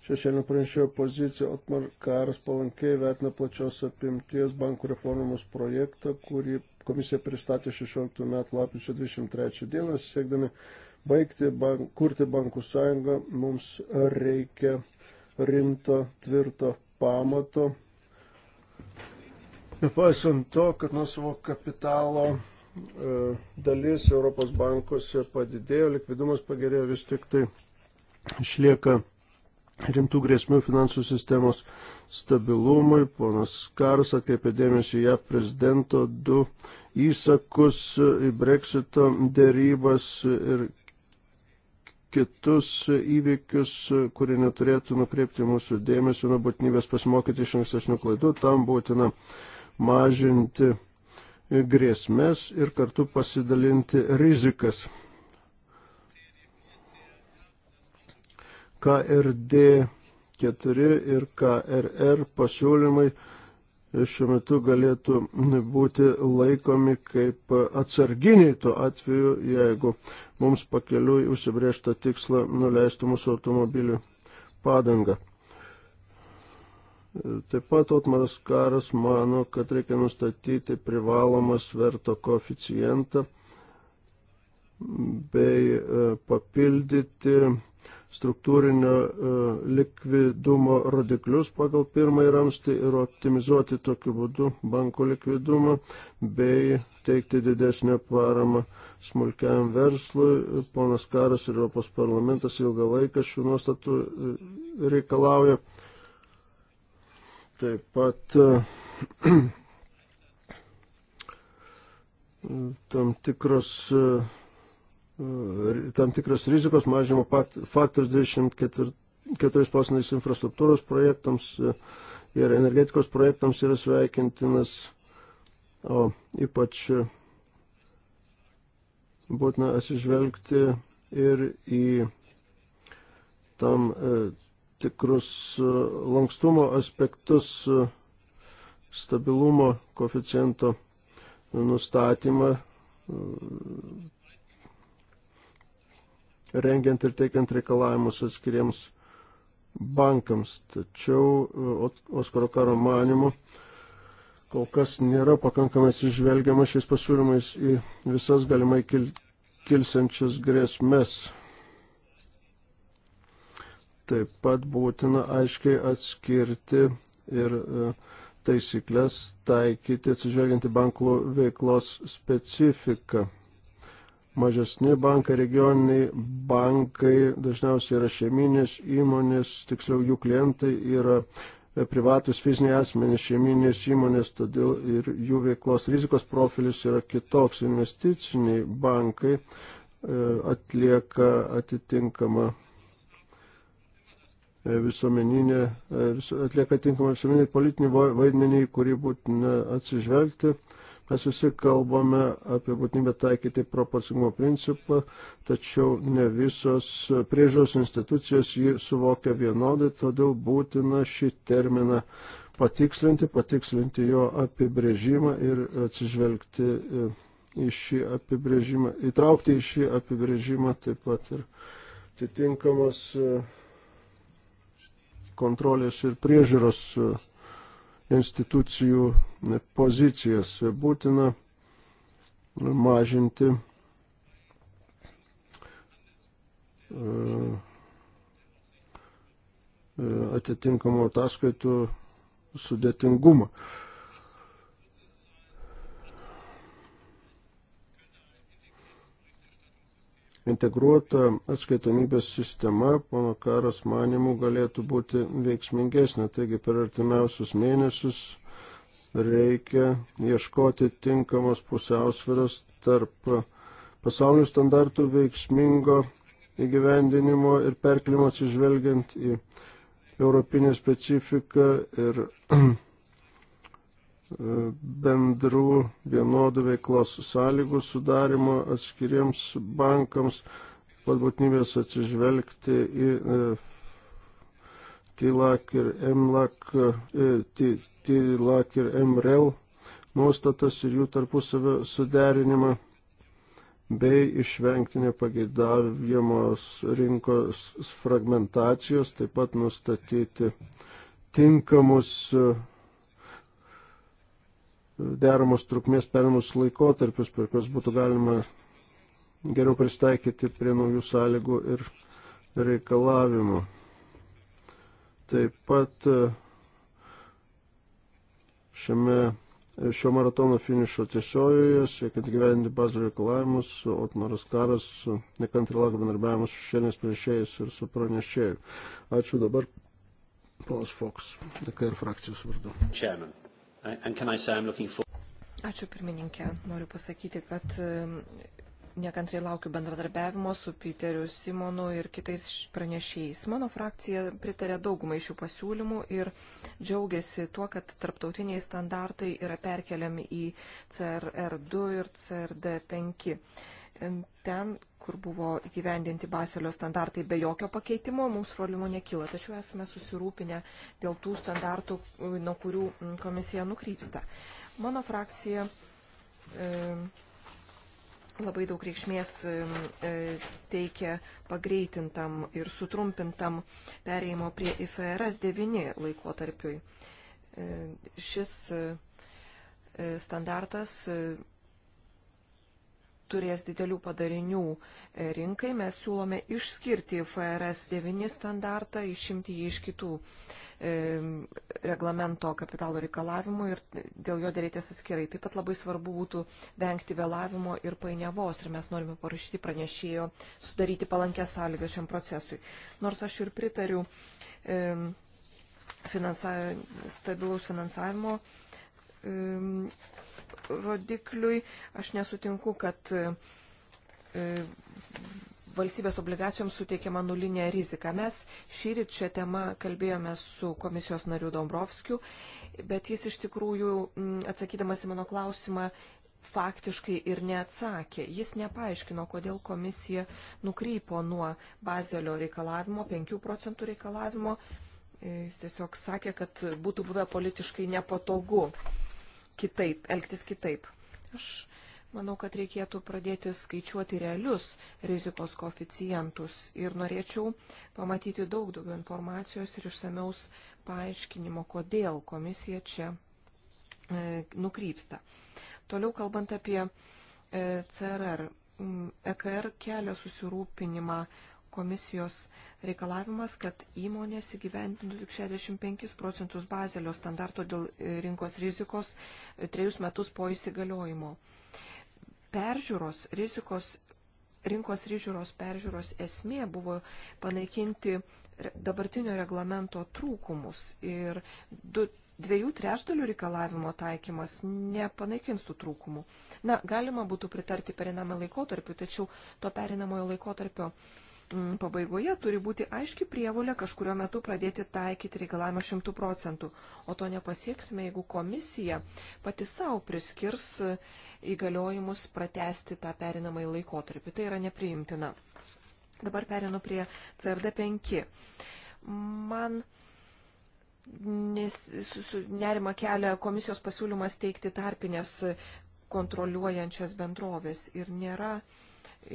šešėlinio pranešėjo poziciją. Otmar Karas palankiai vertina plačios apimties bankų reformos projektą, kurį komisija pristatė 16 metų lapkričio 23 dieną, siekdami baigti, bank, kurti bankų sąjungą, mums reikia rimto, tvirto pamato. Nepaisant to, kad nuo savo kapitalo e, dalis Europos bankose padidėjo, likvidumas pagerėjo, vis tik tai išlieka rimtų grėsmių finansų sistemos stabilumui. Ponas Karas atkreipė dėmesį JAV prezidento du įsakus į breksito dėrybas ir kitus įvykius, kurie neturėtų nukreipti mūsų dėmesio nuo būtinybės pasimokyti iš ankstesnių klaidų, tam būtina mažinti grėsmės ir kartu pasidalinti rizikas. KRD 4 ir KRR pasiūlymai šiuo metu galėtų būti laikomi kaip atsarginiai tuo atveju, jeigu mums pakeliui užsibrėžtą tikslą nuleisti mūsų automobilių padangą. Taip pat Otmaras Karas mano, kad reikia nustatyti privalomą sverto koeficientą bei e, papildyti struktūrinio e, likvidumo rodiklius pagal pirmąjį ramstį ir optimizuoti tokiu būdu banko likvidumą bei teikti didesnę paramą smulkiam verslui. Ponas Karas ir Europos parlamentas ilgą laiką šių nuostatų e, reikalauja. Taip pat e, *clears throat* tam tikros tam tikras rizikos mažinimo faktorius 24 procentais infrastruktūros projektams e, ir energetikos projektams yra sveikintinas, o ypač e, būtina atsižvelgti ir į tam e, tikrus lankstumo aspektus, stabilumo koficiento nustatymą rengiant ir teikiant reikalavimus atskiriems bankams. Tačiau e, Oskaro karo manimu kol kas nėra pakankamai atsižvelgiama šiais pasiūlymais į visas galimai kil, kilsiančias grėsmes. Taip pat būtina aiškiai atskirti ir e, taisyklės taikyti atsižvelgiant į bankų veiklos specifiką mažesni bankai, regioniniai bankai, dažniausiai yra šeiminės įmonės, tiksliau jų klientai yra privatus fiziniai asmenys, šeiminės įmonės, todėl ir jų veiklos rizikos profilis yra kitoks. Investiciniai bankai e, atlieka atitinkamą e, visuomeninė, e, atlieka tinkamą visuomeninį politinį vaidmenį, kurį būtina atsižvelgti. Mes visi kalbame apie būtinybę taikyti proporcingumo principą, tačiau ne visos priežiūros institucijos jį suvokia vienodai, todėl būtina šį terminą patikslinti, patikslinti jo apibrėžimą ir atsižvelgti e, į šį apibrėžimą, įtraukti į šį apibrėžimą taip pat ir atitinkamas e, kontrolės ir priežiūros e, institucijų pozicijas. Būtina mažinti e, e, atitinkamų ataskaitų sudėtingumą. integruota atskaitomybės sistema, pono karas manimų, galėtų būti veiksmingesnė. Taigi per artimiausius mėnesius reikia ieškoti tinkamos pusiausviros tarp pasaulio standartų veiksmingo įgyvendinimo ir perkelimo atsižvelgiant į europinę specifiką ir *clears throat* bendrų vienodų veiklos sąlygų sudarimo atskiriems bankams, pat būtinybės atsižvelgti į e, TILAK ir MLAK, e, TILAK ir MREL nuostatas ir jų tarpusavio suderinimą bei išvengti nepageidavimus rinkos fragmentacijos, taip pat nustatyti tinkamus e, deramos trukmės perimus laikotarpius, per kurios būtų galima geriau pristaikyti prie naujų sąlygų ir reikalavimų. Taip pat e, šiame e, šio maratono finišo tiesiojoje, siekiant gyventi bazų reikalavimus, Otmaras Karas nekantri laukia bendarbiavimas su šiandienis priešėjais ir su pranešėjais. Ačiū dabar, ponas Foks, DKR frakcijos vardu. Chairman. Ačiū pirmininkė. Noriu pasakyti, kad nekantrai laukiu bendradarbiavimo su Piteriu Simonu ir kitais pranešėjais. Mano frakcija pritarė daugumai šių pasiūlymų ir džiaugiasi tuo, kad tarptautiniai standartai yra perkeliami į CRR2 ir CRD5. Ten kur buvo įgyvendinti Baselio standartai be jokio pakeitimo, mums problemų nekyla, tačiau esame susirūpinę dėl tų standartų, nuo kurių mm, komisija nukrypsta. Mano frakcija e, labai daug reikšmės e, teikia pagreitintam ir sutrumpintam pereimo prie IFRS 9 laikotarpiui. E, šis e, standartas e, turės didelių padarinių e, rinkai, mes siūlome išskirti FRS 9 standartą, išimti jį iš kitų e, reglamento kapitalo reikalavimų ir dėl jo dėrėtės atskirai. Taip pat labai svarbu būtų vengti vėlavimo ir painiavos ir mes norime parašyti pranešėjo sudaryti palankę sąlygą šiam procesui. Nors aš ir pritariu e, finansa, stabilaus finansavimo e, rodikliui. Aš nesutinku, kad e, valstybės obligacijoms suteikiama nulinė rizika. Mes šį rytį šią temą kalbėjome su komisijos nariu Dombrovskiu, bet jis iš tikrųjų, atsakydamas į mano klausimą, faktiškai ir neatsakė. Jis nepaaiškino, kodėl komisija nukrypo nuo bazelio reikalavimo, 5 procentų reikalavimo. E, jis tiesiog sakė, kad būtų buvę politiškai nepatogu kitaip, elgtis kitaip. Aš manau, kad reikėtų pradėti skaičiuoti realius rizikos koficijantus ir norėčiau pamatyti daug daugiau informacijos ir išsameus paaiškinimo, kodėl komisija čia e, nukrypsta. Toliau kalbant apie e, CRR, EKR e kelia susirūpinimą komisijos reikalavimas, kad įmonės įgyventintų tik 65 procentus bazelio standarto dėl e, rinkos rizikos e, trejus metus po įsigaliojimo. Peržiūros rizikos, rinkos ryžiūros peržiūros esmė buvo panaikinti dabartinio reglamento trūkumus ir du, dviejų trešdalių reikalavimo taikymas nepanaikins tų trūkumų. Na, galima būtų pritarti perinamą laikotarpį, tačiau to perinamojo laikotarpio uh, pabaigoje turi būti aiški prievolė kažkurio metu pradėti taikyti reikalavimą 100 procentų, o to nepasieksime, jeigu komisija pati savo priskirs e, įgaliojimus pratesti tą perinamąjį laikotarpį. Tai yra nepriimtina. Dabar perinu prie CRD 5. Man nes, nerima kelia komisijos pasiūlymas teikti tarpinės kontroliuojančias bendrovės ir nėra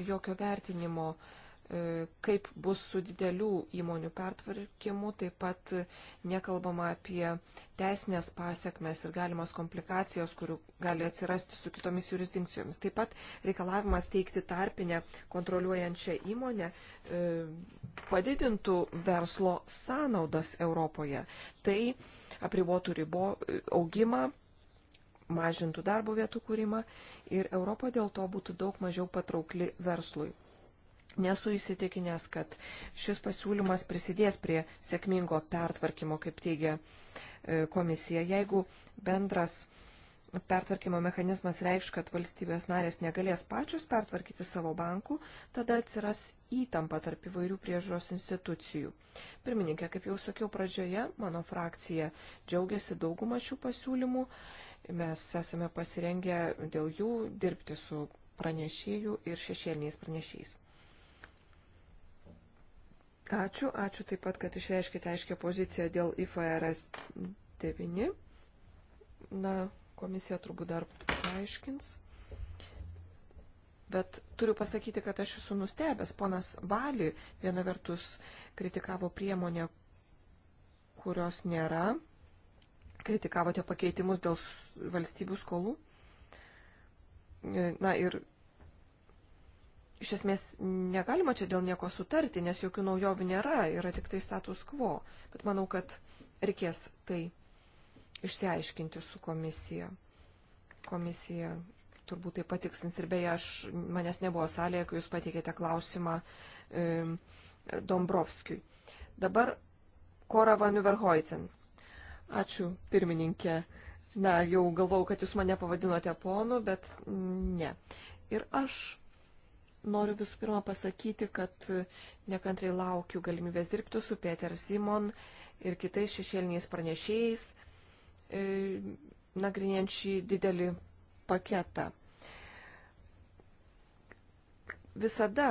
jokio vertinimo uh, E, kaip bus su didelių įmonių pertvarkimu, taip pat nekalbama apie teisinės pasiekmes ir galimas komplikacijas, kurių gali atsirasti su kitomis jurisdikcijomis. Taip pat reikalavimas teikti tarpinę kontroliuojančią įmonę e, padidintų verslo sąnaudas Europoje. Tai apribotų ribo e, augimą mažintų darbo vietų kūrimą ir Europa dėl to būtų daug mažiau patraukli verslui. Nesu įsitikinęs, kad šis pasiūlymas prisidės prie sėkmingo pertvarkymo, kaip teigia e, komisija. Jeigu bendras pertvarkymo mechanizmas reikš, kad valstybės narės negalės pačius pertvarkyti savo bankų, tada atsiras įtampa tarp įvairių priežiūros institucijų. Pirmininkė, kaip jau sakiau pradžioje, mano frakcija džiaugiasi daugumą šių pasiūlymų. Mes esame pasirengę dėl jų dirbti su pranešėjų ir šešėliniais pranešėjais. Ačiū, ačiū taip pat, kad išreiškite aiškę poziciją dėl IFRS 9. Na, komisija turbūt dar paaiškins. Bet turiu pasakyti, kad aš esu nustebęs. Ponas Vali viena vertus kritikavo priemonę, kurios nėra. Kritikavote pakeitimus dėl valstybių skolų. E, na ir iš esmės negalima čia dėl nieko sutarti, nes jokių naujovių nėra, yra tik tai status quo. Bet manau, kad reikės tai išsiaiškinti su komisija. Komisija turbūt tai patiksins ir beje, aš, manęs nebuvo salėje, kai jūs pateikėte klausimą e, Dombrovskijui. Dabar Kora Van Uverhoicen. Ačiū, pirmininkė. Na, jau galvau, kad jūs mane pavadinote ponu, bet ne. Ir aš Noriu visų pirma pasakyti, kad nekantrai laukiu galimybės dirbti su Peter Simon ir kitais šešėliniais pranešėjais, e, nagrinėjant šį didelį paketą. Visada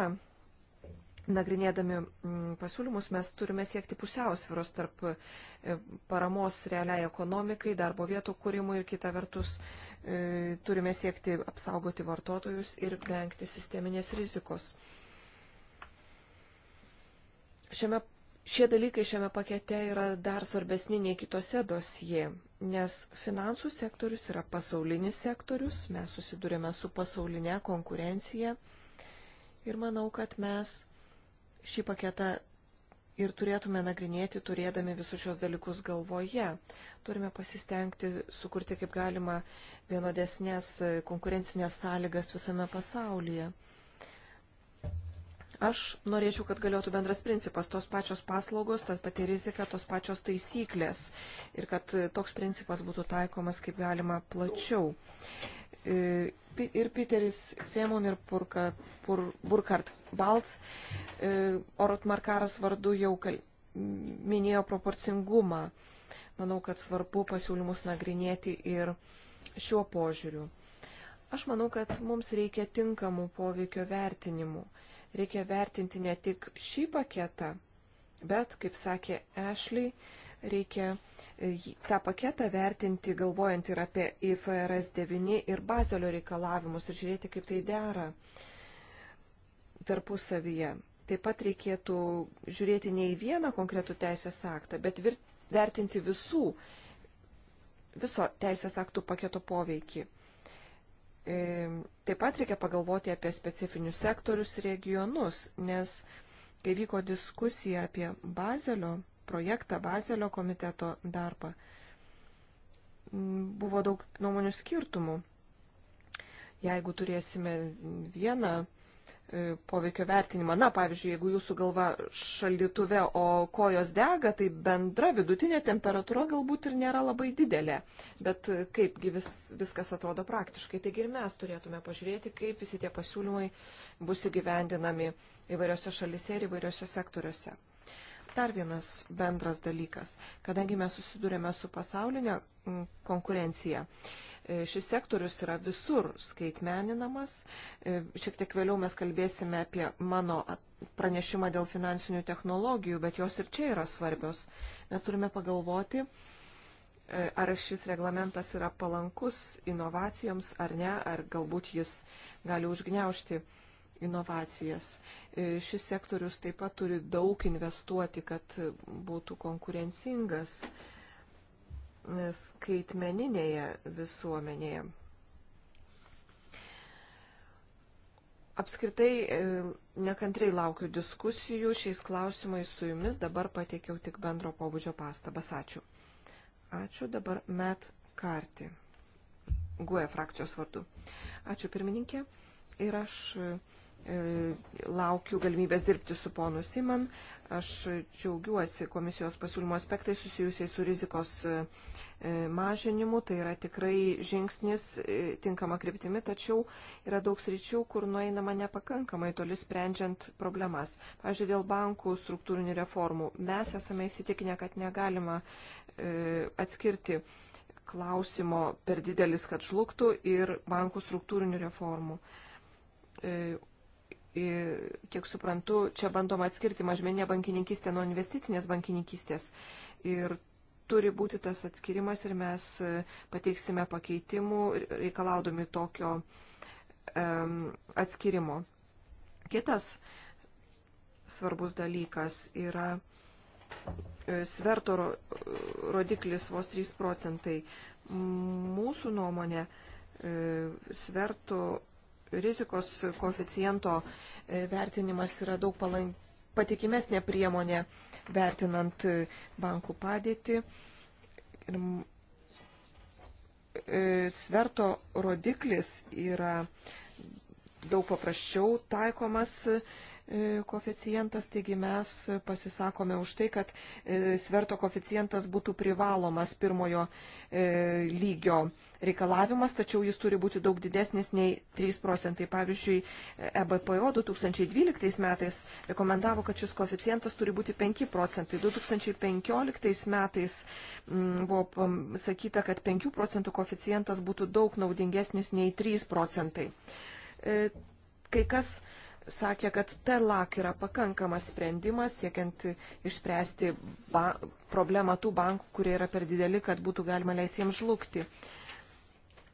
nagrinėdami mm, pasiūlymus mes turime siekti pusiausviros tarp e, paramos realiai ekonomikai, darbo vietų kūrimui ir kita vertus E, turime siekti apsaugoti vartotojus ir vengti sisteminės rizikos. Šiame, šie dalykai šiame pakete yra dar svarbesni nei kitose dosie, nes finansų sektorius yra pasaulinis sektorius, mes susidurėme su pasaulinė konkurencija ir manau, kad mes šį paketą ir turėtume nagrinėti, turėdami visus šios dalykus galvoje. Turime pasistengti sukurti kaip galima vienodesnės e, konkurencinės sąlygas visame pasaulyje. Aš norėčiau, kad galėtų bendras principas tos pačios paslaugos, ta pati rizika, tos pačios taisyklės ir kad e, toks principas būtų taikomas kaip galima plačiau. E, ir Piteris Sėmon ir Purka, Pur, Burkhard Balts, e, Orotmarkaras vardu jau kal, minėjo proporcingumą. Manau, kad svarbu pasiūlymus nagrinėti ir šiuo požiūriu. Aš manau, kad mums reikia tinkamų poveikio vertinimų. Reikia vertinti ne tik šį paketą, bet, kaip sakė Ešley, Reikia e, tą paketą vertinti, galvojant ir apie IFRS 9 ir bazelio reikalavimus ir žiūrėti, kaip tai dera tarpusavyje. Taip pat reikėtų žiūrėti ne į vieną konkretų teisės aktą, bet vertinti visų, viso teisės aktų paketo poveikį. E, taip pat reikia pagalvoti apie specifinius sektorius regionus, nes kai vyko diskusija apie Bazelio projektą, Bazelio komiteto darbą, buvo daug nuomonių skirtumų. Jeigu turėsime vieną e, poveikio vertinimą. Na, pavyzdžiui, jeigu jūsų galva šaldytuve, o kojos dega, tai bendra vidutinė temperatūra galbūt ir nėra labai didelė. Bet e, kaipgi vis, viskas atrodo praktiškai. Taigi ir mes turėtume pažiūrėti, kaip visi tie pasiūlymai bus įgyvendinami įvairiose šalise ir įvairiose sektoriuose. Dar vienas bendras dalykas, kadangi mes susidurėme su pasaulinė konkurencija. E, šis sektorius yra visur skaitmeninamas. E, šiek tiek vėliau mes kalbėsime apie mano pranešimą dėl finansinių technologijų, bet jos ir čia yra svarbios. Mes turime pagalvoti, e, ar šis reglamentas yra palankus inovacijoms ar ne, ar galbūt jis gali užgneušti inovacijas. E, šis sektorius taip pat turi daug investuoti, kad būtų konkurencingas e, skaitmeninėje visuomenėje. Apskritai e, nekantrai laukiu diskusijų šiais klausimais su jumis, dabar pateikiau tik bendro pobūdžio pastabas. Ačiū. Ačiū dabar Met Karti. GUE frakcijos vardu. Ačiū pirmininkė. Ir aš E, laukiu galimybės dirbti su ponu Siman. Aš džiaugiuosi komisijos pasiūlymo aspektai susijusiai su rizikos e, mažinimu. Tai yra tikrai žingsnis e, tinkama kryptimi, tačiau yra daug sričių, kur nueinama nepakankamai toli sprendžiant problemas. Pavyzdžiui, dėl bankų struktūrinių reformų. Mes esame įsitikinę, kad negalima atskirti klausimo per didelis, kad žlugtų ir bankų struktūrinių reformų kiek suprantu, čia bandoma atskirti mažmenę bankininkystę nuo investicinės bankininkystės. Ir turi būti tas atskirimas ir mes e, pateiksime pakeitimų reikalaudami tokio um, atskirimo. Kitas svarbus dalykas yra e, sverto rodiklis vos 3 procentai. Mūsų nuomonė e, svertų rizikos koeficiento e, vertinimas yra daug palank, patikimesnė priemonė vertinant e, bankų padėtį. Ir e, sverto rodiklis yra daug paprasčiau taikomas koficijantas, taigi mes pasisakome už tai, kad sverto koficijantas būtų privalomas pirmojo lygio reikalavimas, tačiau jis turi būti daug didesnis nei 3 procentai. Pavyzdžiui, EBPO 2012 metais rekomendavo, kad šis koeficientas turi būti 5 procentai. 2015 metais mm, buvo sakyta, kad 5 procentų koeficientas būtų daug naudingesnis nei 3 procentai. E, kai kas sakė, kad TELAK yra pakankamas sprendimas, siekiant išspręsti problemą tų bankų, kurie yra per dideli, kad būtų galima leisti jiems žlugti.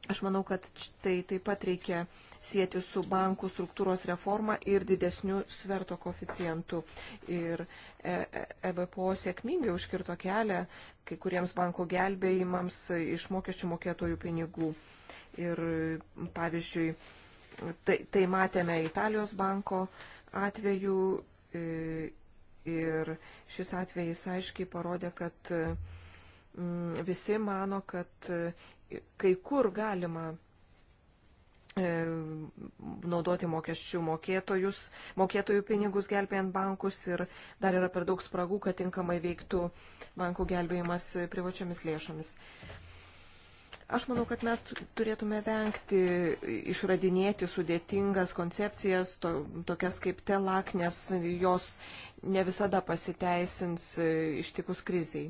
Aš manau, kad tai taip pat reikia sieti su bankų struktūros reforma ir didesniu sverto koficijantu. Ir EBPO e, e sėkmingai užkirto kelią kai kuriems banko gelbėjimams iš mokesčių mokėtojų pinigų. Ir pavyzdžiui, tai, tai matėme Italijos banko atveju e, ir šis atvejis aiškiai parodė, kad mm, visi mano, kad kai kur galima e, naudoti mokesčių mokėtojus, mokėtojų pinigus gelbėjant bankus ir dar yra per daug spragų, kad tinkamai veiktų bankų gelbėjimas privačiomis lėšomis. Aš manau, kad mes turėtume vengti išradinėti sudėtingas koncepcijas, to, tokias kaip telak, nes jos ne visada pasiteisins e, ištikus kriziai.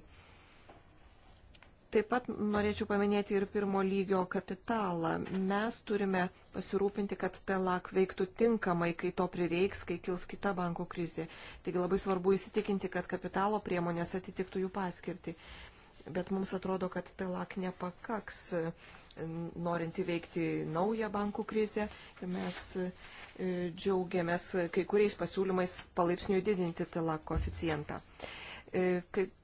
Taip pat norėčiau paminėti ir pirmo lygio kapitalą. Mes turime pasirūpinti, kad TELAK veiktų tinkamai, kai to prireiks, kai kils kita banko krizė. Taigi labai svarbu įsitikinti, kad kapitalo priemonės atitiktų jų paskirtį. Bet mums atrodo, kad TELAK nepakaks, norint įveikti naują bankų krizę. Mes e, džiaugiamės kai kuriais pasiūlymais palaipsniui didinti TELAK koeficientą. E, Kaip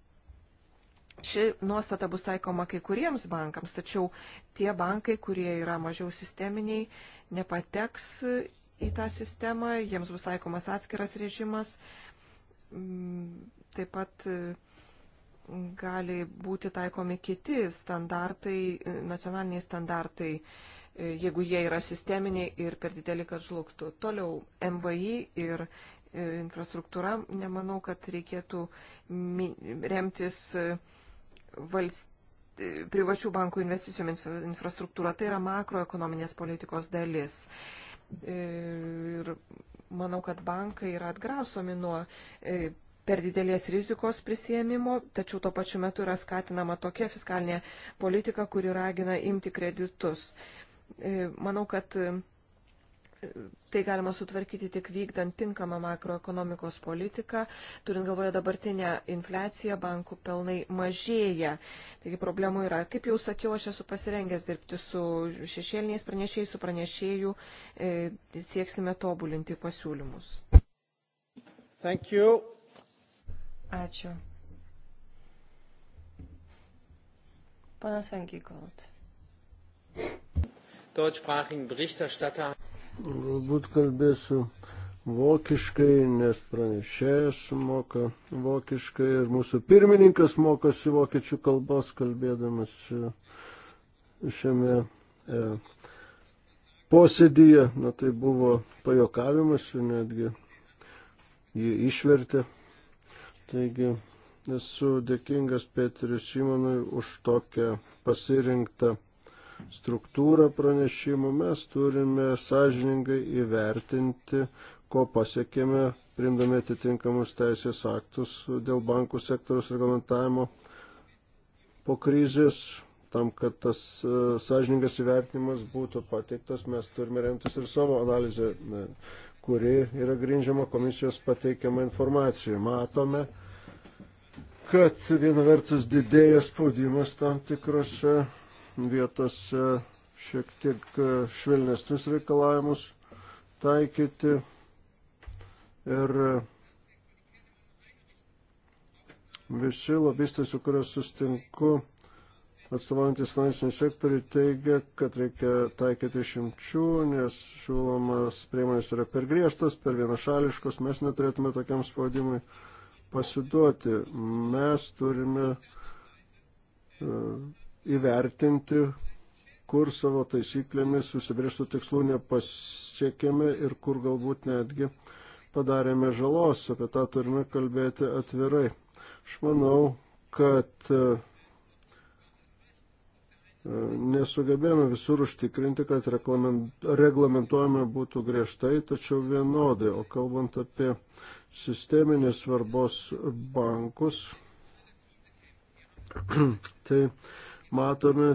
Ši nuostata bus taikoma kai kuriems bankams, tačiau tie bankai, kurie yra mažiau sisteminiai, nepateks į tą sistemą, jiems bus taikomas atskiras režimas. Mm, taip pat mm, gali būti taikomi kiti standartai, nacionaliniai standartai, e, jeigu jie yra sisteminiai ir per didelį, kad žlugtų. Toliau MVI ir e, infrastruktūra, nemanau, kad reikėtų remtis e, valst... privačių bankų investicijom infrastruktūra. Tai yra makroekonominės politikos dalis. Ir manau, kad bankai yra atgrasomi nuo e, per didelės rizikos prisėmimo, tačiau tuo pačiu metu yra skatinama tokia fiskalinė politika, kuri ragina imti kreditus. E, manau, kad tai galima sutvarkyti tik vykdant tinkamą makroekonomikos politiką, turint galvoje dabartinę infliaciją, bankų pelnai mažėja. Taigi problemų yra. Kaip jau sakiau, aš esu pasirengęs dirbti su šešėliniais pranešėjais, su pranešėjų, e, sieksime tobulinti pasiūlymus. Thank you. Ačiū. Panas Venkikolt. Deutschsprachigen Berichterstatter. Galbūt kalbėsiu vokiškai, nes pranešėjas moka vokiškai ir mūsų pirmininkas mokosi vokiečių kalbos kalbėdamas e, šiame e, posėdyje. Na tai buvo pajokavimas ir netgi jį išvertė. Taigi esu dėkingas Petriu Simonui už tokią pasirinktą struktūrą pranešimų, mes turime sąžiningai įvertinti, ko pasiekėme, primdami atitinkamus teisės aktus dėl bankų sektoriaus reglamentavimo po krizės. Tam, kad tas e, sąžiningas įvertinimas būtų pateiktas, mes turime remtis ir savo analizę, e, kuri yra grindžiama komisijos pateikiama informacija. Matome, kad viena vertus didėja spaudimas tam tikrose vietose šiek tiek e, švelnesnius reikalavimus taikyti ir e, visi lobistai, su kuriuos sustinku, atstovaujantis finansinį sektorių, teigia, kad reikia taikyti šimčių, nes siūlomas priemonės yra per griežtas, per vienašališkas, mes neturėtume tokiam spaudimui pasiduoti. Mes turime uh, įvertinti, kur savo taisyklėmis susibrieštų tikslų nepasiekėme ir kur galbūt netgi padarėme žalos. Apie tą turime kalbėti atvirai. Aš manau, kad e, nesugebėjome visur užtikrinti, kad reglamentuojame būtų griežtai, tačiau vienodai. O kalbant apie sisteminės svarbos bankus, *clears throat* tai matome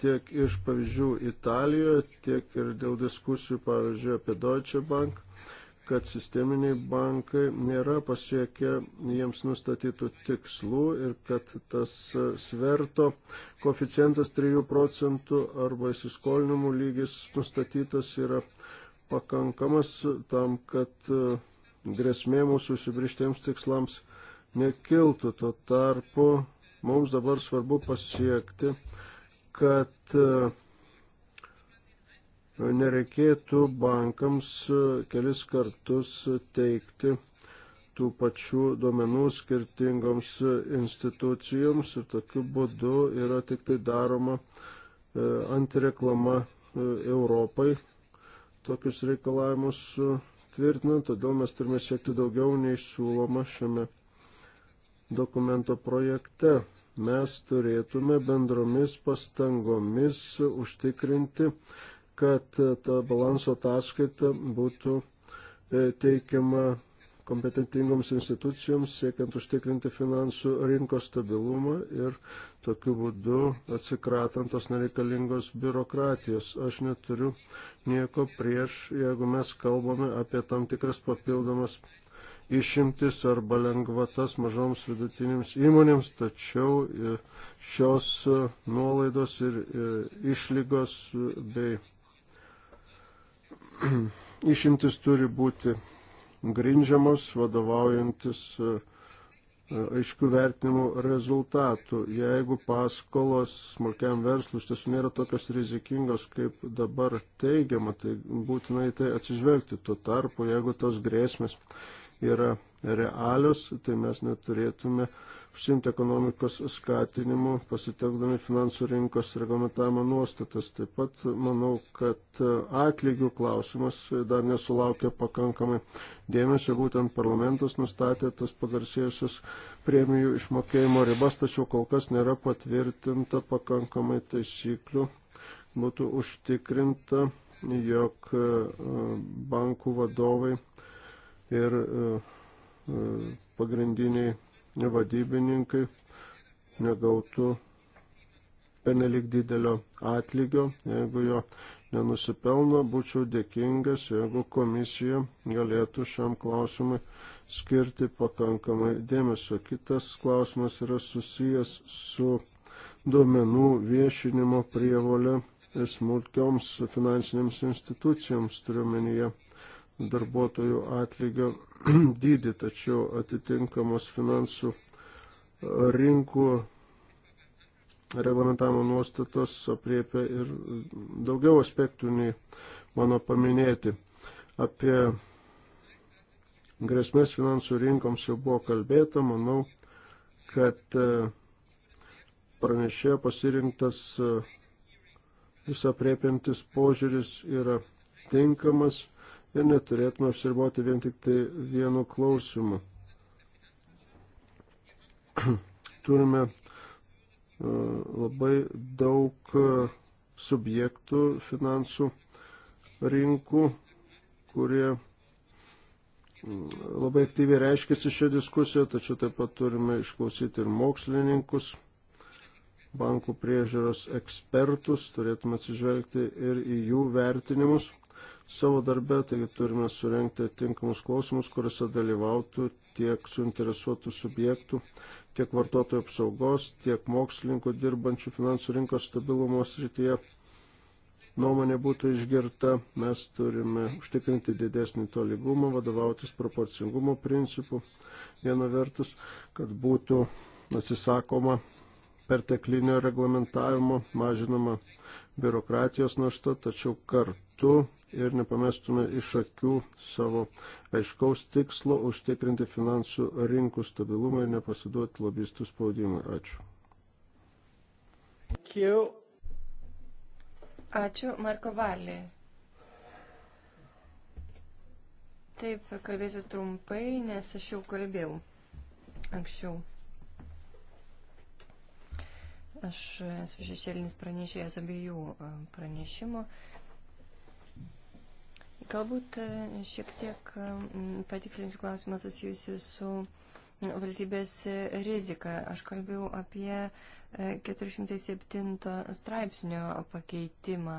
tiek iš pavyzdžių Italijoje, tiek ir dėl diskusijų, pavyzdžiui, apie Deutsche Bank, kad sisteminiai bankai nėra pasiekę jiems nustatytų tikslų ir kad tas sverto koficijantas 3 procentų arba įsiskolinimų lygis nustatytas yra pakankamas tam, kad e, grėsmė mūsų užsibrištiems tikslams nekiltų. Tuo tarpu Mums dabar svarbu pasiekti, kad e, nereikėtų bankams e, kelis kartus teikti tų pačių duomenų skirtingoms e, institucijoms ir tokiu būdu yra tik tai daroma antireklama Europai tokius reikalavimus tvirtinant, todėl mes turime siekti daugiau nei siūloma šiame dokumento projekte. Mes turėtume bendromis pastangomis užtikrinti, kad ta balanso ataskaita būtų e, teikiama kompetentingoms institucijoms, siekiant užtikrinti finansų rinkos stabilumą ir tokiu būdu atsikratant tos nereikalingos biurokratijos. Aš neturiu nieko prieš, jeigu mes kalbame apie tam tikras papildomas išimtis arba lengvatas mažoms vidutinėms įmonėms, tačiau e, šios e, nuolaidos ir e, išlygos bei *clears throat* išimtis turi būti grindžiamos vadovaujantis aiškių vertinimų rezultatų. Jeigu paskolos smulkiam verslui iš tiesų nėra tokios rizikingos, kaip dabar teigiama, tai būtinai tai atsižvelgti. Tuo tarpu, jeigu tos grėsmės yra realios, tai mes neturėtume užsimti ekonomikos skatinimu, pasitelkdami finansų rinkos reglamentavimo nuostatas. Taip pat manau, kad atlygių klausimas dar nesulaukia pakankamai dėmesio. Būtent parlamentas nustatė tas pagarsėjusius premijų išmokėjimo ribas, tačiau kol kas nėra patvirtinta pakankamai taisyklių. Būtų užtikrinta, jog e, bankų vadovai ir e, e, pagrindiniai vadybininkai negautų penelik didelio atlygio, jeigu jo nenusipelno, būčiau dėkingas, jeigu komisija galėtų šiam klausimui skirti pakankamai dėmesio. Kitas klausimas yra susijęs su duomenų viešinimo prievolė smulkioms finansinėms institucijoms, turiuomenyje darbuotojų atlygio *clears throat* dydį, tačiau atitinkamos finansų e, rinkų reglamentavimo nuostatos apriepia ir daugiau aspektų nei mano paminėti. Apie grėsmės finansų rinkoms jau buvo kalbėta, manau, kad e, pranešėjo pasirinktas e, visapriepintis požiūris yra tinkamas ir neturėtume apsirboti vien tik tai vienu klausimu. *clears throat* Turime e, labai daug e, subjektų finansų rinkų, kurie labai aktyviai reiškiasi šią diskusiją, tačiau taip pat turime išklausyti ir mokslininkus, bankų priežiūros ekspertus, turėtume atsižvelgti ir į jų vertinimus savo darbę, taigi turime surenkti tinkamus klausimus, kuriuose dalyvautų tiek suinteresuotų subjektų, tiek vartotojų apsaugos, tiek mokslininkų dirbančių finansų rinkos stabilumo srityje. Nuomonė būtų išgirta, mes turime užtikrinti didesnį tolygumą, vadovautis proporcingumo principu. Viena vertus, kad būtų atsisakoma perteklinio reglamentavimo, mažinama biurokratijos našta, tačiau kartu ir nepamestume iš akių savo aiškaus tikslo užtikrinti finansų rinkų stabilumą ir nepasiduoti lobistų spaudimui. Ačiū. Ačiū. Ačiū, Marko Valė. Taip, kalbėsiu trumpai, nes aš jau kalbėjau anksčiau. Aš esu šešėlinis pranešėjas abiejų e, pranešimų. Uh, Galbūt e, šiek tiek e, patikslinsiu klausimą susijusiu su e, valstybės rizika. Aš kalbėjau apie 407 straipsnio pakeitimą.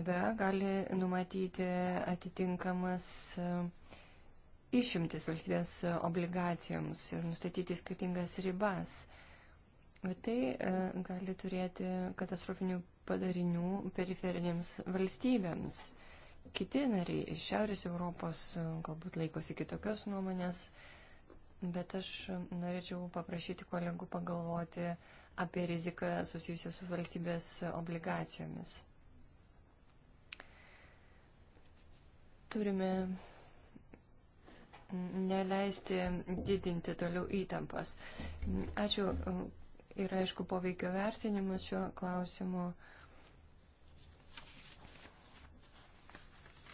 EBA gali numatyti atitinkamas išimtis valstybės obligacijoms ir nustatyti skirtingas ribas. Bet tai gali turėti katastrofinių padarinių periferinėms valstybėms. Kiti nariai iš Šiaurės Europos e, galbūt laikosi kitokios nuomonės, bet aš norėčiau paprašyti kolegų pagalvoti apie riziką susijusią su valstybės obligacijomis. Turime neleisti didinti toliau įtampas. Ačiū e, ir aišku poveikio vertinimas šiuo klausimu.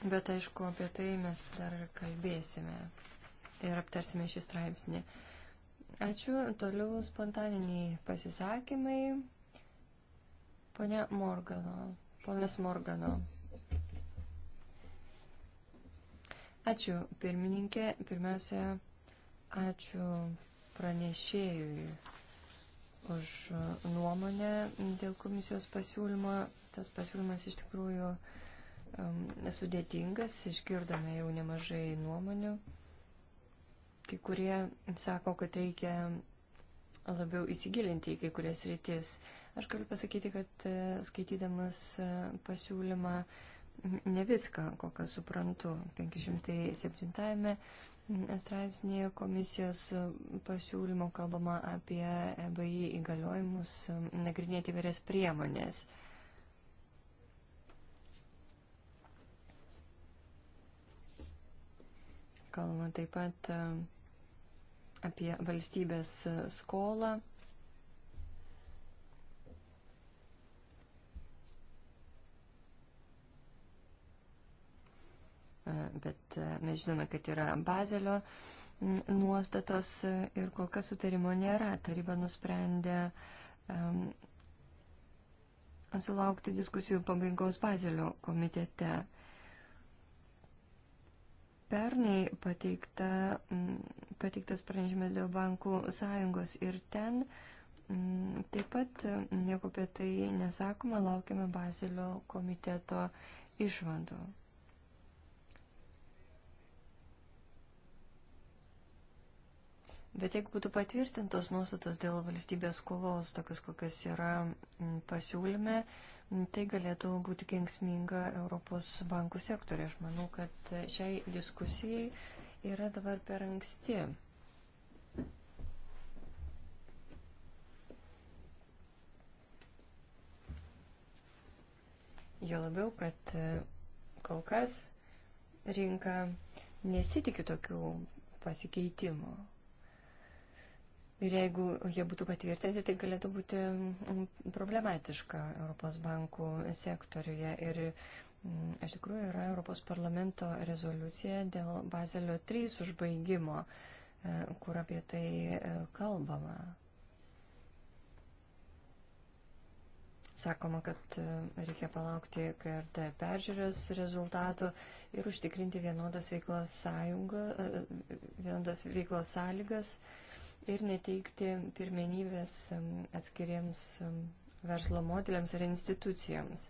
Bet aišku, apie tai mes dar kalbėsime ir aptarsime šį straipsnį. Ačiū. Toliau spontaniniai pasisakymai. Pone Morgano. Ponas Morgano. Ačiū, pirmininkė. Pirmiausia, ačiū pranešėjui už nuomonę dėl komisijos pasiūlymo. Tas pasiūlymas iš tikrųjų uh, sudėtingas, išgirdome jau nemažai nuomonių. Kai kurie sako, kad reikia labiau įsigilinti į kai kurias rytis. Aš galiu pasakyti, kad e, skaitydamas e, pasiūlymą ne viską, kokią suprantu, 507 straipsnėje komisijos e, pasiūlymo kalbama apie EBI įgaliojimus nagrinėti vairias priemonės. kalbama taip pat e, apie valstybės e, skolą. E, bet mes žinome, kad yra Bazelio nuostatos ir kol kas sutarimo nėra. Taryba nusprendė um, sulaukti diskusijų pabaigos Bazelio komitete. Pernai pateikta, mm, pateiktas pranešimas dėl bankų sąjungos ir ten mm, taip pat mm, nieko apie tai nesakoma, laukiame Bazilio komiteto išvadų. Bet jeigu būtų patvirtintos nuostatos dėl valstybės skolos, tokios kokios yra pasiūlyme, Tai galėtų būti kengsminga Europos bankų sektoriai. Aš manau, kad šiai diskusijai yra dabar per anksti. Jo labiau, kad e, kol kas rinka nesitikė tokių pasikeitimų. Ir jeigu jie būtų patvirtinti, tai galėtų būti problematiška Europos bankų sektoriuje. Ir iš tikrųjų yra Europos parlamento rezoliucija dėl Bazelio 3 užbaigimo, e, kur apie tai e, kalbama. Sakoma, kad e, reikia palaukti kartą peržiūros rezultatų ir užtikrinti vienodas veiklos, sąjungą, vienodas veiklos sąlygas. Uh, ir neteikti pirmenybės atskiriems verslo modeliams ar institucijoms.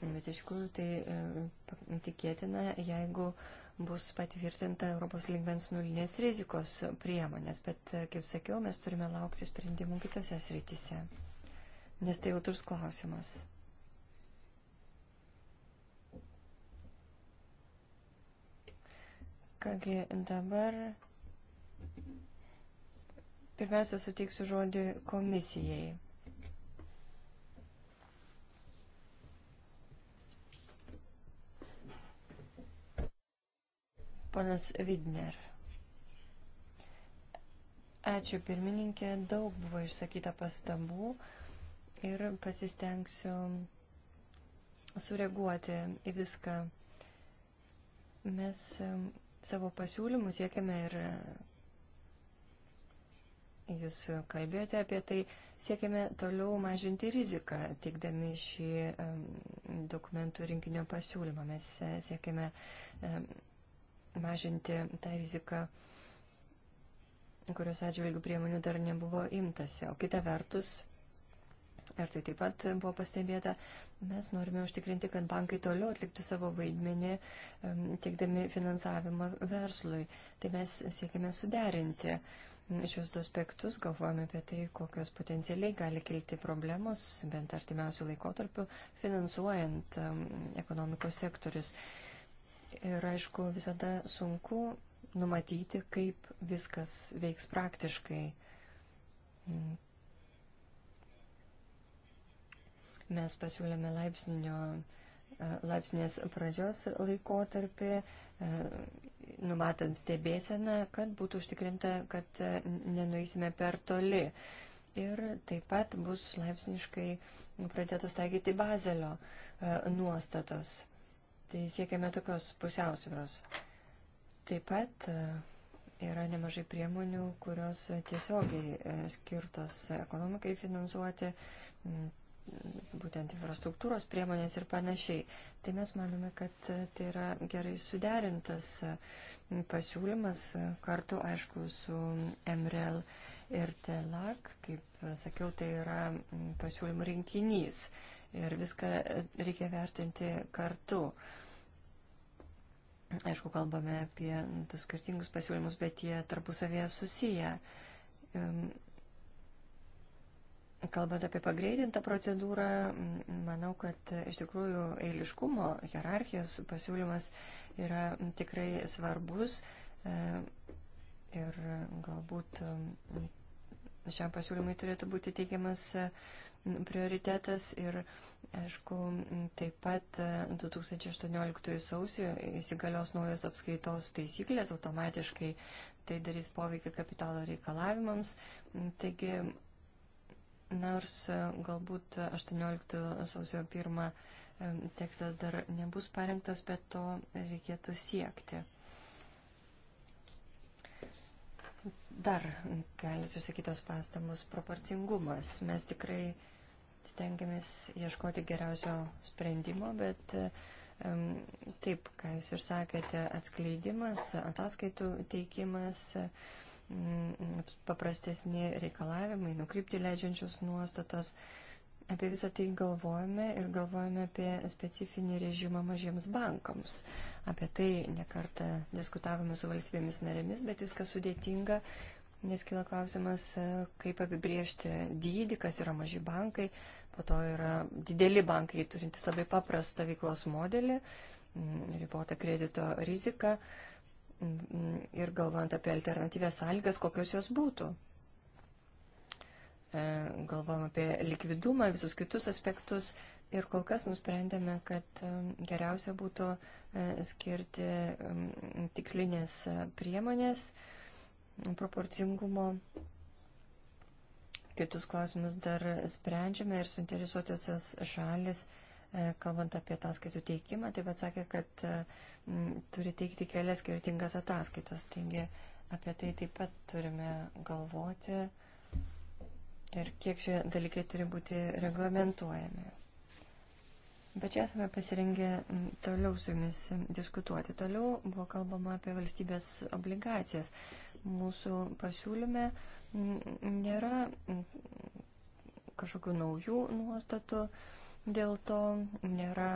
Bet iš tikrųjų tai e, tikėtina, jeigu bus patvirtinta Europos lygmens nulinės rizikos priemonės, bet, e, kaip sakiau, mes turime laukti sprendimų kitose srityse, nes tai jautrus klausimas. Kągi dabar pirmiausia suteiksiu žodį komisijai. Ponas Vidner. Ačiū pirmininkė, daug buvo išsakyta pastabų ir pasistengsiu sureaguoti į viską. Mes savo pasiūlymų siekiame ir Jūs kalbėjote apie tai, siekiame toliau mažinti riziką, teikdami šį dokumentų rinkinio pasiūlymą. Mes e, siekiame mažinti tą riziką, kurios atžvilgių priemonių dar nebuvo imtasi. O kita vertus, ir tai taip pat buvo pastebėta, mes norime užtikrinti, kad bankai toliau atliktų savo vaidmenį, teikdami finansavimą verslui. Tai mes siekime suderinti šios du aspektus, galvojame apie tai, kokios potencialiai gali kilti problemos, bent artimiausių laikotarpių, finansuojant ekonomikos sektorius. Ir aišku, visada sunku numatyti, kaip viskas veiks praktiškai mm, Mes pasiūlėme laipsnio, e, laipsnės pradžios laikotarpį, e, numatant stebėseną, kad būtų užtikrinta, kad e, nenueisime per toli. Ir taip pat bus laipsniškai pradėtos taikyti bazelio nuostatos. Tai siekiame tokios pusiausvėros. Taip pat yra nemažai priemonių, kurios tiesiogiai skirtos ekonomikai finansuoti, mm, būtent infrastruktūros priemonės ir panašiai. Tai mes manome, kad tai yra gerai suderintas pasiūlymas kartu, aišku, su MREL ir TELAC. Kaip sakiau, tai yra pasiūlymų rinkinys ir viską reikia vertinti kartu. Aišku, kalbame apie du skirtingus pasiūlymus, bet jie tarpusavėje susiję Kalbant apie pagreitintą procedūrą, manau, kad iš tikrųjų eiliškumo hierarchijos pasiūlymas yra tikrai svarbus e, ir galbūt šiam pasiūlymui turėtų būti teikiamas e, prioritetas ir, aišku, taip pat 2018 e, sausio įsigalios naujos apskaitos taisyklės automatiškai tai darys poveikį kapitalo reikalavimams. Taigi Nors e, galbūt 18 sausio 1 e, tekstas dar nebus parengtas, bet to reikėtų siekti. Dar kelias išsakytos pastamos - proporcingumas. Mes tikrai stengiamės ieškoti geriausio sprendimo, bet um, taip, ką jūs ir sakėte, atskleidimas, ataskaitų teikimas. Um, paprastesni reikalavimai, nukrypti leidžiančios nuostatos. Apie visą tai galvojame ir galvojame apie specifinį režimą mažiems bankams. Apie tai nekartą diskutavome su valstybėmis narėmis, bet viskas sudėtinga, nes kila klausimas, e, kaip apibriežti dydį, kas yra maži bankai. Po to yra dideli bankai, turintys labai paprastą veiklos modelį, ribotą kredito riziką. Uh, Mm, ir galvojant apie alternatyvės sąlygas, kokios jos būtų. E, galvojam apie likvidumą, visus kitus aspektus ir kol kas nusprendėme, kad e, geriausia būtų e, skirti tikslinės priemonės proporcingumo. Kitus klausimus dar sprendžiame ir suinteresuotosios šalis, kalbant apie ataskaitų teikimą, taip pat sakė, kad turi teikti kelias skirtingas ataskaitas. Taigi apie tai taip pat turime galvoti ir kiek šie dalykai turi būti reglamentuojami. Bet čia esame pasirengę toliau su jumis diskutuoti. Toliau buvo kalbama apie valstybės obligacijas. Mūsų pasiūlyme nėra kažkokių naujų nuostatų, dėl to nėra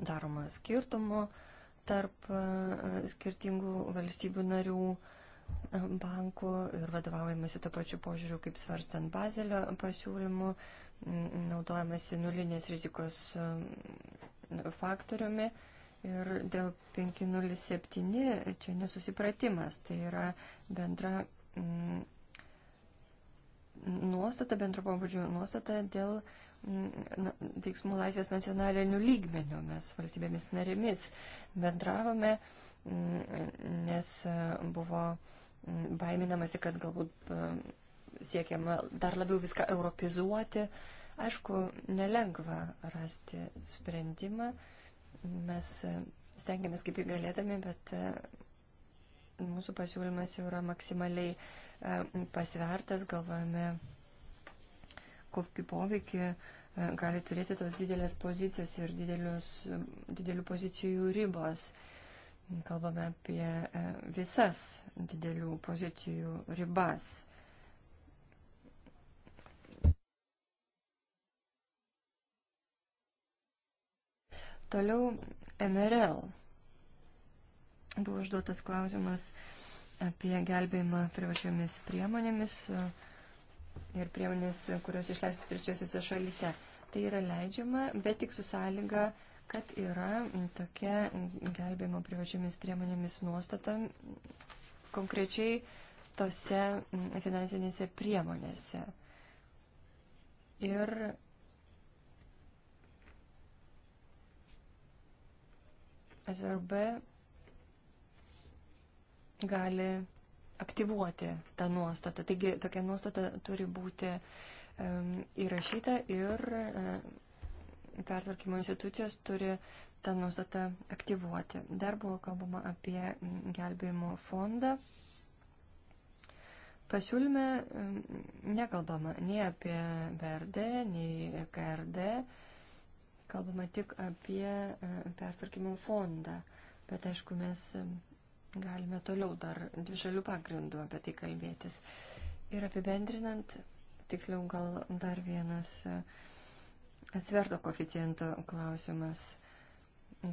daroma skirtumų tarp e, skirtingų valstybių narių e, bankų ir vadovaujamasi to pačiu požiūriu, kaip svarstant Bazelio pasiūlymų, naudojamasi nulinės rizikos e, faktoriumi. Ir dėl 507 čia nesusipratimas, tai yra bendra nuostata, bendro pobūdžio nuostata dėl uh, veiksmų laisvės nacionaliniu lygmeniu. Mes su valstybėmis narėmis bendravome, nes e, buvo baiminamasi, kad galbūt e, siekiama dar labiau viską europizuoti. Aišku, nelengva rasti sprendimą. Mes e, stengiamės kaip įgalėdami, bet mūsų pasiūlymas jau yra maksimaliai pasvertas, galvojame kokį poveikį e, gali turėti tos didelės pozicijos ir didelius, didelių pozicijų ribos. Kalbame apie e, visas didelių pozicijų ribas. Toliau MRL. Buvo užduotas klausimas apie gelbėjimą privačiomis priemonėmis. Uh, ir priemonės, kurios išleistos trečiosiuose šalyse. Tai yra leidžiama, bet tik su sąlyga, kad yra tokia gelbėjimo privačiomis priemonėmis nuostata konkrečiai tose finansinėse priemonėse. Ir SRB gali aktyvuoti tą nuostatą. Taigi tokia nuostata turi būti įrašyta ir pertvarkymo institucijos turi tą nuostatą aktyvuoti. Dar buvo kalbama apie gelbėjimo fondą. Pasiūlyme nekalbama nei apie BRD, nei KRD, kalbama tik apie pertvarkymo fondą. Bet aišku, mes Galime toliau dar dvišalių pagrindų apie tai kalbėtis. Ir apibendrinant, tiksliau gal dar vienas e, sverto koficiento klausimas.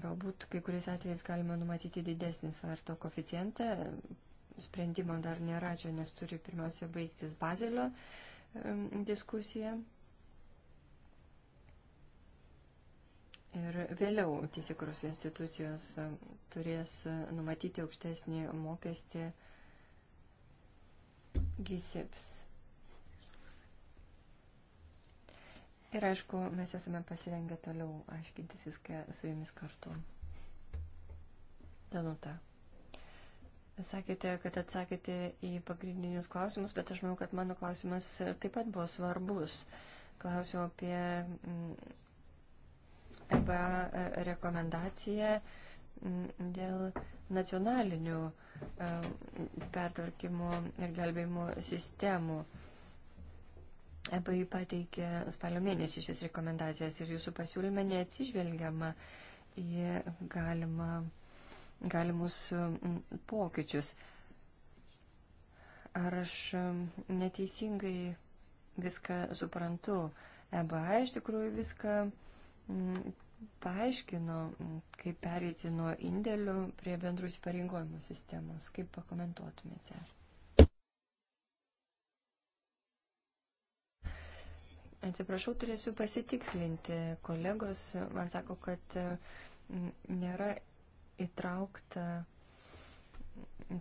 Galbūt kai kuriais atvejais galima numatyti didesnį svarto koficijantą. Sprendimo dar nėra čia, nes turi pirmiausia baigtis Bazelio e, diskusija. Ir vėliau teisėkuros institucijos e, turės e, numatyti aukštesnį mokestį gysips. Ir aišku, mes esame pasirengę toliau aiškintis viską su jumis kartu. Danuta. Sakėte, kad atsakėte į pagrindinius klausimus, bet aš manau, kad mano klausimas taip pat buvo svarbus. Klausiau apie EBA e, rekomendacija dėl nacionalinių e, pertvarkymų ir gelbėjimo sistemų. EBA pateikė spalio mėnesį šias rekomendacijas ir jūsų pasiūlyme neatsižvelgiama į galima, galimus pokyčius. Ar aš neteisingai viską suprantu? EBA iš tikrųjų viską paaiškino, kaip pereiti nuo indėlių prie bendrų įsipareigojimų sistemos. Kaip pakomentuotumėte? Atsiprašau, turėsiu pasitikslinti. Kolegos man sako, kad nėra įtraukta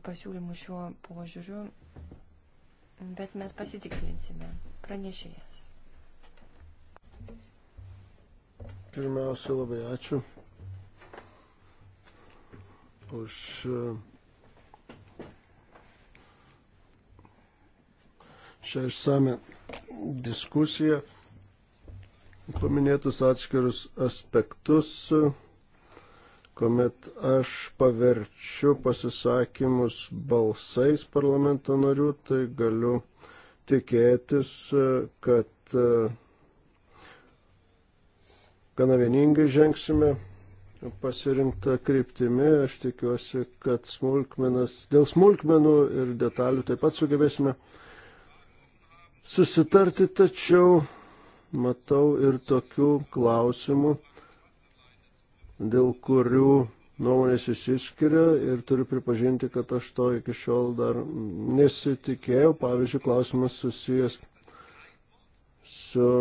pasiūlymų šiuo požiūriu, bet mes pasitikslinsime. Pranešėjas. Pirmiausia, labai ačiū už e, šią išsame diskusiją, paminėtus atskirus aspektus, kuomet aš paverčiu pasisakymus balsais parlamento narių, tai galiu tikėtis, e, kad e, gana vieningai žengsime pasirinktą kryptimį. Aš tikiuosi, kad smulkmenas, dėl smulkmenų ir detalių taip pat sugebėsime susitarti, tačiau matau ir tokių klausimų, dėl kurių nuomonės įsiskiria ir turiu pripažinti, kad aš to iki šiol dar nesitikėjau. Pavyzdžiui, klausimas susijęs su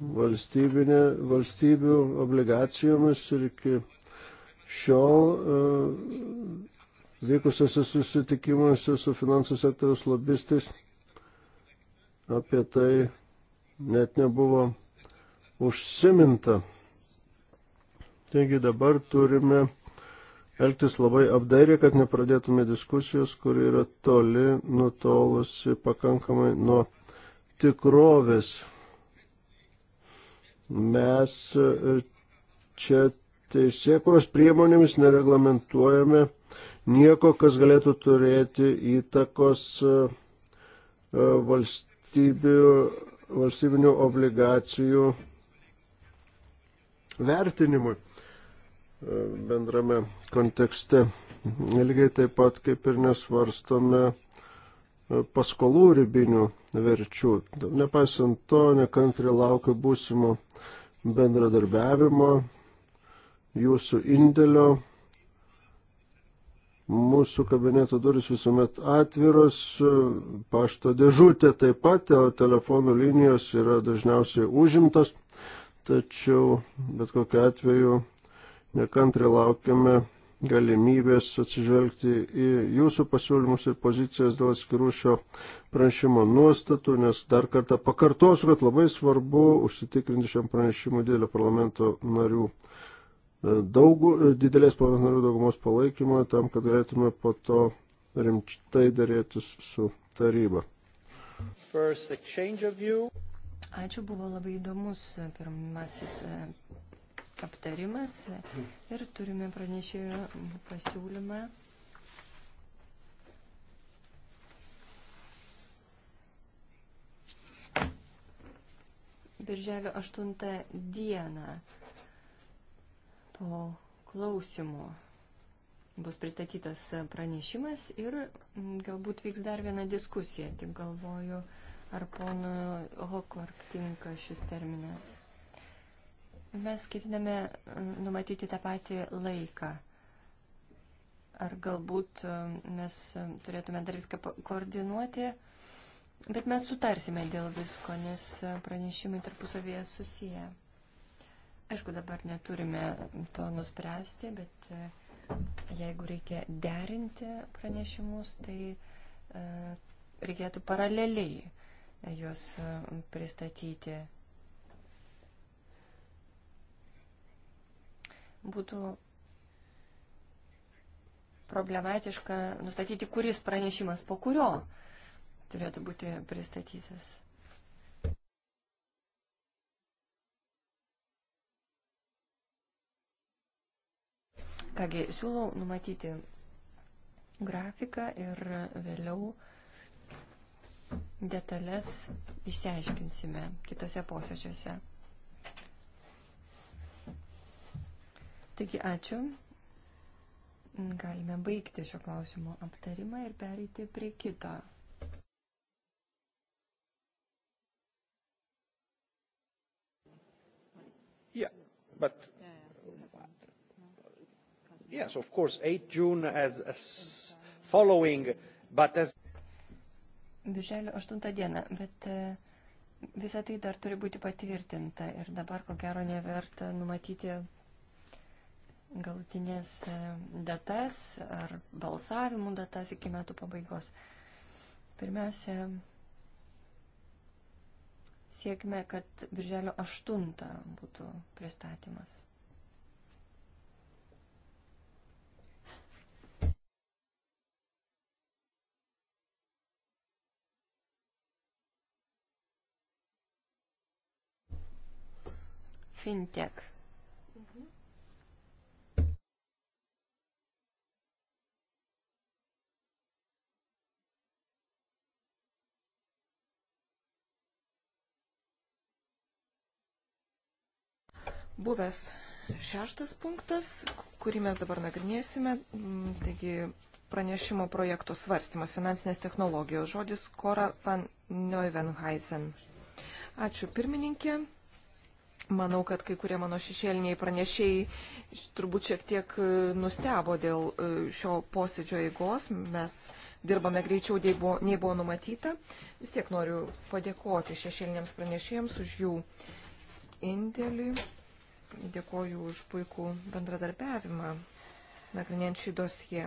valstybių obligacijomis ir iki šiol e, vykusiuose susitikimuose su finansų sektoriaus lobistais apie tai net nebuvo užsiminta. Taigi dabar turime elgtis labai apdairiai, kad nepradėtume diskusijos, kuri yra toli nutolusi pakankamai nuo tikrovės mes e, čia teisėkuros priemonėmis nereglamentuojame nieko, kas galėtų turėti įtakos e, e, valstybių, valstybinių obligacijų vertinimui bendrame kontekste. Lygiai taip pat kaip ir nesvarstome paskolų ribinių verčių. Nepaisant to, nekantri laukiu būsimo bendradarbiavimo, jūsų indėlio. Mūsų kabineto duris visuomet atviros, pašto dėžutė taip pat, o telefonų linijos yra dažniausiai užimtos. Tačiau bet kokiu atveju nekantriai laukiame galimybės atsižvelgti į jūsų pasiūlymus ir pozicijas dėl skirų šio pranešimo nuostatų, nes dar kartą pakartosiu, kad labai svarbu užsitikrinti šiam pranešimui didelio parlamento narių. E, Daug, e, didelės parlamento narių daugumos palaikymą tam, kad galėtume po to rimtai dėrėtis su taryba. First, Ačiū, buvo labai įdomus e, pirmasis aptarimas ir turime pranešėjo pasiūlymą. Birželio 8 dieną po klausimų bus pristatytas pranešimas ir mm, galbūt vyks dar viena diskusija. Tik galvoju, ar pono Hokvark tinka šis terminas. Mes ketiname e, numatyti tą patį laiką. Ar galbūt e, mes e, turėtume dar viską koordinuoti, bet mes sutarsime dėl visko, nes pranešimai tarpusavėje susiję. Aišku, dabar neturime to nuspręsti, bet jeigu reikia derinti pranešimus, tai reikėtų paraleliai juos pristatyti. būtų problematiška nustatyti, kuris pranešimas po kurio turėtų būti pristatytas. Kągi, siūlau numatyti grafiką ir vėliau detalės išsiaiškinsime kitose posėdžiuose. Taigi ačiū. Galime baigti šio klausimo aptarimą ir pereiti prie kito. Yeah, but yes, of course, 8 June as following, but as Birželio 8 diena, bet e, visą tai dar turi būti patvirtinta ir dabar ko gero neverta numatyti galutinės e, datas ar balsavimų datas iki metų pabaigos. Pirmiausia, siekime, kad birželio 8 būtų pristatymas. Fintech. buvęs šeštas punktas, kurį mes dabar nagrinėsime. Taigi pranešimo projektų svarstymas finansinės technologijos žodis Kora van Neuvenheisen. Ačiū pirmininkė. Manau, kad kai kurie mano šešėliniai pranešėjai turbūt šiek tiek e, nustebo dėl e, šio posėdžio eigos. Mes dirbame greičiau, nei buvo, nei buvo numatyta. Vis tiek noriu padėkoti šešėliniams pranešėjams už jų indėlį dėkoju už puikų bendradarbiavimą nagrinėjant šį dosiją.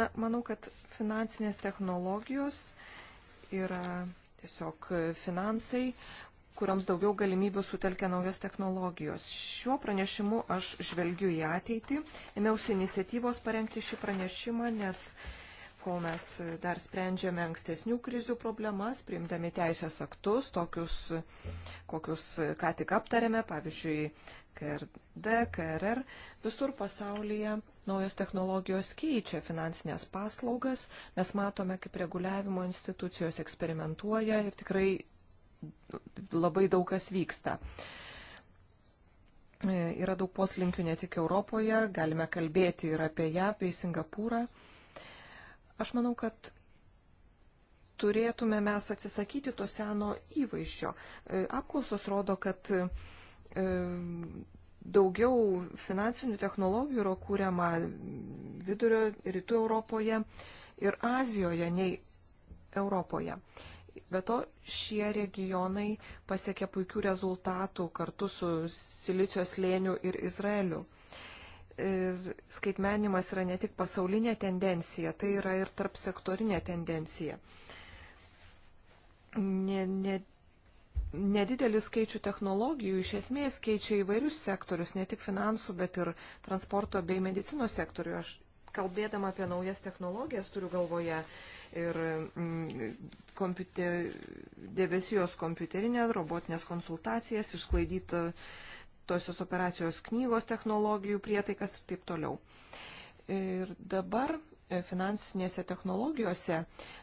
Na, manau, kad finansinės technologijos yra tiesiog finansai, kuriams daugiau galimybių sutelkia naujos technologijos. Šiuo pranešimu aš žvelgiu į ateitį. Ėmiausi iniciatyvos parengti šį pranešimą, nes kol mes e, dar sprendžiame ankstesnių krizių problemas, priimdami teisės aktus, tokius, kokius e, ką tik aptarėme, pavyzdžiui, KRD, KRR, visur pasaulyje naujos technologijos keičia finansinės paslaugas, mes matome, kaip reguliavimo institucijos eksperimentuoja ir tikrai labai daug kas vyksta. E, yra daug poslinkių ne tik Europoje, galime kalbėti ir apie ją, apie Singapūrą. Aš manau, kad turėtume mes atsisakyti to seno įvaizdžio. E, apklausos rodo, kad e, daugiau finansinių technologijų yra kūriama vidurio rytų Europoje ir Azijoje nei Europoje. Be to, šie regionai pasiekė puikių rezultatų kartu su Silicijos lėniu ir Izraeliu ir skaitmenimas yra ne tik pasaulinė tendencija, tai yra ir tarp sektorinė tendencija. Ne, ne, nedidelis skaičių technologijų iš esmės keičia įvairius sektorius, ne tik finansų, bet ir transporto bei medicinos sektorių. Aš kalbėdama apie naujas technologijas turiu galvoje ir mm, kompiuter, debesijos kompiuterinę, robotinės konsultacijas, išsklaidyto slaptosios operacijos knygos technologijų prietaikas ir taip toliau. Ir dabar e, finansinėse technologijose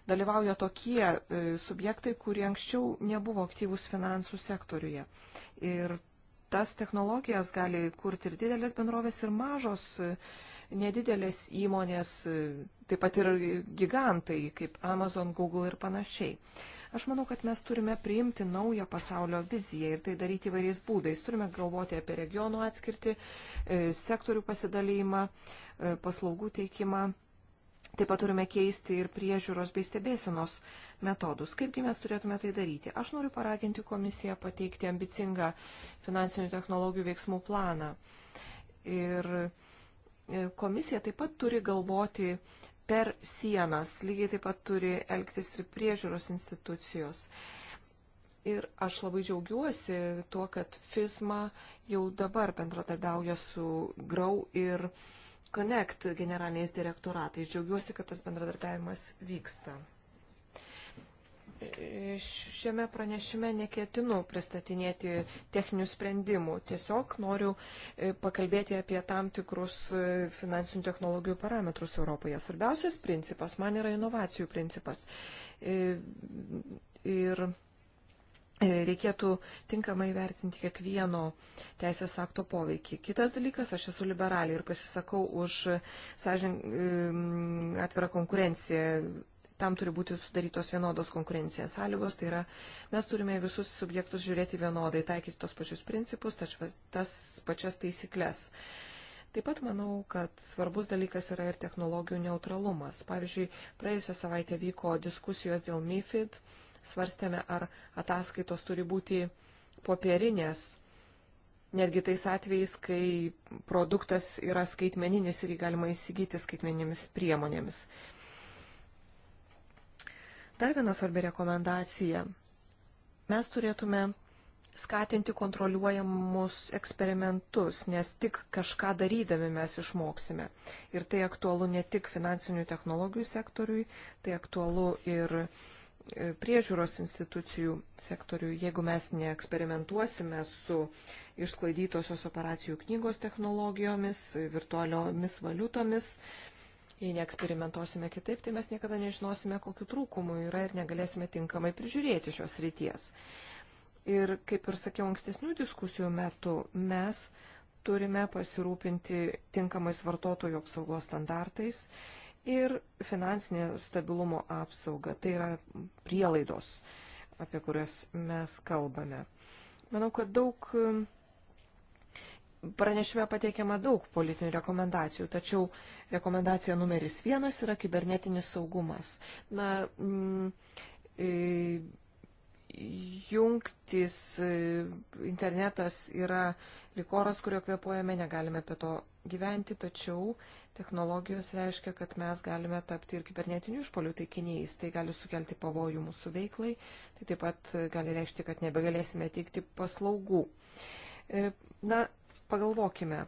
dalyvauja tokie e, subjektai, kurie anksčiau nebuvo aktyvus finansų sektoriuje. Ir tas technologijas gali kurti ir didelės bendrovės, ir mažos, e, nedidelės įmonės, taip pat ir gigantai kaip Amazon, Google ir panašiai. Aš manau, kad mes turime priimti naują pasaulio viziją ir tai daryti įvairiais būdais. Turime galvoti apie regionų atskirti, e, sektorių pasidalymą, e, paslaugų teikimą. Taip pat turime keisti ir priežiūros bei stebėsenos metodus. Kaipgi mes turėtume tai daryti? Aš noriu paraginti komisiją pateikti ambicingą finansinių technologijų veiksmų planą. Ir e, komisija taip pat turi galvoti per sienas. Lygiai taip pat turi elgtis ir priežiūros institucijos. Ir aš labai džiaugiuosi tuo, kad FISMA jau dabar bendradarbiauja su GRAU ir Connect generaliniais direktoratais. Džiaugiuosi, kad tas bendradarbiavimas vyksta šiame pranešime neketinu pristatinėti techninių sprendimų. Tiesiog noriu e, pakalbėti apie tam tikrus e, finansinių technologijų parametrus Europoje. Svarbiausias principas man yra inovacijų principas. E, ir reikėtų tinkamai vertinti kiekvieno teisės akto poveikį. Kitas dalykas, aš esu liberalė ir pasisakau už sąžin, atvirą konkurenciją tam turi būti sudarytos vienodos konkurencijos sąlygos, tai yra mes turime visus subjektus žiūrėti vienodai, taikyti tos pačius principus, tačiau tas pačias taisyklės. Taip pat manau, kad svarbus dalykas yra ir technologijų neutralumas. Pavyzdžiui, praėjusią savaitę vyko diskusijos dėl MIFID, svarstėme, ar ataskaitos turi būti popierinės, netgi tais atvejais, kai produktas yra skaitmeninis ir jį galima įsigyti skaitmeninėmis priemonėmis. Dar viena svarbi rekomendacija. Mes turėtume skatinti kontroliuojamus eksperimentus, nes tik kažką darydami mes išmoksime. Ir tai aktualu ne tik finansinių technologijų sektoriui, tai aktualu ir e, priežiūros institucijų sektoriui. Jeigu mes neeksperimentuosime su išsklaidytosios operacijų knygos technologijomis, virtualiomis valiutomis, Jei neeksperimentuosime kitaip, tai mes niekada nežinosime, kokiu trūkumu yra ir negalėsime tinkamai prižiūrėti šios ryties. Ir kaip ir sakiau ankstesnių diskusijų metu, mes turime pasirūpinti tinkamais vartotojų apsaugos standartais ir finansinė stabilumo apsauga. Tai yra prielaidos, apie kurias mes kalbame. Manau, kad daug Pranešime pateikiama daug politinių rekomendacijų, tačiau rekomendacija numeris vienas yra kibernetinis saugumas. Na, mm, e, jungtis, e, internetas yra likoras, kurio kvepuojame, negalime apie to gyventi, tačiau technologijos reiškia, kad mes galime tapti ir kibernetinių išpolių taikiniais. Tai gali sukelti pavojų mūsų veiklai, tai taip pat gali reikšti, kad nebegalėsime teikti paslaugų. E, na, Pagalvokime,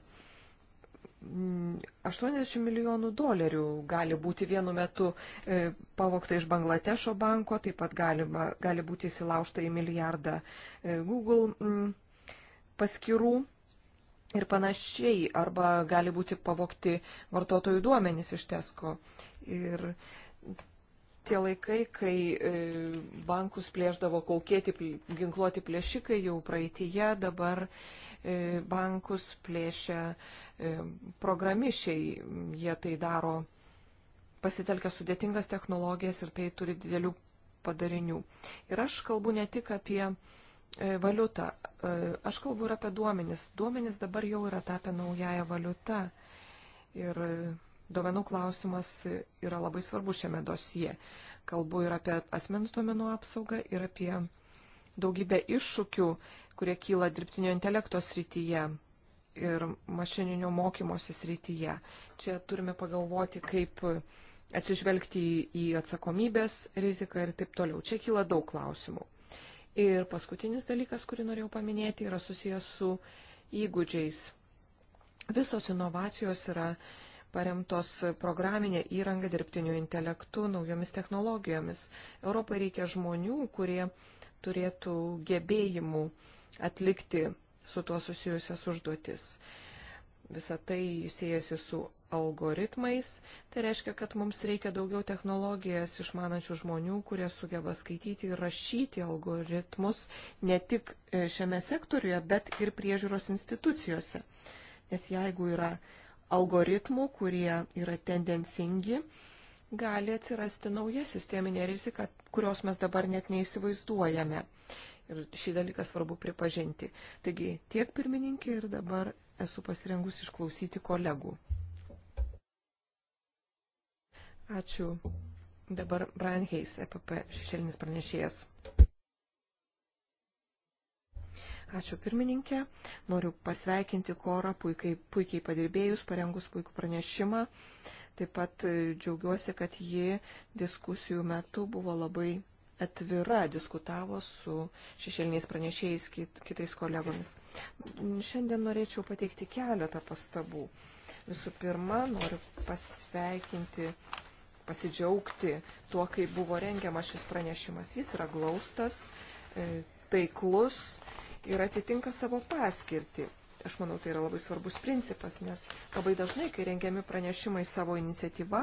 80 milijonų dolerių gali būti vienu metu e, pavokta iš Bangladešo banko, taip pat galima, gali būti įsilaužta į milijardą e, Google mm, paskirų ir panašiai, arba gali būti pavokti vartotojų duomenys iš Tesko. Ir tie laikai, kai e, bankus plėždavo kaukėti ginkluoti plėšikai jau praeitįje, dabar e, E, bankus, plėšia e, programišiai. Jie tai daro pasitelkia sudėtingas technologijas ir tai turi didelių padarinių. Ir aš kalbu ne tik apie e, valiutą, aš kalbu ir apie duomenis. Duomenis dabar jau yra tapę naująją valiutą. Ir duomenų klausimas yra labai svarbus šiame dosie. Kalbu ir apie asmens duomenų apsaugą, ir apie daugybę iššūkių, kurie kyla dirbtinio intelekto srityje ir mašininio mokymosi srityje. Čia turime pagalvoti, kaip atsižvelgti į atsakomybės riziką ir taip toliau. Čia kyla daug klausimų. Ir paskutinis dalykas, kurį norėjau paminėti, yra susijęs su įgūdžiais. Visos inovacijos yra paremtos programinė įranga dirbtiniu intelektu, naujomis technologijomis. Europai reikia žmonių, kurie turėtų gebėjimų atlikti su tuo susijusias užduotis. Visą tai siejasi su algoritmais. Tai reiškia, kad mums reikia daugiau technologijas išmanančių žmonių, kurie sugeba skaityti ir rašyti algoritmus ne tik e, šiame sektoriuje, bet ir priežiūros institucijose. Nes jeigu yra algoritmų, kurie yra tendencingi, gali atsirasti nauja sisteminė rizika, kurios mes dabar net neįsivaizduojame. Ir šį dalyką svarbu pripažinti. Taigi tiek pirmininkė ir dabar esu pasirengus išklausyti kolegų. Ačiū. Dabar Brian Hayes, EPP šešėlinis pranešėjas. Ačiū pirmininkė. Noriu pasveikinti korą puikiai, puikiai padirbėjus, parengus puikų pranešimą. Uh, Taip pat e, džiaugiuosi, kad ji diskusijų metu buvo labai atvira, diskutavo su šešėliniais pranešėjais kitais kolegomis. Mm, šiandien norėčiau pateikti keletą pastabų. Visų pirma, noriu pasveikinti, pasidžiaugti tuo, kaip buvo rengiamas šis pranešimas. Jis yra glaustas, e, taiklus ir atitinka savo paskirtį. Aš manau, tai yra labai svarbus principas, nes labai dažnai, kai rengiami pranešimai savo iniciatyva,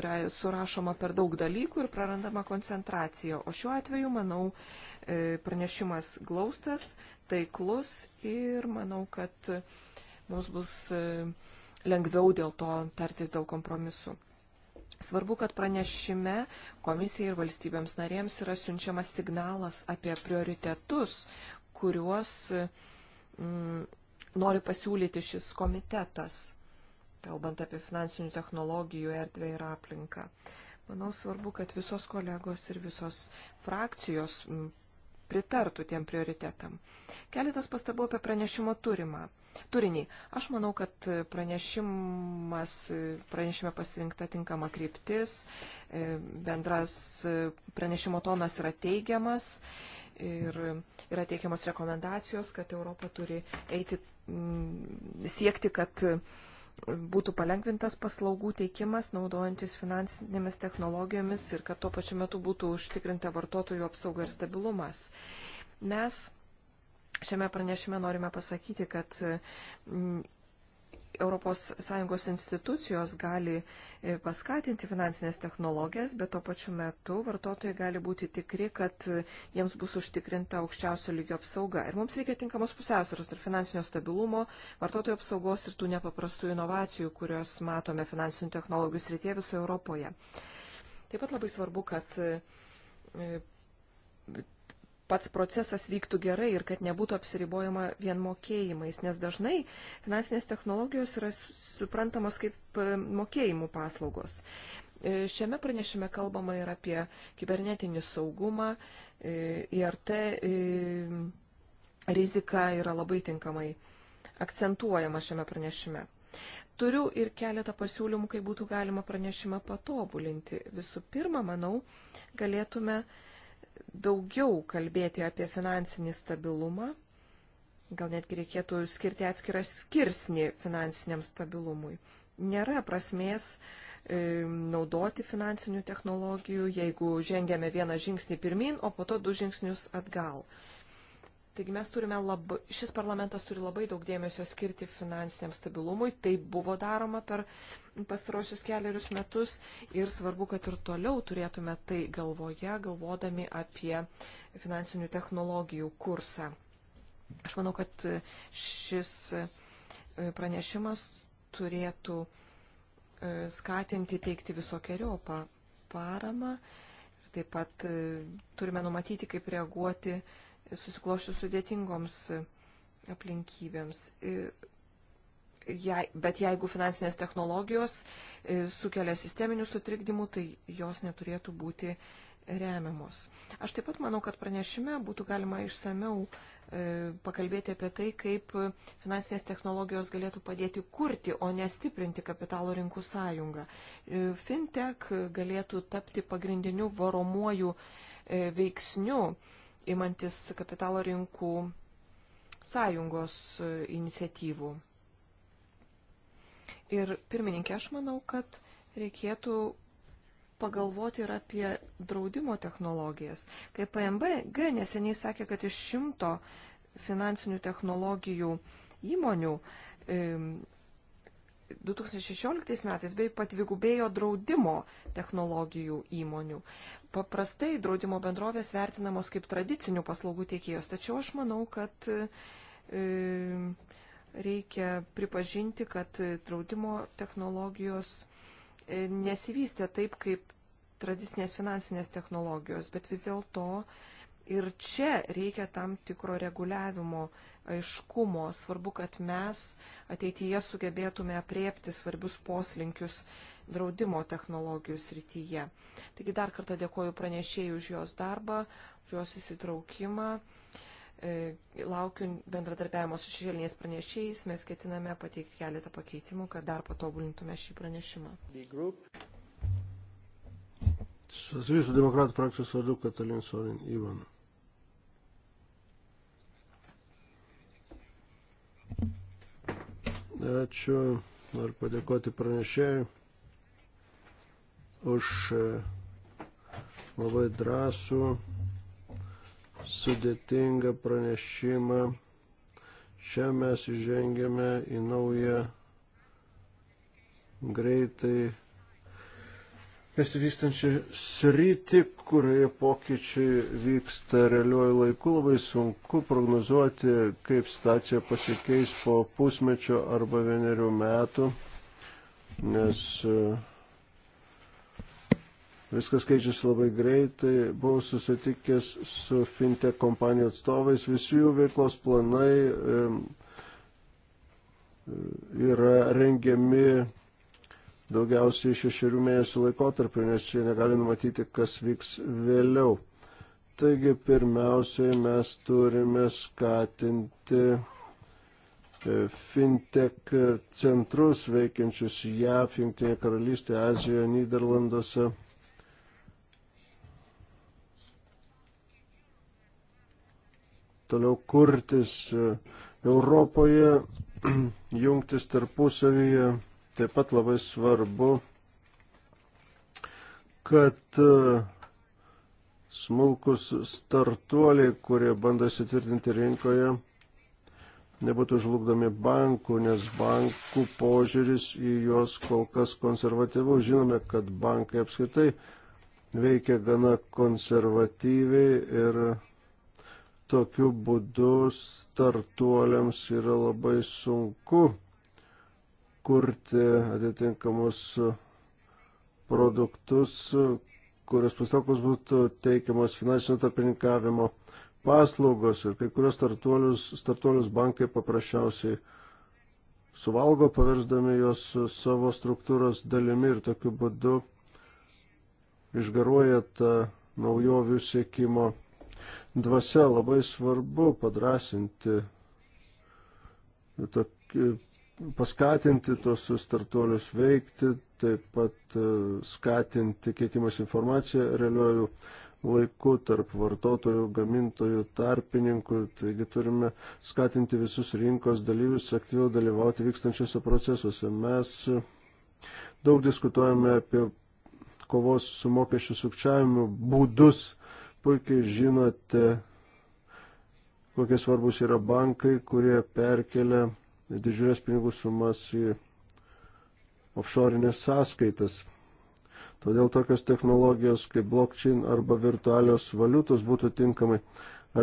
yra surašoma per daug dalykų ir prarandama koncentracija. O šiuo atveju, manau, e, pranešimas glaustas, taiklus ir manau, kad mums bus e, lengviau dėl to tartis dėl kompromisu. Svarbu, kad pranešime komisijai ir valstybėms narėms yra siunčiamas signalas apie prioritetus, kuriuos mm, nori pasiūlyti šis komitetas, kalbant apie finansinių technologijų erdvę ir aplinką. Manau svarbu, kad visos kolegos ir visos frakcijos pritartų tiem prioritetam. Keletas pastabų apie pranešimo turimą. Turinį. Aš manau, kad pranešimas, pranešime pasirinkta tinkama kryptis, e, bendras e, pranešimo tonas yra teigiamas ir yra teikiamos rekomendacijos, kad Europa turi eiti, mm, siekti, kad būtų palengvintas paslaugų teikimas, naudojantis finansinėmis technologijomis ir kad tuo pačiu metu būtų užtikrinta vartotojų apsauga ir stabilumas. Mes šiame pranešime norime pasakyti, kad mm, ES institucijos gali e, paskatinti finansinės technologijas, bet tuo pačiu metu vartotojai gali būti tikri, kad e, jiems bus užtikrinta aukščiausio lygio apsauga. Ir mums reikia tinkamos pusiausvėros tarp finansinio stabilumo, vartotojų apsaugos ir tų nepaprastų inovacijų, kurios matome finansinių technologijų srityje visoje Europoje. Taip pat labai svarbu, kad e, pats procesas vyktų gerai ir kad nebūtų apsiribojama vien mokėjimais, nes dažnai finansinės technologijos yra suprantamos kaip e, mokėjimų paslaugos. E, šiame pranešime kalbama ir apie kibernetinį saugumą, e, IRT rizika yra labai tinkamai akcentuojama šiame pranešime. Turiu ir keletą pasiūlymų, kaip būtų galima pranešimą patobulinti. Visų pirma, manau, galėtume uh, daugiau kalbėti apie finansinį stabilumą. Gal netgi reikėtų skirti atskirą skirsnį finansiniam stabilumui. Nėra prasmės e, naudoti finansinių technologijų, jeigu žengėme vieną žingsnį pirmin, o po to du žingsnius atgal. E, Taigi mes turime labai, šis parlamentas turi labai daug dėmesio skirti finansiniam stabilumui, tai buvo daroma per pastarosius keliarius metus ir svarbu, kad ir toliau turėtume tai galvoje, galvodami apie finansinių technologijų kursą. Aš manau, kad šis e, pranešimas turėtų e, skatinti teikti visokiojopą paramą ir taip pat e, turime numatyti, kaip reaguoti susikloščius sudėtingoms aplinkybėms. Bet jeigu finansinės technologijos sukelia sisteminių sutrikdymų, tai jos neturėtų būti remiamos. Aš taip pat manau, kad pranešime būtų galima išsameu pakalbėti apie tai, kaip finansinės technologijos galėtų padėti kurti, o ne stiprinti kapitalo rinkų sąjungą. Fintech galėtų tapti pagrindiniu varomuoju veiksniu imantis kapitalo rinkų sąjungos e, iniciatyvų. Ir pirmininkė, aš manau, kad reikėtų pagalvoti ir apie draudimo technologijas. Kaip PMBG neseniai sakė, kad iš šimto finansinių technologijų įmonių 2016 metais bei patvigubėjo draudimo technologijų įmonių paprastai draudimo bendrovės vertinamos kaip tradicinių paslaugų tiekėjos, tačiau aš manau, kad e, reikia pripažinti, kad draudimo technologijos e, nesivystė taip kaip tradicinės finansinės technologijos, bet vis dėlto ir čia reikia tam tikro reguliavimo aiškumo. Svarbu, kad mes ateityje sugebėtume apriepti svarbius poslinkius draudimo technologijų srityje. Taigi dar kartą dėkoju pranešėjai už jos darbą, už jos įsitraukimą. E, laukiu bendradarbiavimo su šešėliniais pranešėjais. Mes ketiname pateikti keletą pakeitimų, kad dar patobulintume šį pranešimą. Socialistų demokratų frakcijos vardu Katalin Sorin Ivan. Ačiū. Noriu padėkoti pranešėjui už e, labai drąsų, sudėtingą pranešimą. Čia mes įžengėme į naują greitai besivystančią sritį, kurioje pokyčiai vyksta realiuoju laiku, labai sunku prognozuoti, kaip stacija pasikeis po pusmečio arba vienerių metų, nes uh, Viskas keičiasi labai greitai. Buvau susitikęs su fintech kompanijų atstovais. Visi jų veiklos planai yra rengiami daugiausiai šešių mėnesių laikotarpiu, nes jie negali numatyti, kas vyks vėliau. Taigi pirmiausiai mes turime skatinti e, fintech centrus veikiančius JAV, Junktinėje karalystėje, Azijoje, Niderlanduose toliau kurtis e, Europoje, *clears throat* jungtis tarpusavyje. Taip pat labai svarbu, kad e, smulkus startuoliai, kurie bando įsitvirtinti rinkoje, nebūtų žlugdami bankų, nes bankų požiūris į juos kol kas konservatyvų. Žinome, kad bankai apskritai veikia gana konservatyviai ir tokiu būdu startuoliams yra labai sunku kurti atitinkamus produktus, kurios paslaugos būtų teikiamas finansinio tarpininkavimo paslaugos ir kai kurios startuolius, startuolius bankai paprasčiausiai suvalgo, paversdami juos savo struktūros dalimi ir tokiu būdu išgaruoja ta naujovių siekimo dvasia. Labai svarbu padrasinti, paskatinti tos startuolius veikti, taip pat e, skatinti keitimas informaciją realiuoju laiku tarp vartotojų, gamintojų, tarpininkų. Taigi turime skatinti visus rinkos dalyvius aktyviau dalyvauti vykstančiose procesuose. Mes e, daug diskutuojame apie kovos su mokesčių sukčiavimu būdus Puikiai žinote, kokie svarbus yra bankai, kurie perkelia didžiulės pinigų sumas į offshore'inės sąskaitas. Todėl tokios technologijos kaip blockchain arba virtualios valiutos būtų tinkamai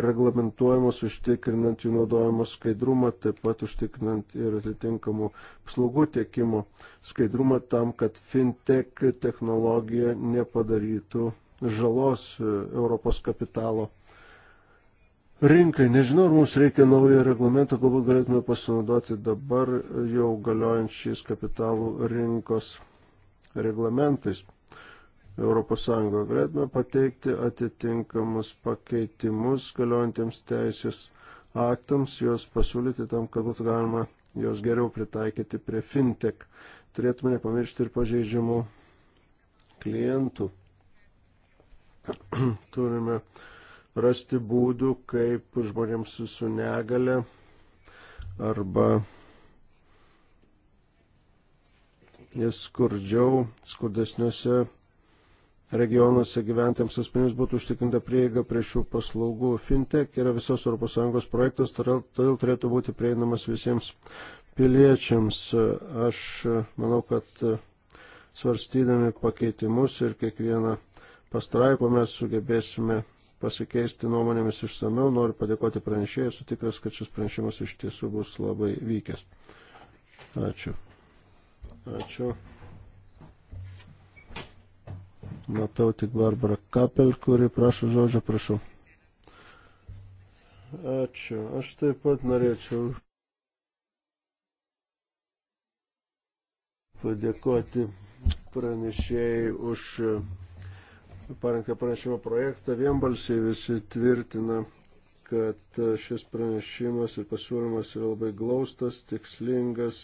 reglamentuojamos, užtikrinant jų naudojimo skaidrumą, taip pat užtikrinant ir atitinkamų paslaugų tiekimo skaidrumą tam, kad fintech technologija nepadarytų žalos e, Europos kapitalo rinkai. Nežinau, ar mums reikia naujo reglamento, galbūt galėtume pasinaudoti dabar jau galiojančiais kapitalų rinkos reglamentais. Europos Sąjungoje galėtume pateikti atitinkamus pakeitimus galiojantiems teisės aktams, juos pasiūlyti tam, kad būtų galima juos geriau pritaikyti prie fintech. Turėtume nepamiršti ir pažeidžiamų klientų. *clears throat* Turime rasti būdų, kaip žmonėms su negale arba skurdžiau, skurdesniuose regionuose gyventėms asmenims būtų užtikrinta prieiga prie šių paslaugų. Fintech yra visos ES projektas, todėl turėtų būti prieinamas visiems piliečiams. Aš manau, kad svarstydami pakeitimus ir kiekvieną pastraipą mes sugebėsime pasikeisti nuomonėmis išsameu. Noriu padėkoti pranešėjai, sutikras, kad šis pranešimas iš tiesų bus labai vykęs. Ačiū. Ačiū. Matau tik Barbara Kapel, kuri prašo žodžio, prašau. Ačiū. Aš taip pat norėčiau padėkoti pranešėjai už parengtą pranešimo projektą vienbalsiai visi tvirtina, kad šis pranešimas ir pasiūlymas yra labai glaustas, tikslingas,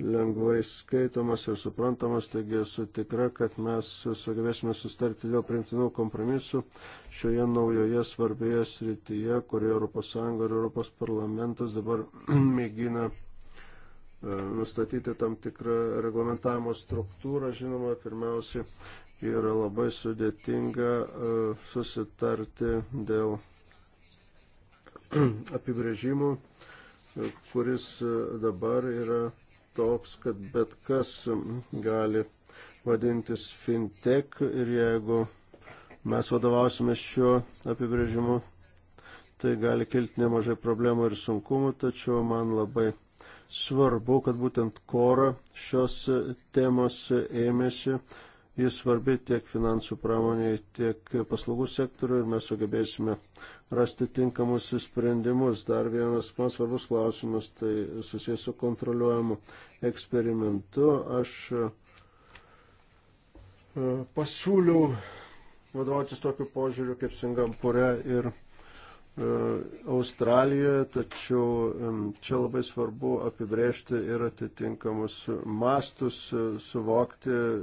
lengvai skaitomas ir suprantamas, taigi esu tikra, kad mes sugebėsime sustarti dėl primtinų kompromisų šioje naujoje svarbioje srityje, kurioje ES ir ES parlamentas dabar *clears throat* mėgina e, nustatyti tam tikrą reglamentavimo struktūrą, žinoma, pirmiausiai yra labai sudėtinga e, susitarti dėl *clears throat* apibrėžimų, e, kuris e, dabar yra toks, kad bet kas gali vadintis fintech ir jeigu mes vadovausime šiuo apibrėžimu, tai gali kilti nemažai problemų ir sunkumų, tačiau man labai svarbu, kad būtent Kora šios temos ėmėsi Jis svarbi tiek finansų pramoniai, tiek paslaugų sektoriui ir mes sugebėsime rasti tinkamus sprendimus. Dar vienas man svarbus klausimas, tai susijęs su kontroliuojamu eksperimentu. Aš e, pasiūliau vadovautis tokiu požiūriu kaip Singapūre ir E, Australijoje, tačiau čia labai svarbu apibrėžti ir atitinkamus mastus, e, suvokti e,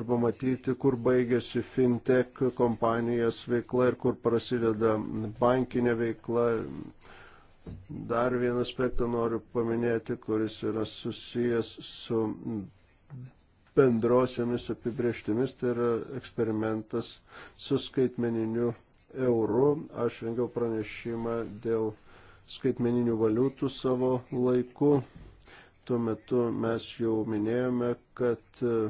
arba matyti, kur baigėsi fintech kompanijos veikla ir kur prasideda bankinė veikla. Dar vieną aspektą noriu paminėti, kuris yra susijęs su bendrosiomis apibrieštimis, tai yra eksperimentas su skaitmeniniu euru. Aš rengiau pranešimą dėl skaitmeninių valiutų savo laiku. Tuo metu mes jau minėjome, kad e,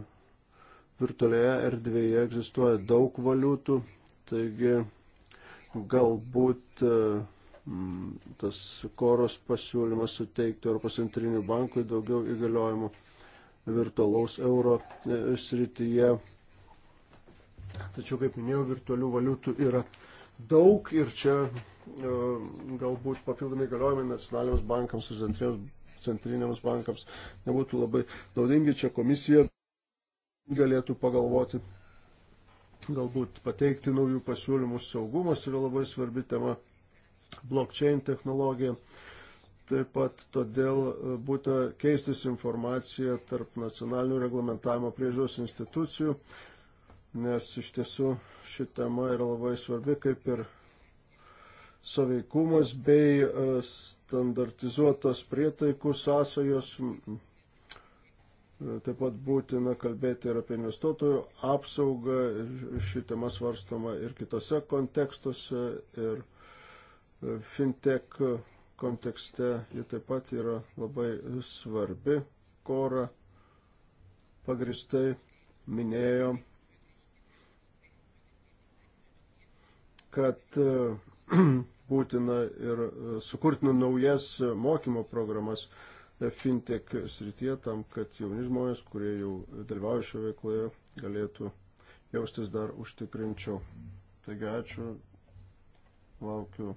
virtualioje erdvėje egzistuoja daug valiutų, taigi galbūt e, tas koros pasiūlymas suteikti Europos centrinių bankui daugiau įgaliojimų virtualaus euro e, srityje. Tačiau, kaip minėjau, virtualių valiutų yra daug ir čia e, galbūt papildomi galiojimai nacionaliniams bankams ir centriniams bankams nebūtų labai naudingi. Čia komisija galėtų pagalvoti, galbūt pateikti naujų pasiūlymų. Saugumas yra labai svarbi tema. Blockchain technologija Taip pat todėl e, būtų keistis informacija tarp nacionalinių reglamentavimo priežiūros institucijų, nes iš tiesų ši tema yra labai svarbi, kaip ir saveikumas bei e, standartizuotos prietaikų sąsajos. E, taip pat būtina kalbėti ir apie investuotojų apsaugą. Ši tema svarstoma ir kitose kontekstuose. Ir fintech kontekste ji taip pat yra labai svarbi. Kora pagristai minėjo, kad *clears throat* būtina ir sukurti naujas mokymo programas fintech srityje tam, kad jauni žmonės, kurie jau dalyvauja šioje veikloje, galėtų jaustis dar užtikrinčiau. Taigi ačiū, laukiu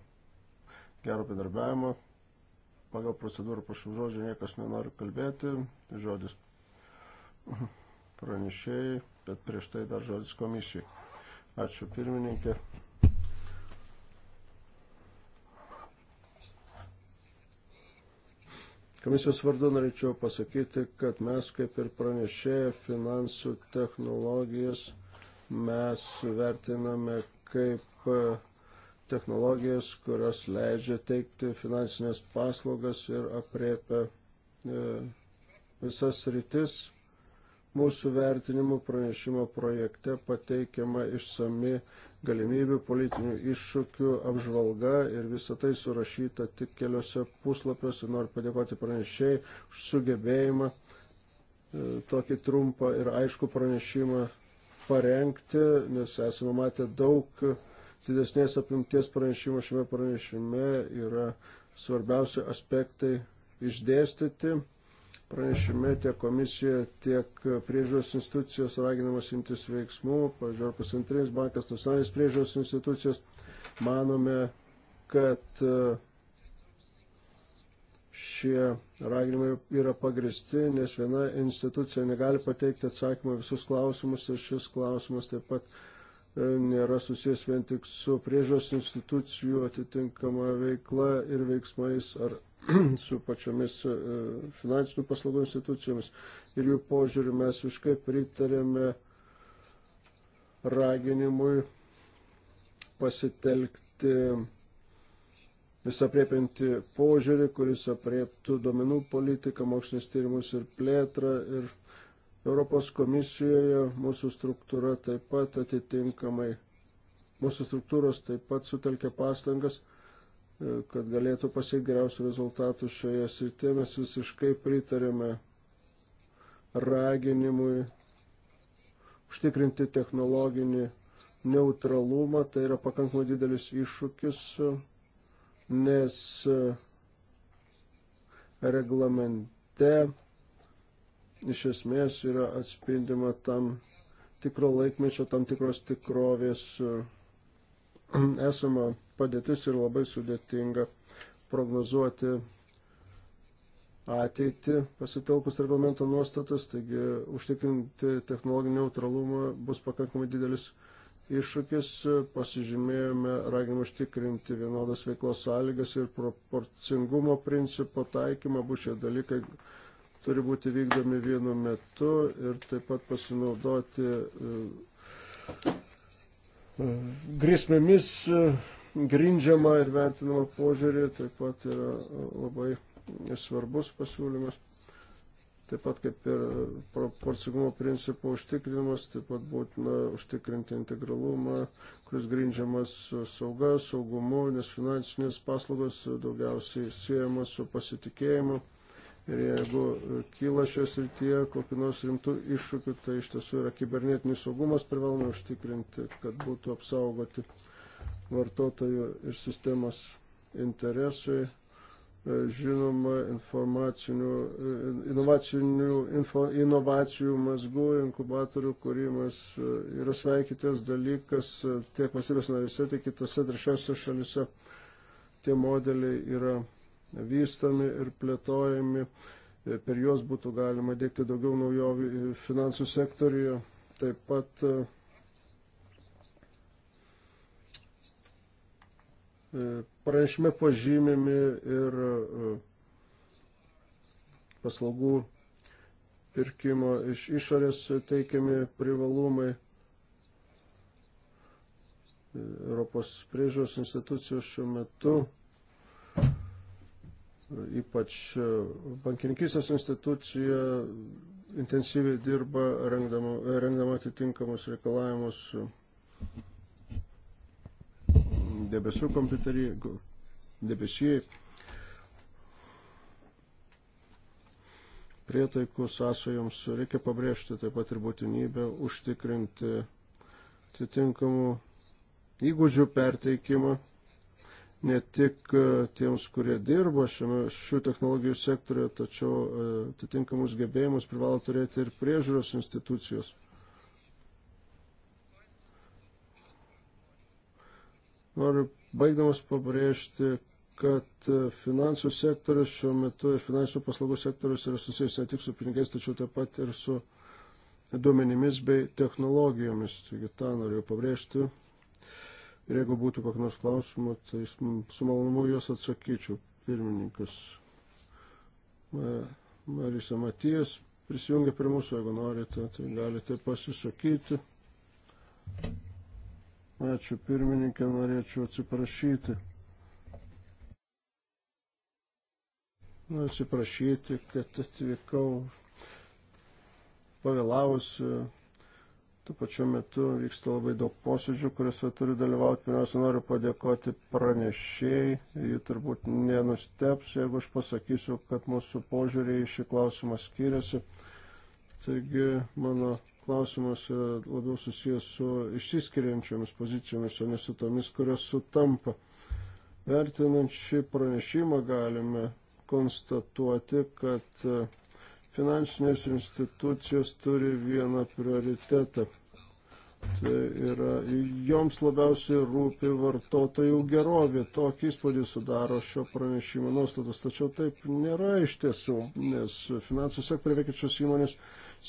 gero bendarbiavimo. Pagal procedūrą prašau žodžio, niekas nenori kalbėti. Žodis pranešėjai, bet prieš tai dar žodis komisijai. Ačiū pirmininkė. Komisijos vardu norėčiau pasakyti, kad mes kaip ir pranešėję finansų technologijas mes vertiname kaip technologijas, kurios leidžia teikti finansinės paslaugas ir apriepia e, visas rytis. Mūsų vertinimų pranešimo projekte pateikiama išsami galimybių, politinių iššūkių apžvalga ir visą tai surašyta tik keliose puslapiuose. Noriu padėkoti pranešėjai už sugebėjimą e, tokį trumpą ir aišku pranešimą parengti, nes esame matę daug didesnės apimties pranešimų šiame pranešime yra svarbiausi aspektai išdėstyti. Pranešime tiek komisija, tiek priežiūros institucijos raginamas imtis veiksmų, pažiūrėjau, pasintrinis bankas, nacionalinės priežiūros institucijos, manome, kad e, šie raginimai yra pagristi, nes viena institucija negali pateikti atsakymą visus klausimus ir šis klausimas taip pat nėra susijęs vien tik su priežiūros institucijų atitinkama veikla ir veiksmais ar *clears throat* su pačiomis e, finansinių paslaugų institucijomis ir jų požiūriu mes visiškai pritarėme raginimui pasitelkti visapriepinti požiūrį, kuris apriektų domenų politiką, mokslinis tyrimus ir plėtrą ir Europos komisijoje mūsų struktūra taip pat atitinkamai, mūsų struktūros taip pat sutelkia pastangas, e, kad galėtų pasiekti geriausių rezultatų šioje srityje. Mes visiškai pritarėme raginimui užtikrinti technologinį neutralumą. Tai yra pakankamai didelis iššūkis, nes e, reglamente iš esmės yra atspindima tam tikro laikmečio, tam tikros tikrovės *clears throat* esama padėtis ir labai sudėtinga prognozuoti ateitį pasitelkus reglamento nuostatas, taigi užtikrinti technologinį neutralumą bus pakankamai didelis iššūkis. Pasižymėjome raginimą užtikrinti vienodas veiklos sąlygas ir proporcingumo principo taikymą, bus šie dalykai turi būti vykdomi vienu metu ir taip pat pasinaudoti e, e, grėsmėmis e, grindžiama ir vertinama požiūrį, taip pat yra labai svarbus pasiūlymas. Taip pat kaip ir proporcingumo principų užtikrinimas, taip pat būtina užtikrinti integralumą, kuris grindžiamas sauga, saugumu, nes finansinės paslaugos daugiausiai siejamos su pasitikėjimu. Ir jeigu kyla šios rytyje kokiu nors rimtų iššūkių, tai iš tiesų yra kibernetinis saugumas privalome užtikrinti, kad būtų apsaugoti vartotojų ir sistemos interesai. E, žinoma, informacinių, e, inovacinių, info, inovacijų mazgų, inkubatorių kūrimas e, yra sveikitas dalykas tiek valstybės narėse, tiek kitose trečiose šalise. Tie modeliai yra vystami ir plėtojami, per juos būtų galima dėkti daugiau naujovių finansų sektoriuje. Taip pat e, pranešime pažymimi ir e, paslaugų pirkimo iš išorės teikiami privalumai. Europos priežiūros institucijos šiuo metu ypač e, bankininkistės institucija intensyviai dirba rengdama, rengdama atitinkamus reikalavimus debesų kompiuterį, debesijai, prietaikų sąsajoms. Reikia pabrėžti taip pat ir būtinybę užtikrinti atitinkamų įgūdžių perteikimą ne tik e, tiems, kurie dirba šiame, šių technologijų sektorė, tačiau e, atitinkamus gebėjimus privalo turėti ir priežiūros institucijos. Noriu baigdamas pabrėžti, kad e, finansų sektorius šiuo metu ir finansų paslaugų sektorius yra susijęs ne tik su pinigais, tačiau taip pat ir su duomenimis bei technologijomis. Taigi tą noriu pabrėžti. Ir jeigu būtų kokių nors klausimų, tai su malonumu juos atsakyčiau. Pirmininkas Marisa Matijas prisijungia prie mūsų, jeigu norite, tai galite pasisakyti. Ačiū pirmininkė, norėčiau atsiprašyti. Nu, atsiprašyti, kad atvykau pavėlavusi Tuo pačiu metu vyksta labai daug posėdžių, kuriuose turiu dalyvauti. Pirmiausia, noriu padėkoti pranešėjai. Ji turbūt nenusteps, jeigu aš pasakysiu, kad mūsų požiūriai šį klausimą skiriasi. Taigi mano klausimas labiau susijęs su išsiskiriančiomis pozicijomis, o ne su tomis, kurios sutampa. Vertinant šį pranešimą galime konstatuoti, kad finansinės institucijos turi vieną prioritetą Tai yra, joms labiausiai rūpi vartotojų gerovė. Tokį įspūdį sudaro šio pranešimo nuostatas. Tačiau taip nėra iš tiesų, nes finansų sektoriai veikiančios įmonės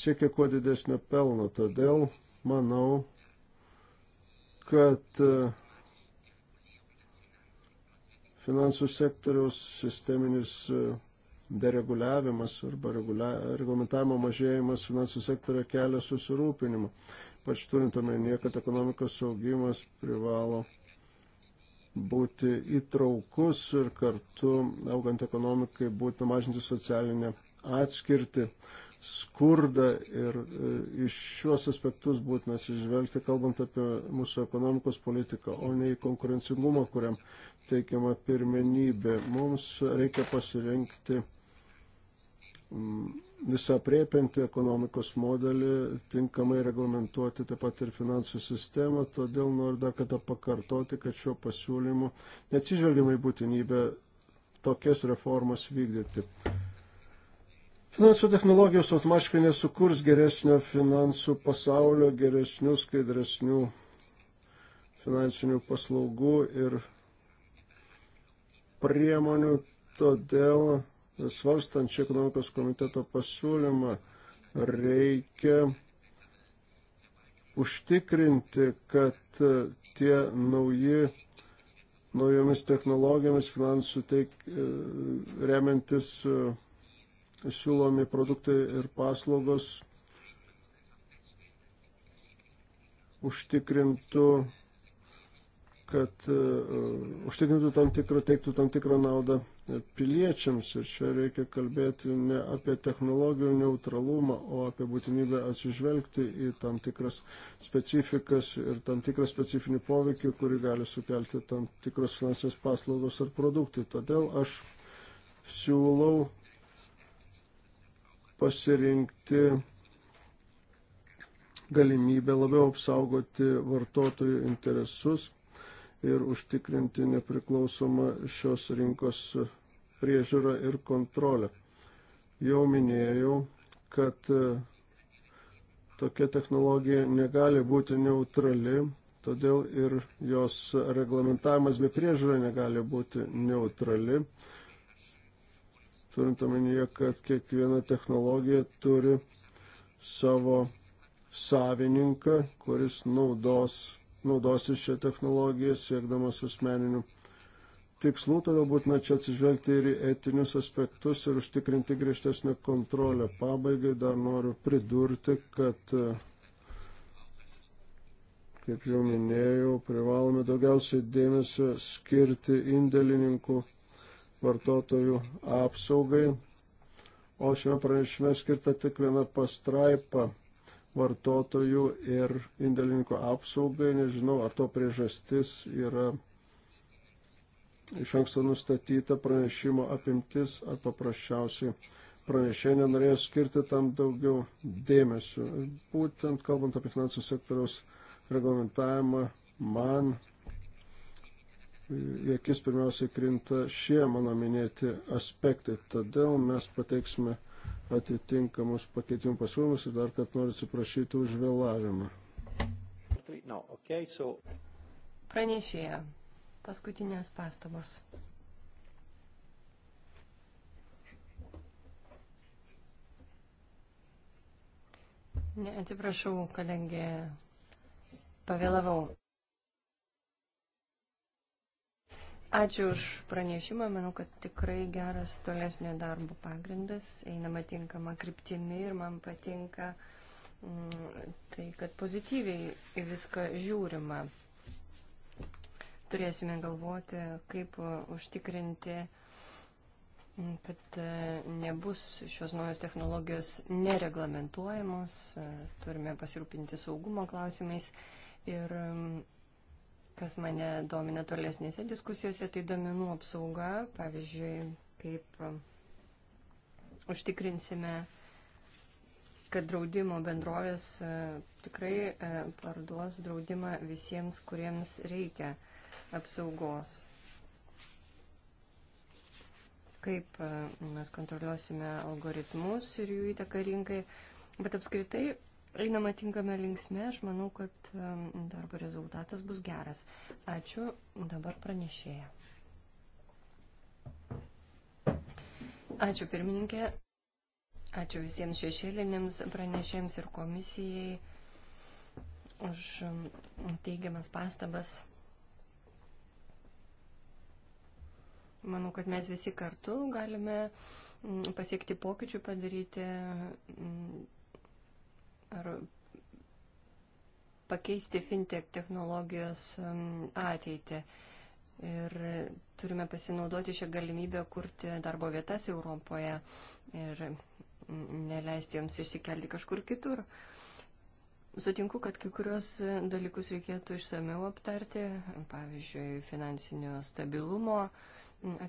siekia kuo didesnio pelno. Todėl manau, kad e, finansų sektoriaus sisteminis e, dereguliavimas arba regulia, reglamentavimo mažėjimas finansų sektorio kelia susirūpinimą pač turint omenyje, kad ekonomikos augimas privalo būti įtraukus ir kartu augant ekonomikai būtina mažinti socialinę atskirti, skurdą ir e, iš šios aspektus būtina atsižvelgti, kalbant apie mūsų ekonomikos politiką, o ne į konkurencingumą, kuriam teikiama pirmenybė. Mums reikia pasirinkti visą priepinti ekonomikos modelį, tinkamai reglamentuoti taip pat ir finansų sistemą, todėl noriu dar kartą pakartoti, kad šiuo pasiūlymu neatsižvelgiamai būtinybę tokias reformas vykdyti. Finansų technologijos automatiškai nesukurs geresnio finansų pasaulio, geresnių, skaidresnių finansinių paslaugų ir priemonių, todėl svarstančią ekonomikos komiteto pasiūlymą reikia užtikrinti, kad e, tie nauji, naujomis technologijomis finansų teik, e, remiantis e, siūlomi produktai ir paslaugos užtikrintų kad uh, užtikrintų tam tikrą, teiktų tam tikrą naudą piliečiams. Ir čia reikia kalbėti ne apie technologijų neutralumą, o apie būtinybę atsižvelgti į tam tikras specifikas ir tam tikrą specifinį poveikį, kurį gali sukelti tam tikros finansinės paslaugos ar produktai. Todėl aš siūlau pasirinkti galimybę labiau apsaugoti vartotojų interesus ir užtikrinti nepriklausomą šios rinkos priežiūrą ir kontrolę. Jau minėjau, kad e, tokia technologija negali būti neutrali, todėl ir jos reglamentavimas bei priežiūra negali būti neutrali. Turint omenyje, kad kiekviena technologija turi savo savininką, kuris naudos naudosis šią technologiją siekdamas asmeninių tikslų, todėl tai būtina čia atsižvelgti ir į etinius aspektus ir užtikrinti griežtesnę kontrolę. Pabaigai dar noriu pridurti, kad, e, kaip jau minėjau, privalome daugiausiai dėmesio skirti indėlininkų vartotojų apsaugai, o šiame pranešime skirta tik viena pastraipa vartotojų ir indėlininkų apsaugai. Nežinau, ar to priežastis yra iš anksto nustatyta pranešimo apimtis, ar paprasčiausiai pranešėjai nenorėjo skirti tam daugiau dėmesio. Būtent kalbant apie finansų sektoriaus reglamentavimą, man į akis pirmiausiai krinta šie mano minėti aspektai. Todėl mes pateiksime atitinkamus pakeitimų pasiūlymus ir dar, kad noriu atsiprašyti už vėlavimą. Pranešėja. Paskutinės pastabos. Ne, atsiprašau, kadangi pavėlavau. Ačiū už pranešimą, manau, kad tikrai geras tolesnio darbo pagrindas, einama tinkama kryptimi ir man patinka mm, tai, kad pozityviai į viską žiūrima. Turėsime galvoti, kaip užtikrinti, mm, kad e, nebus šios naujos technologijos nereglamentuojamos, e, turime pasirūpinti saugumo klausimais ir mm, kas mane domina tolesnėse diskusijose, tai domenų apsauga, pavyzdžiui, kaip um, užtikrinsime, kad draudimo bendrovės e, tikrai e, parduos draudimą visiems, kuriems reikia apsaugos. Kaip e, mes kontroliuosime algoritmus ir jų įtaką rinkai, bet apskritai einama tinkame linksme, aš manau, kad darbo rezultatas bus geras. Ačiū, dabar pranešėja. Ačiū pirmininkė, ačiū visiems šešėlinėms pranešėjams ir komisijai už teigiamas pastabas. Manau, kad mes visi kartu galime pasiekti pokyčių, padaryti ar pakeisti fintech technologijos ateitį. Ir turime pasinaudoti šią galimybę kurti darbo vietas Europoje ir neleisti joms išsikelti kažkur kitur. Sutinku, kad kai kurios dalykus reikėtų išsameu aptarti, pavyzdžiui, finansinio stabilumo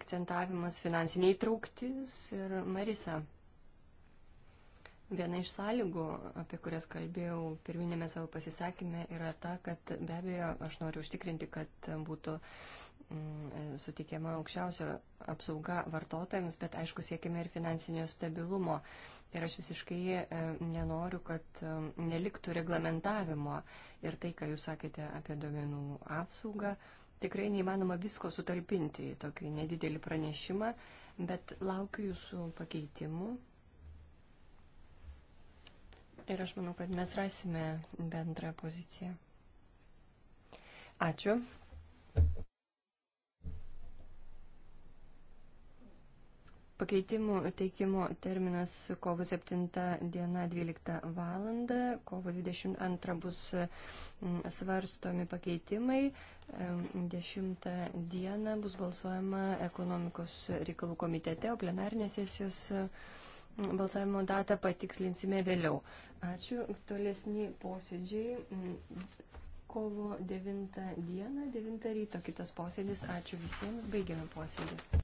akcentavimas, finansinė įtrauktis ir Marisa Viena iš sąlygų, apie kurias kalbėjau pirminėme savo pasisakymė, yra ta, kad be abejo aš noriu užtikrinti, kad būtų mm, suteikiama aukščiausio apsauga vartotojams, bet aišku siekime ir finansinio stabilumo. Ir aš visiškai e, nenoriu, kad e, neliktų reglamentavimo. Ir tai, ką jūs sakėte apie domenų apsaugą, tikrai neįmanoma visko sutalpinti į tokį nedidelį pranešimą, bet laukiu jūsų pakeitimų Ir aš manau, kad mes rasime bendrą poziciją. Ačiū. Pakeitimų teikimo terminas kovo 7 diena 12 val. Kovo 22 bus svarstomi pakeitimai. 10 dieną bus balsuojama ekonomikos reikalų komitete, o plenarinės sesijos Balsavimo datą patikslinsime vėliau. Ačiū. Tolesni posėdžiai. Kovo 9 dieną, 9 ryto kitas posėdis. Ačiū visiems. Baigiame posėdį.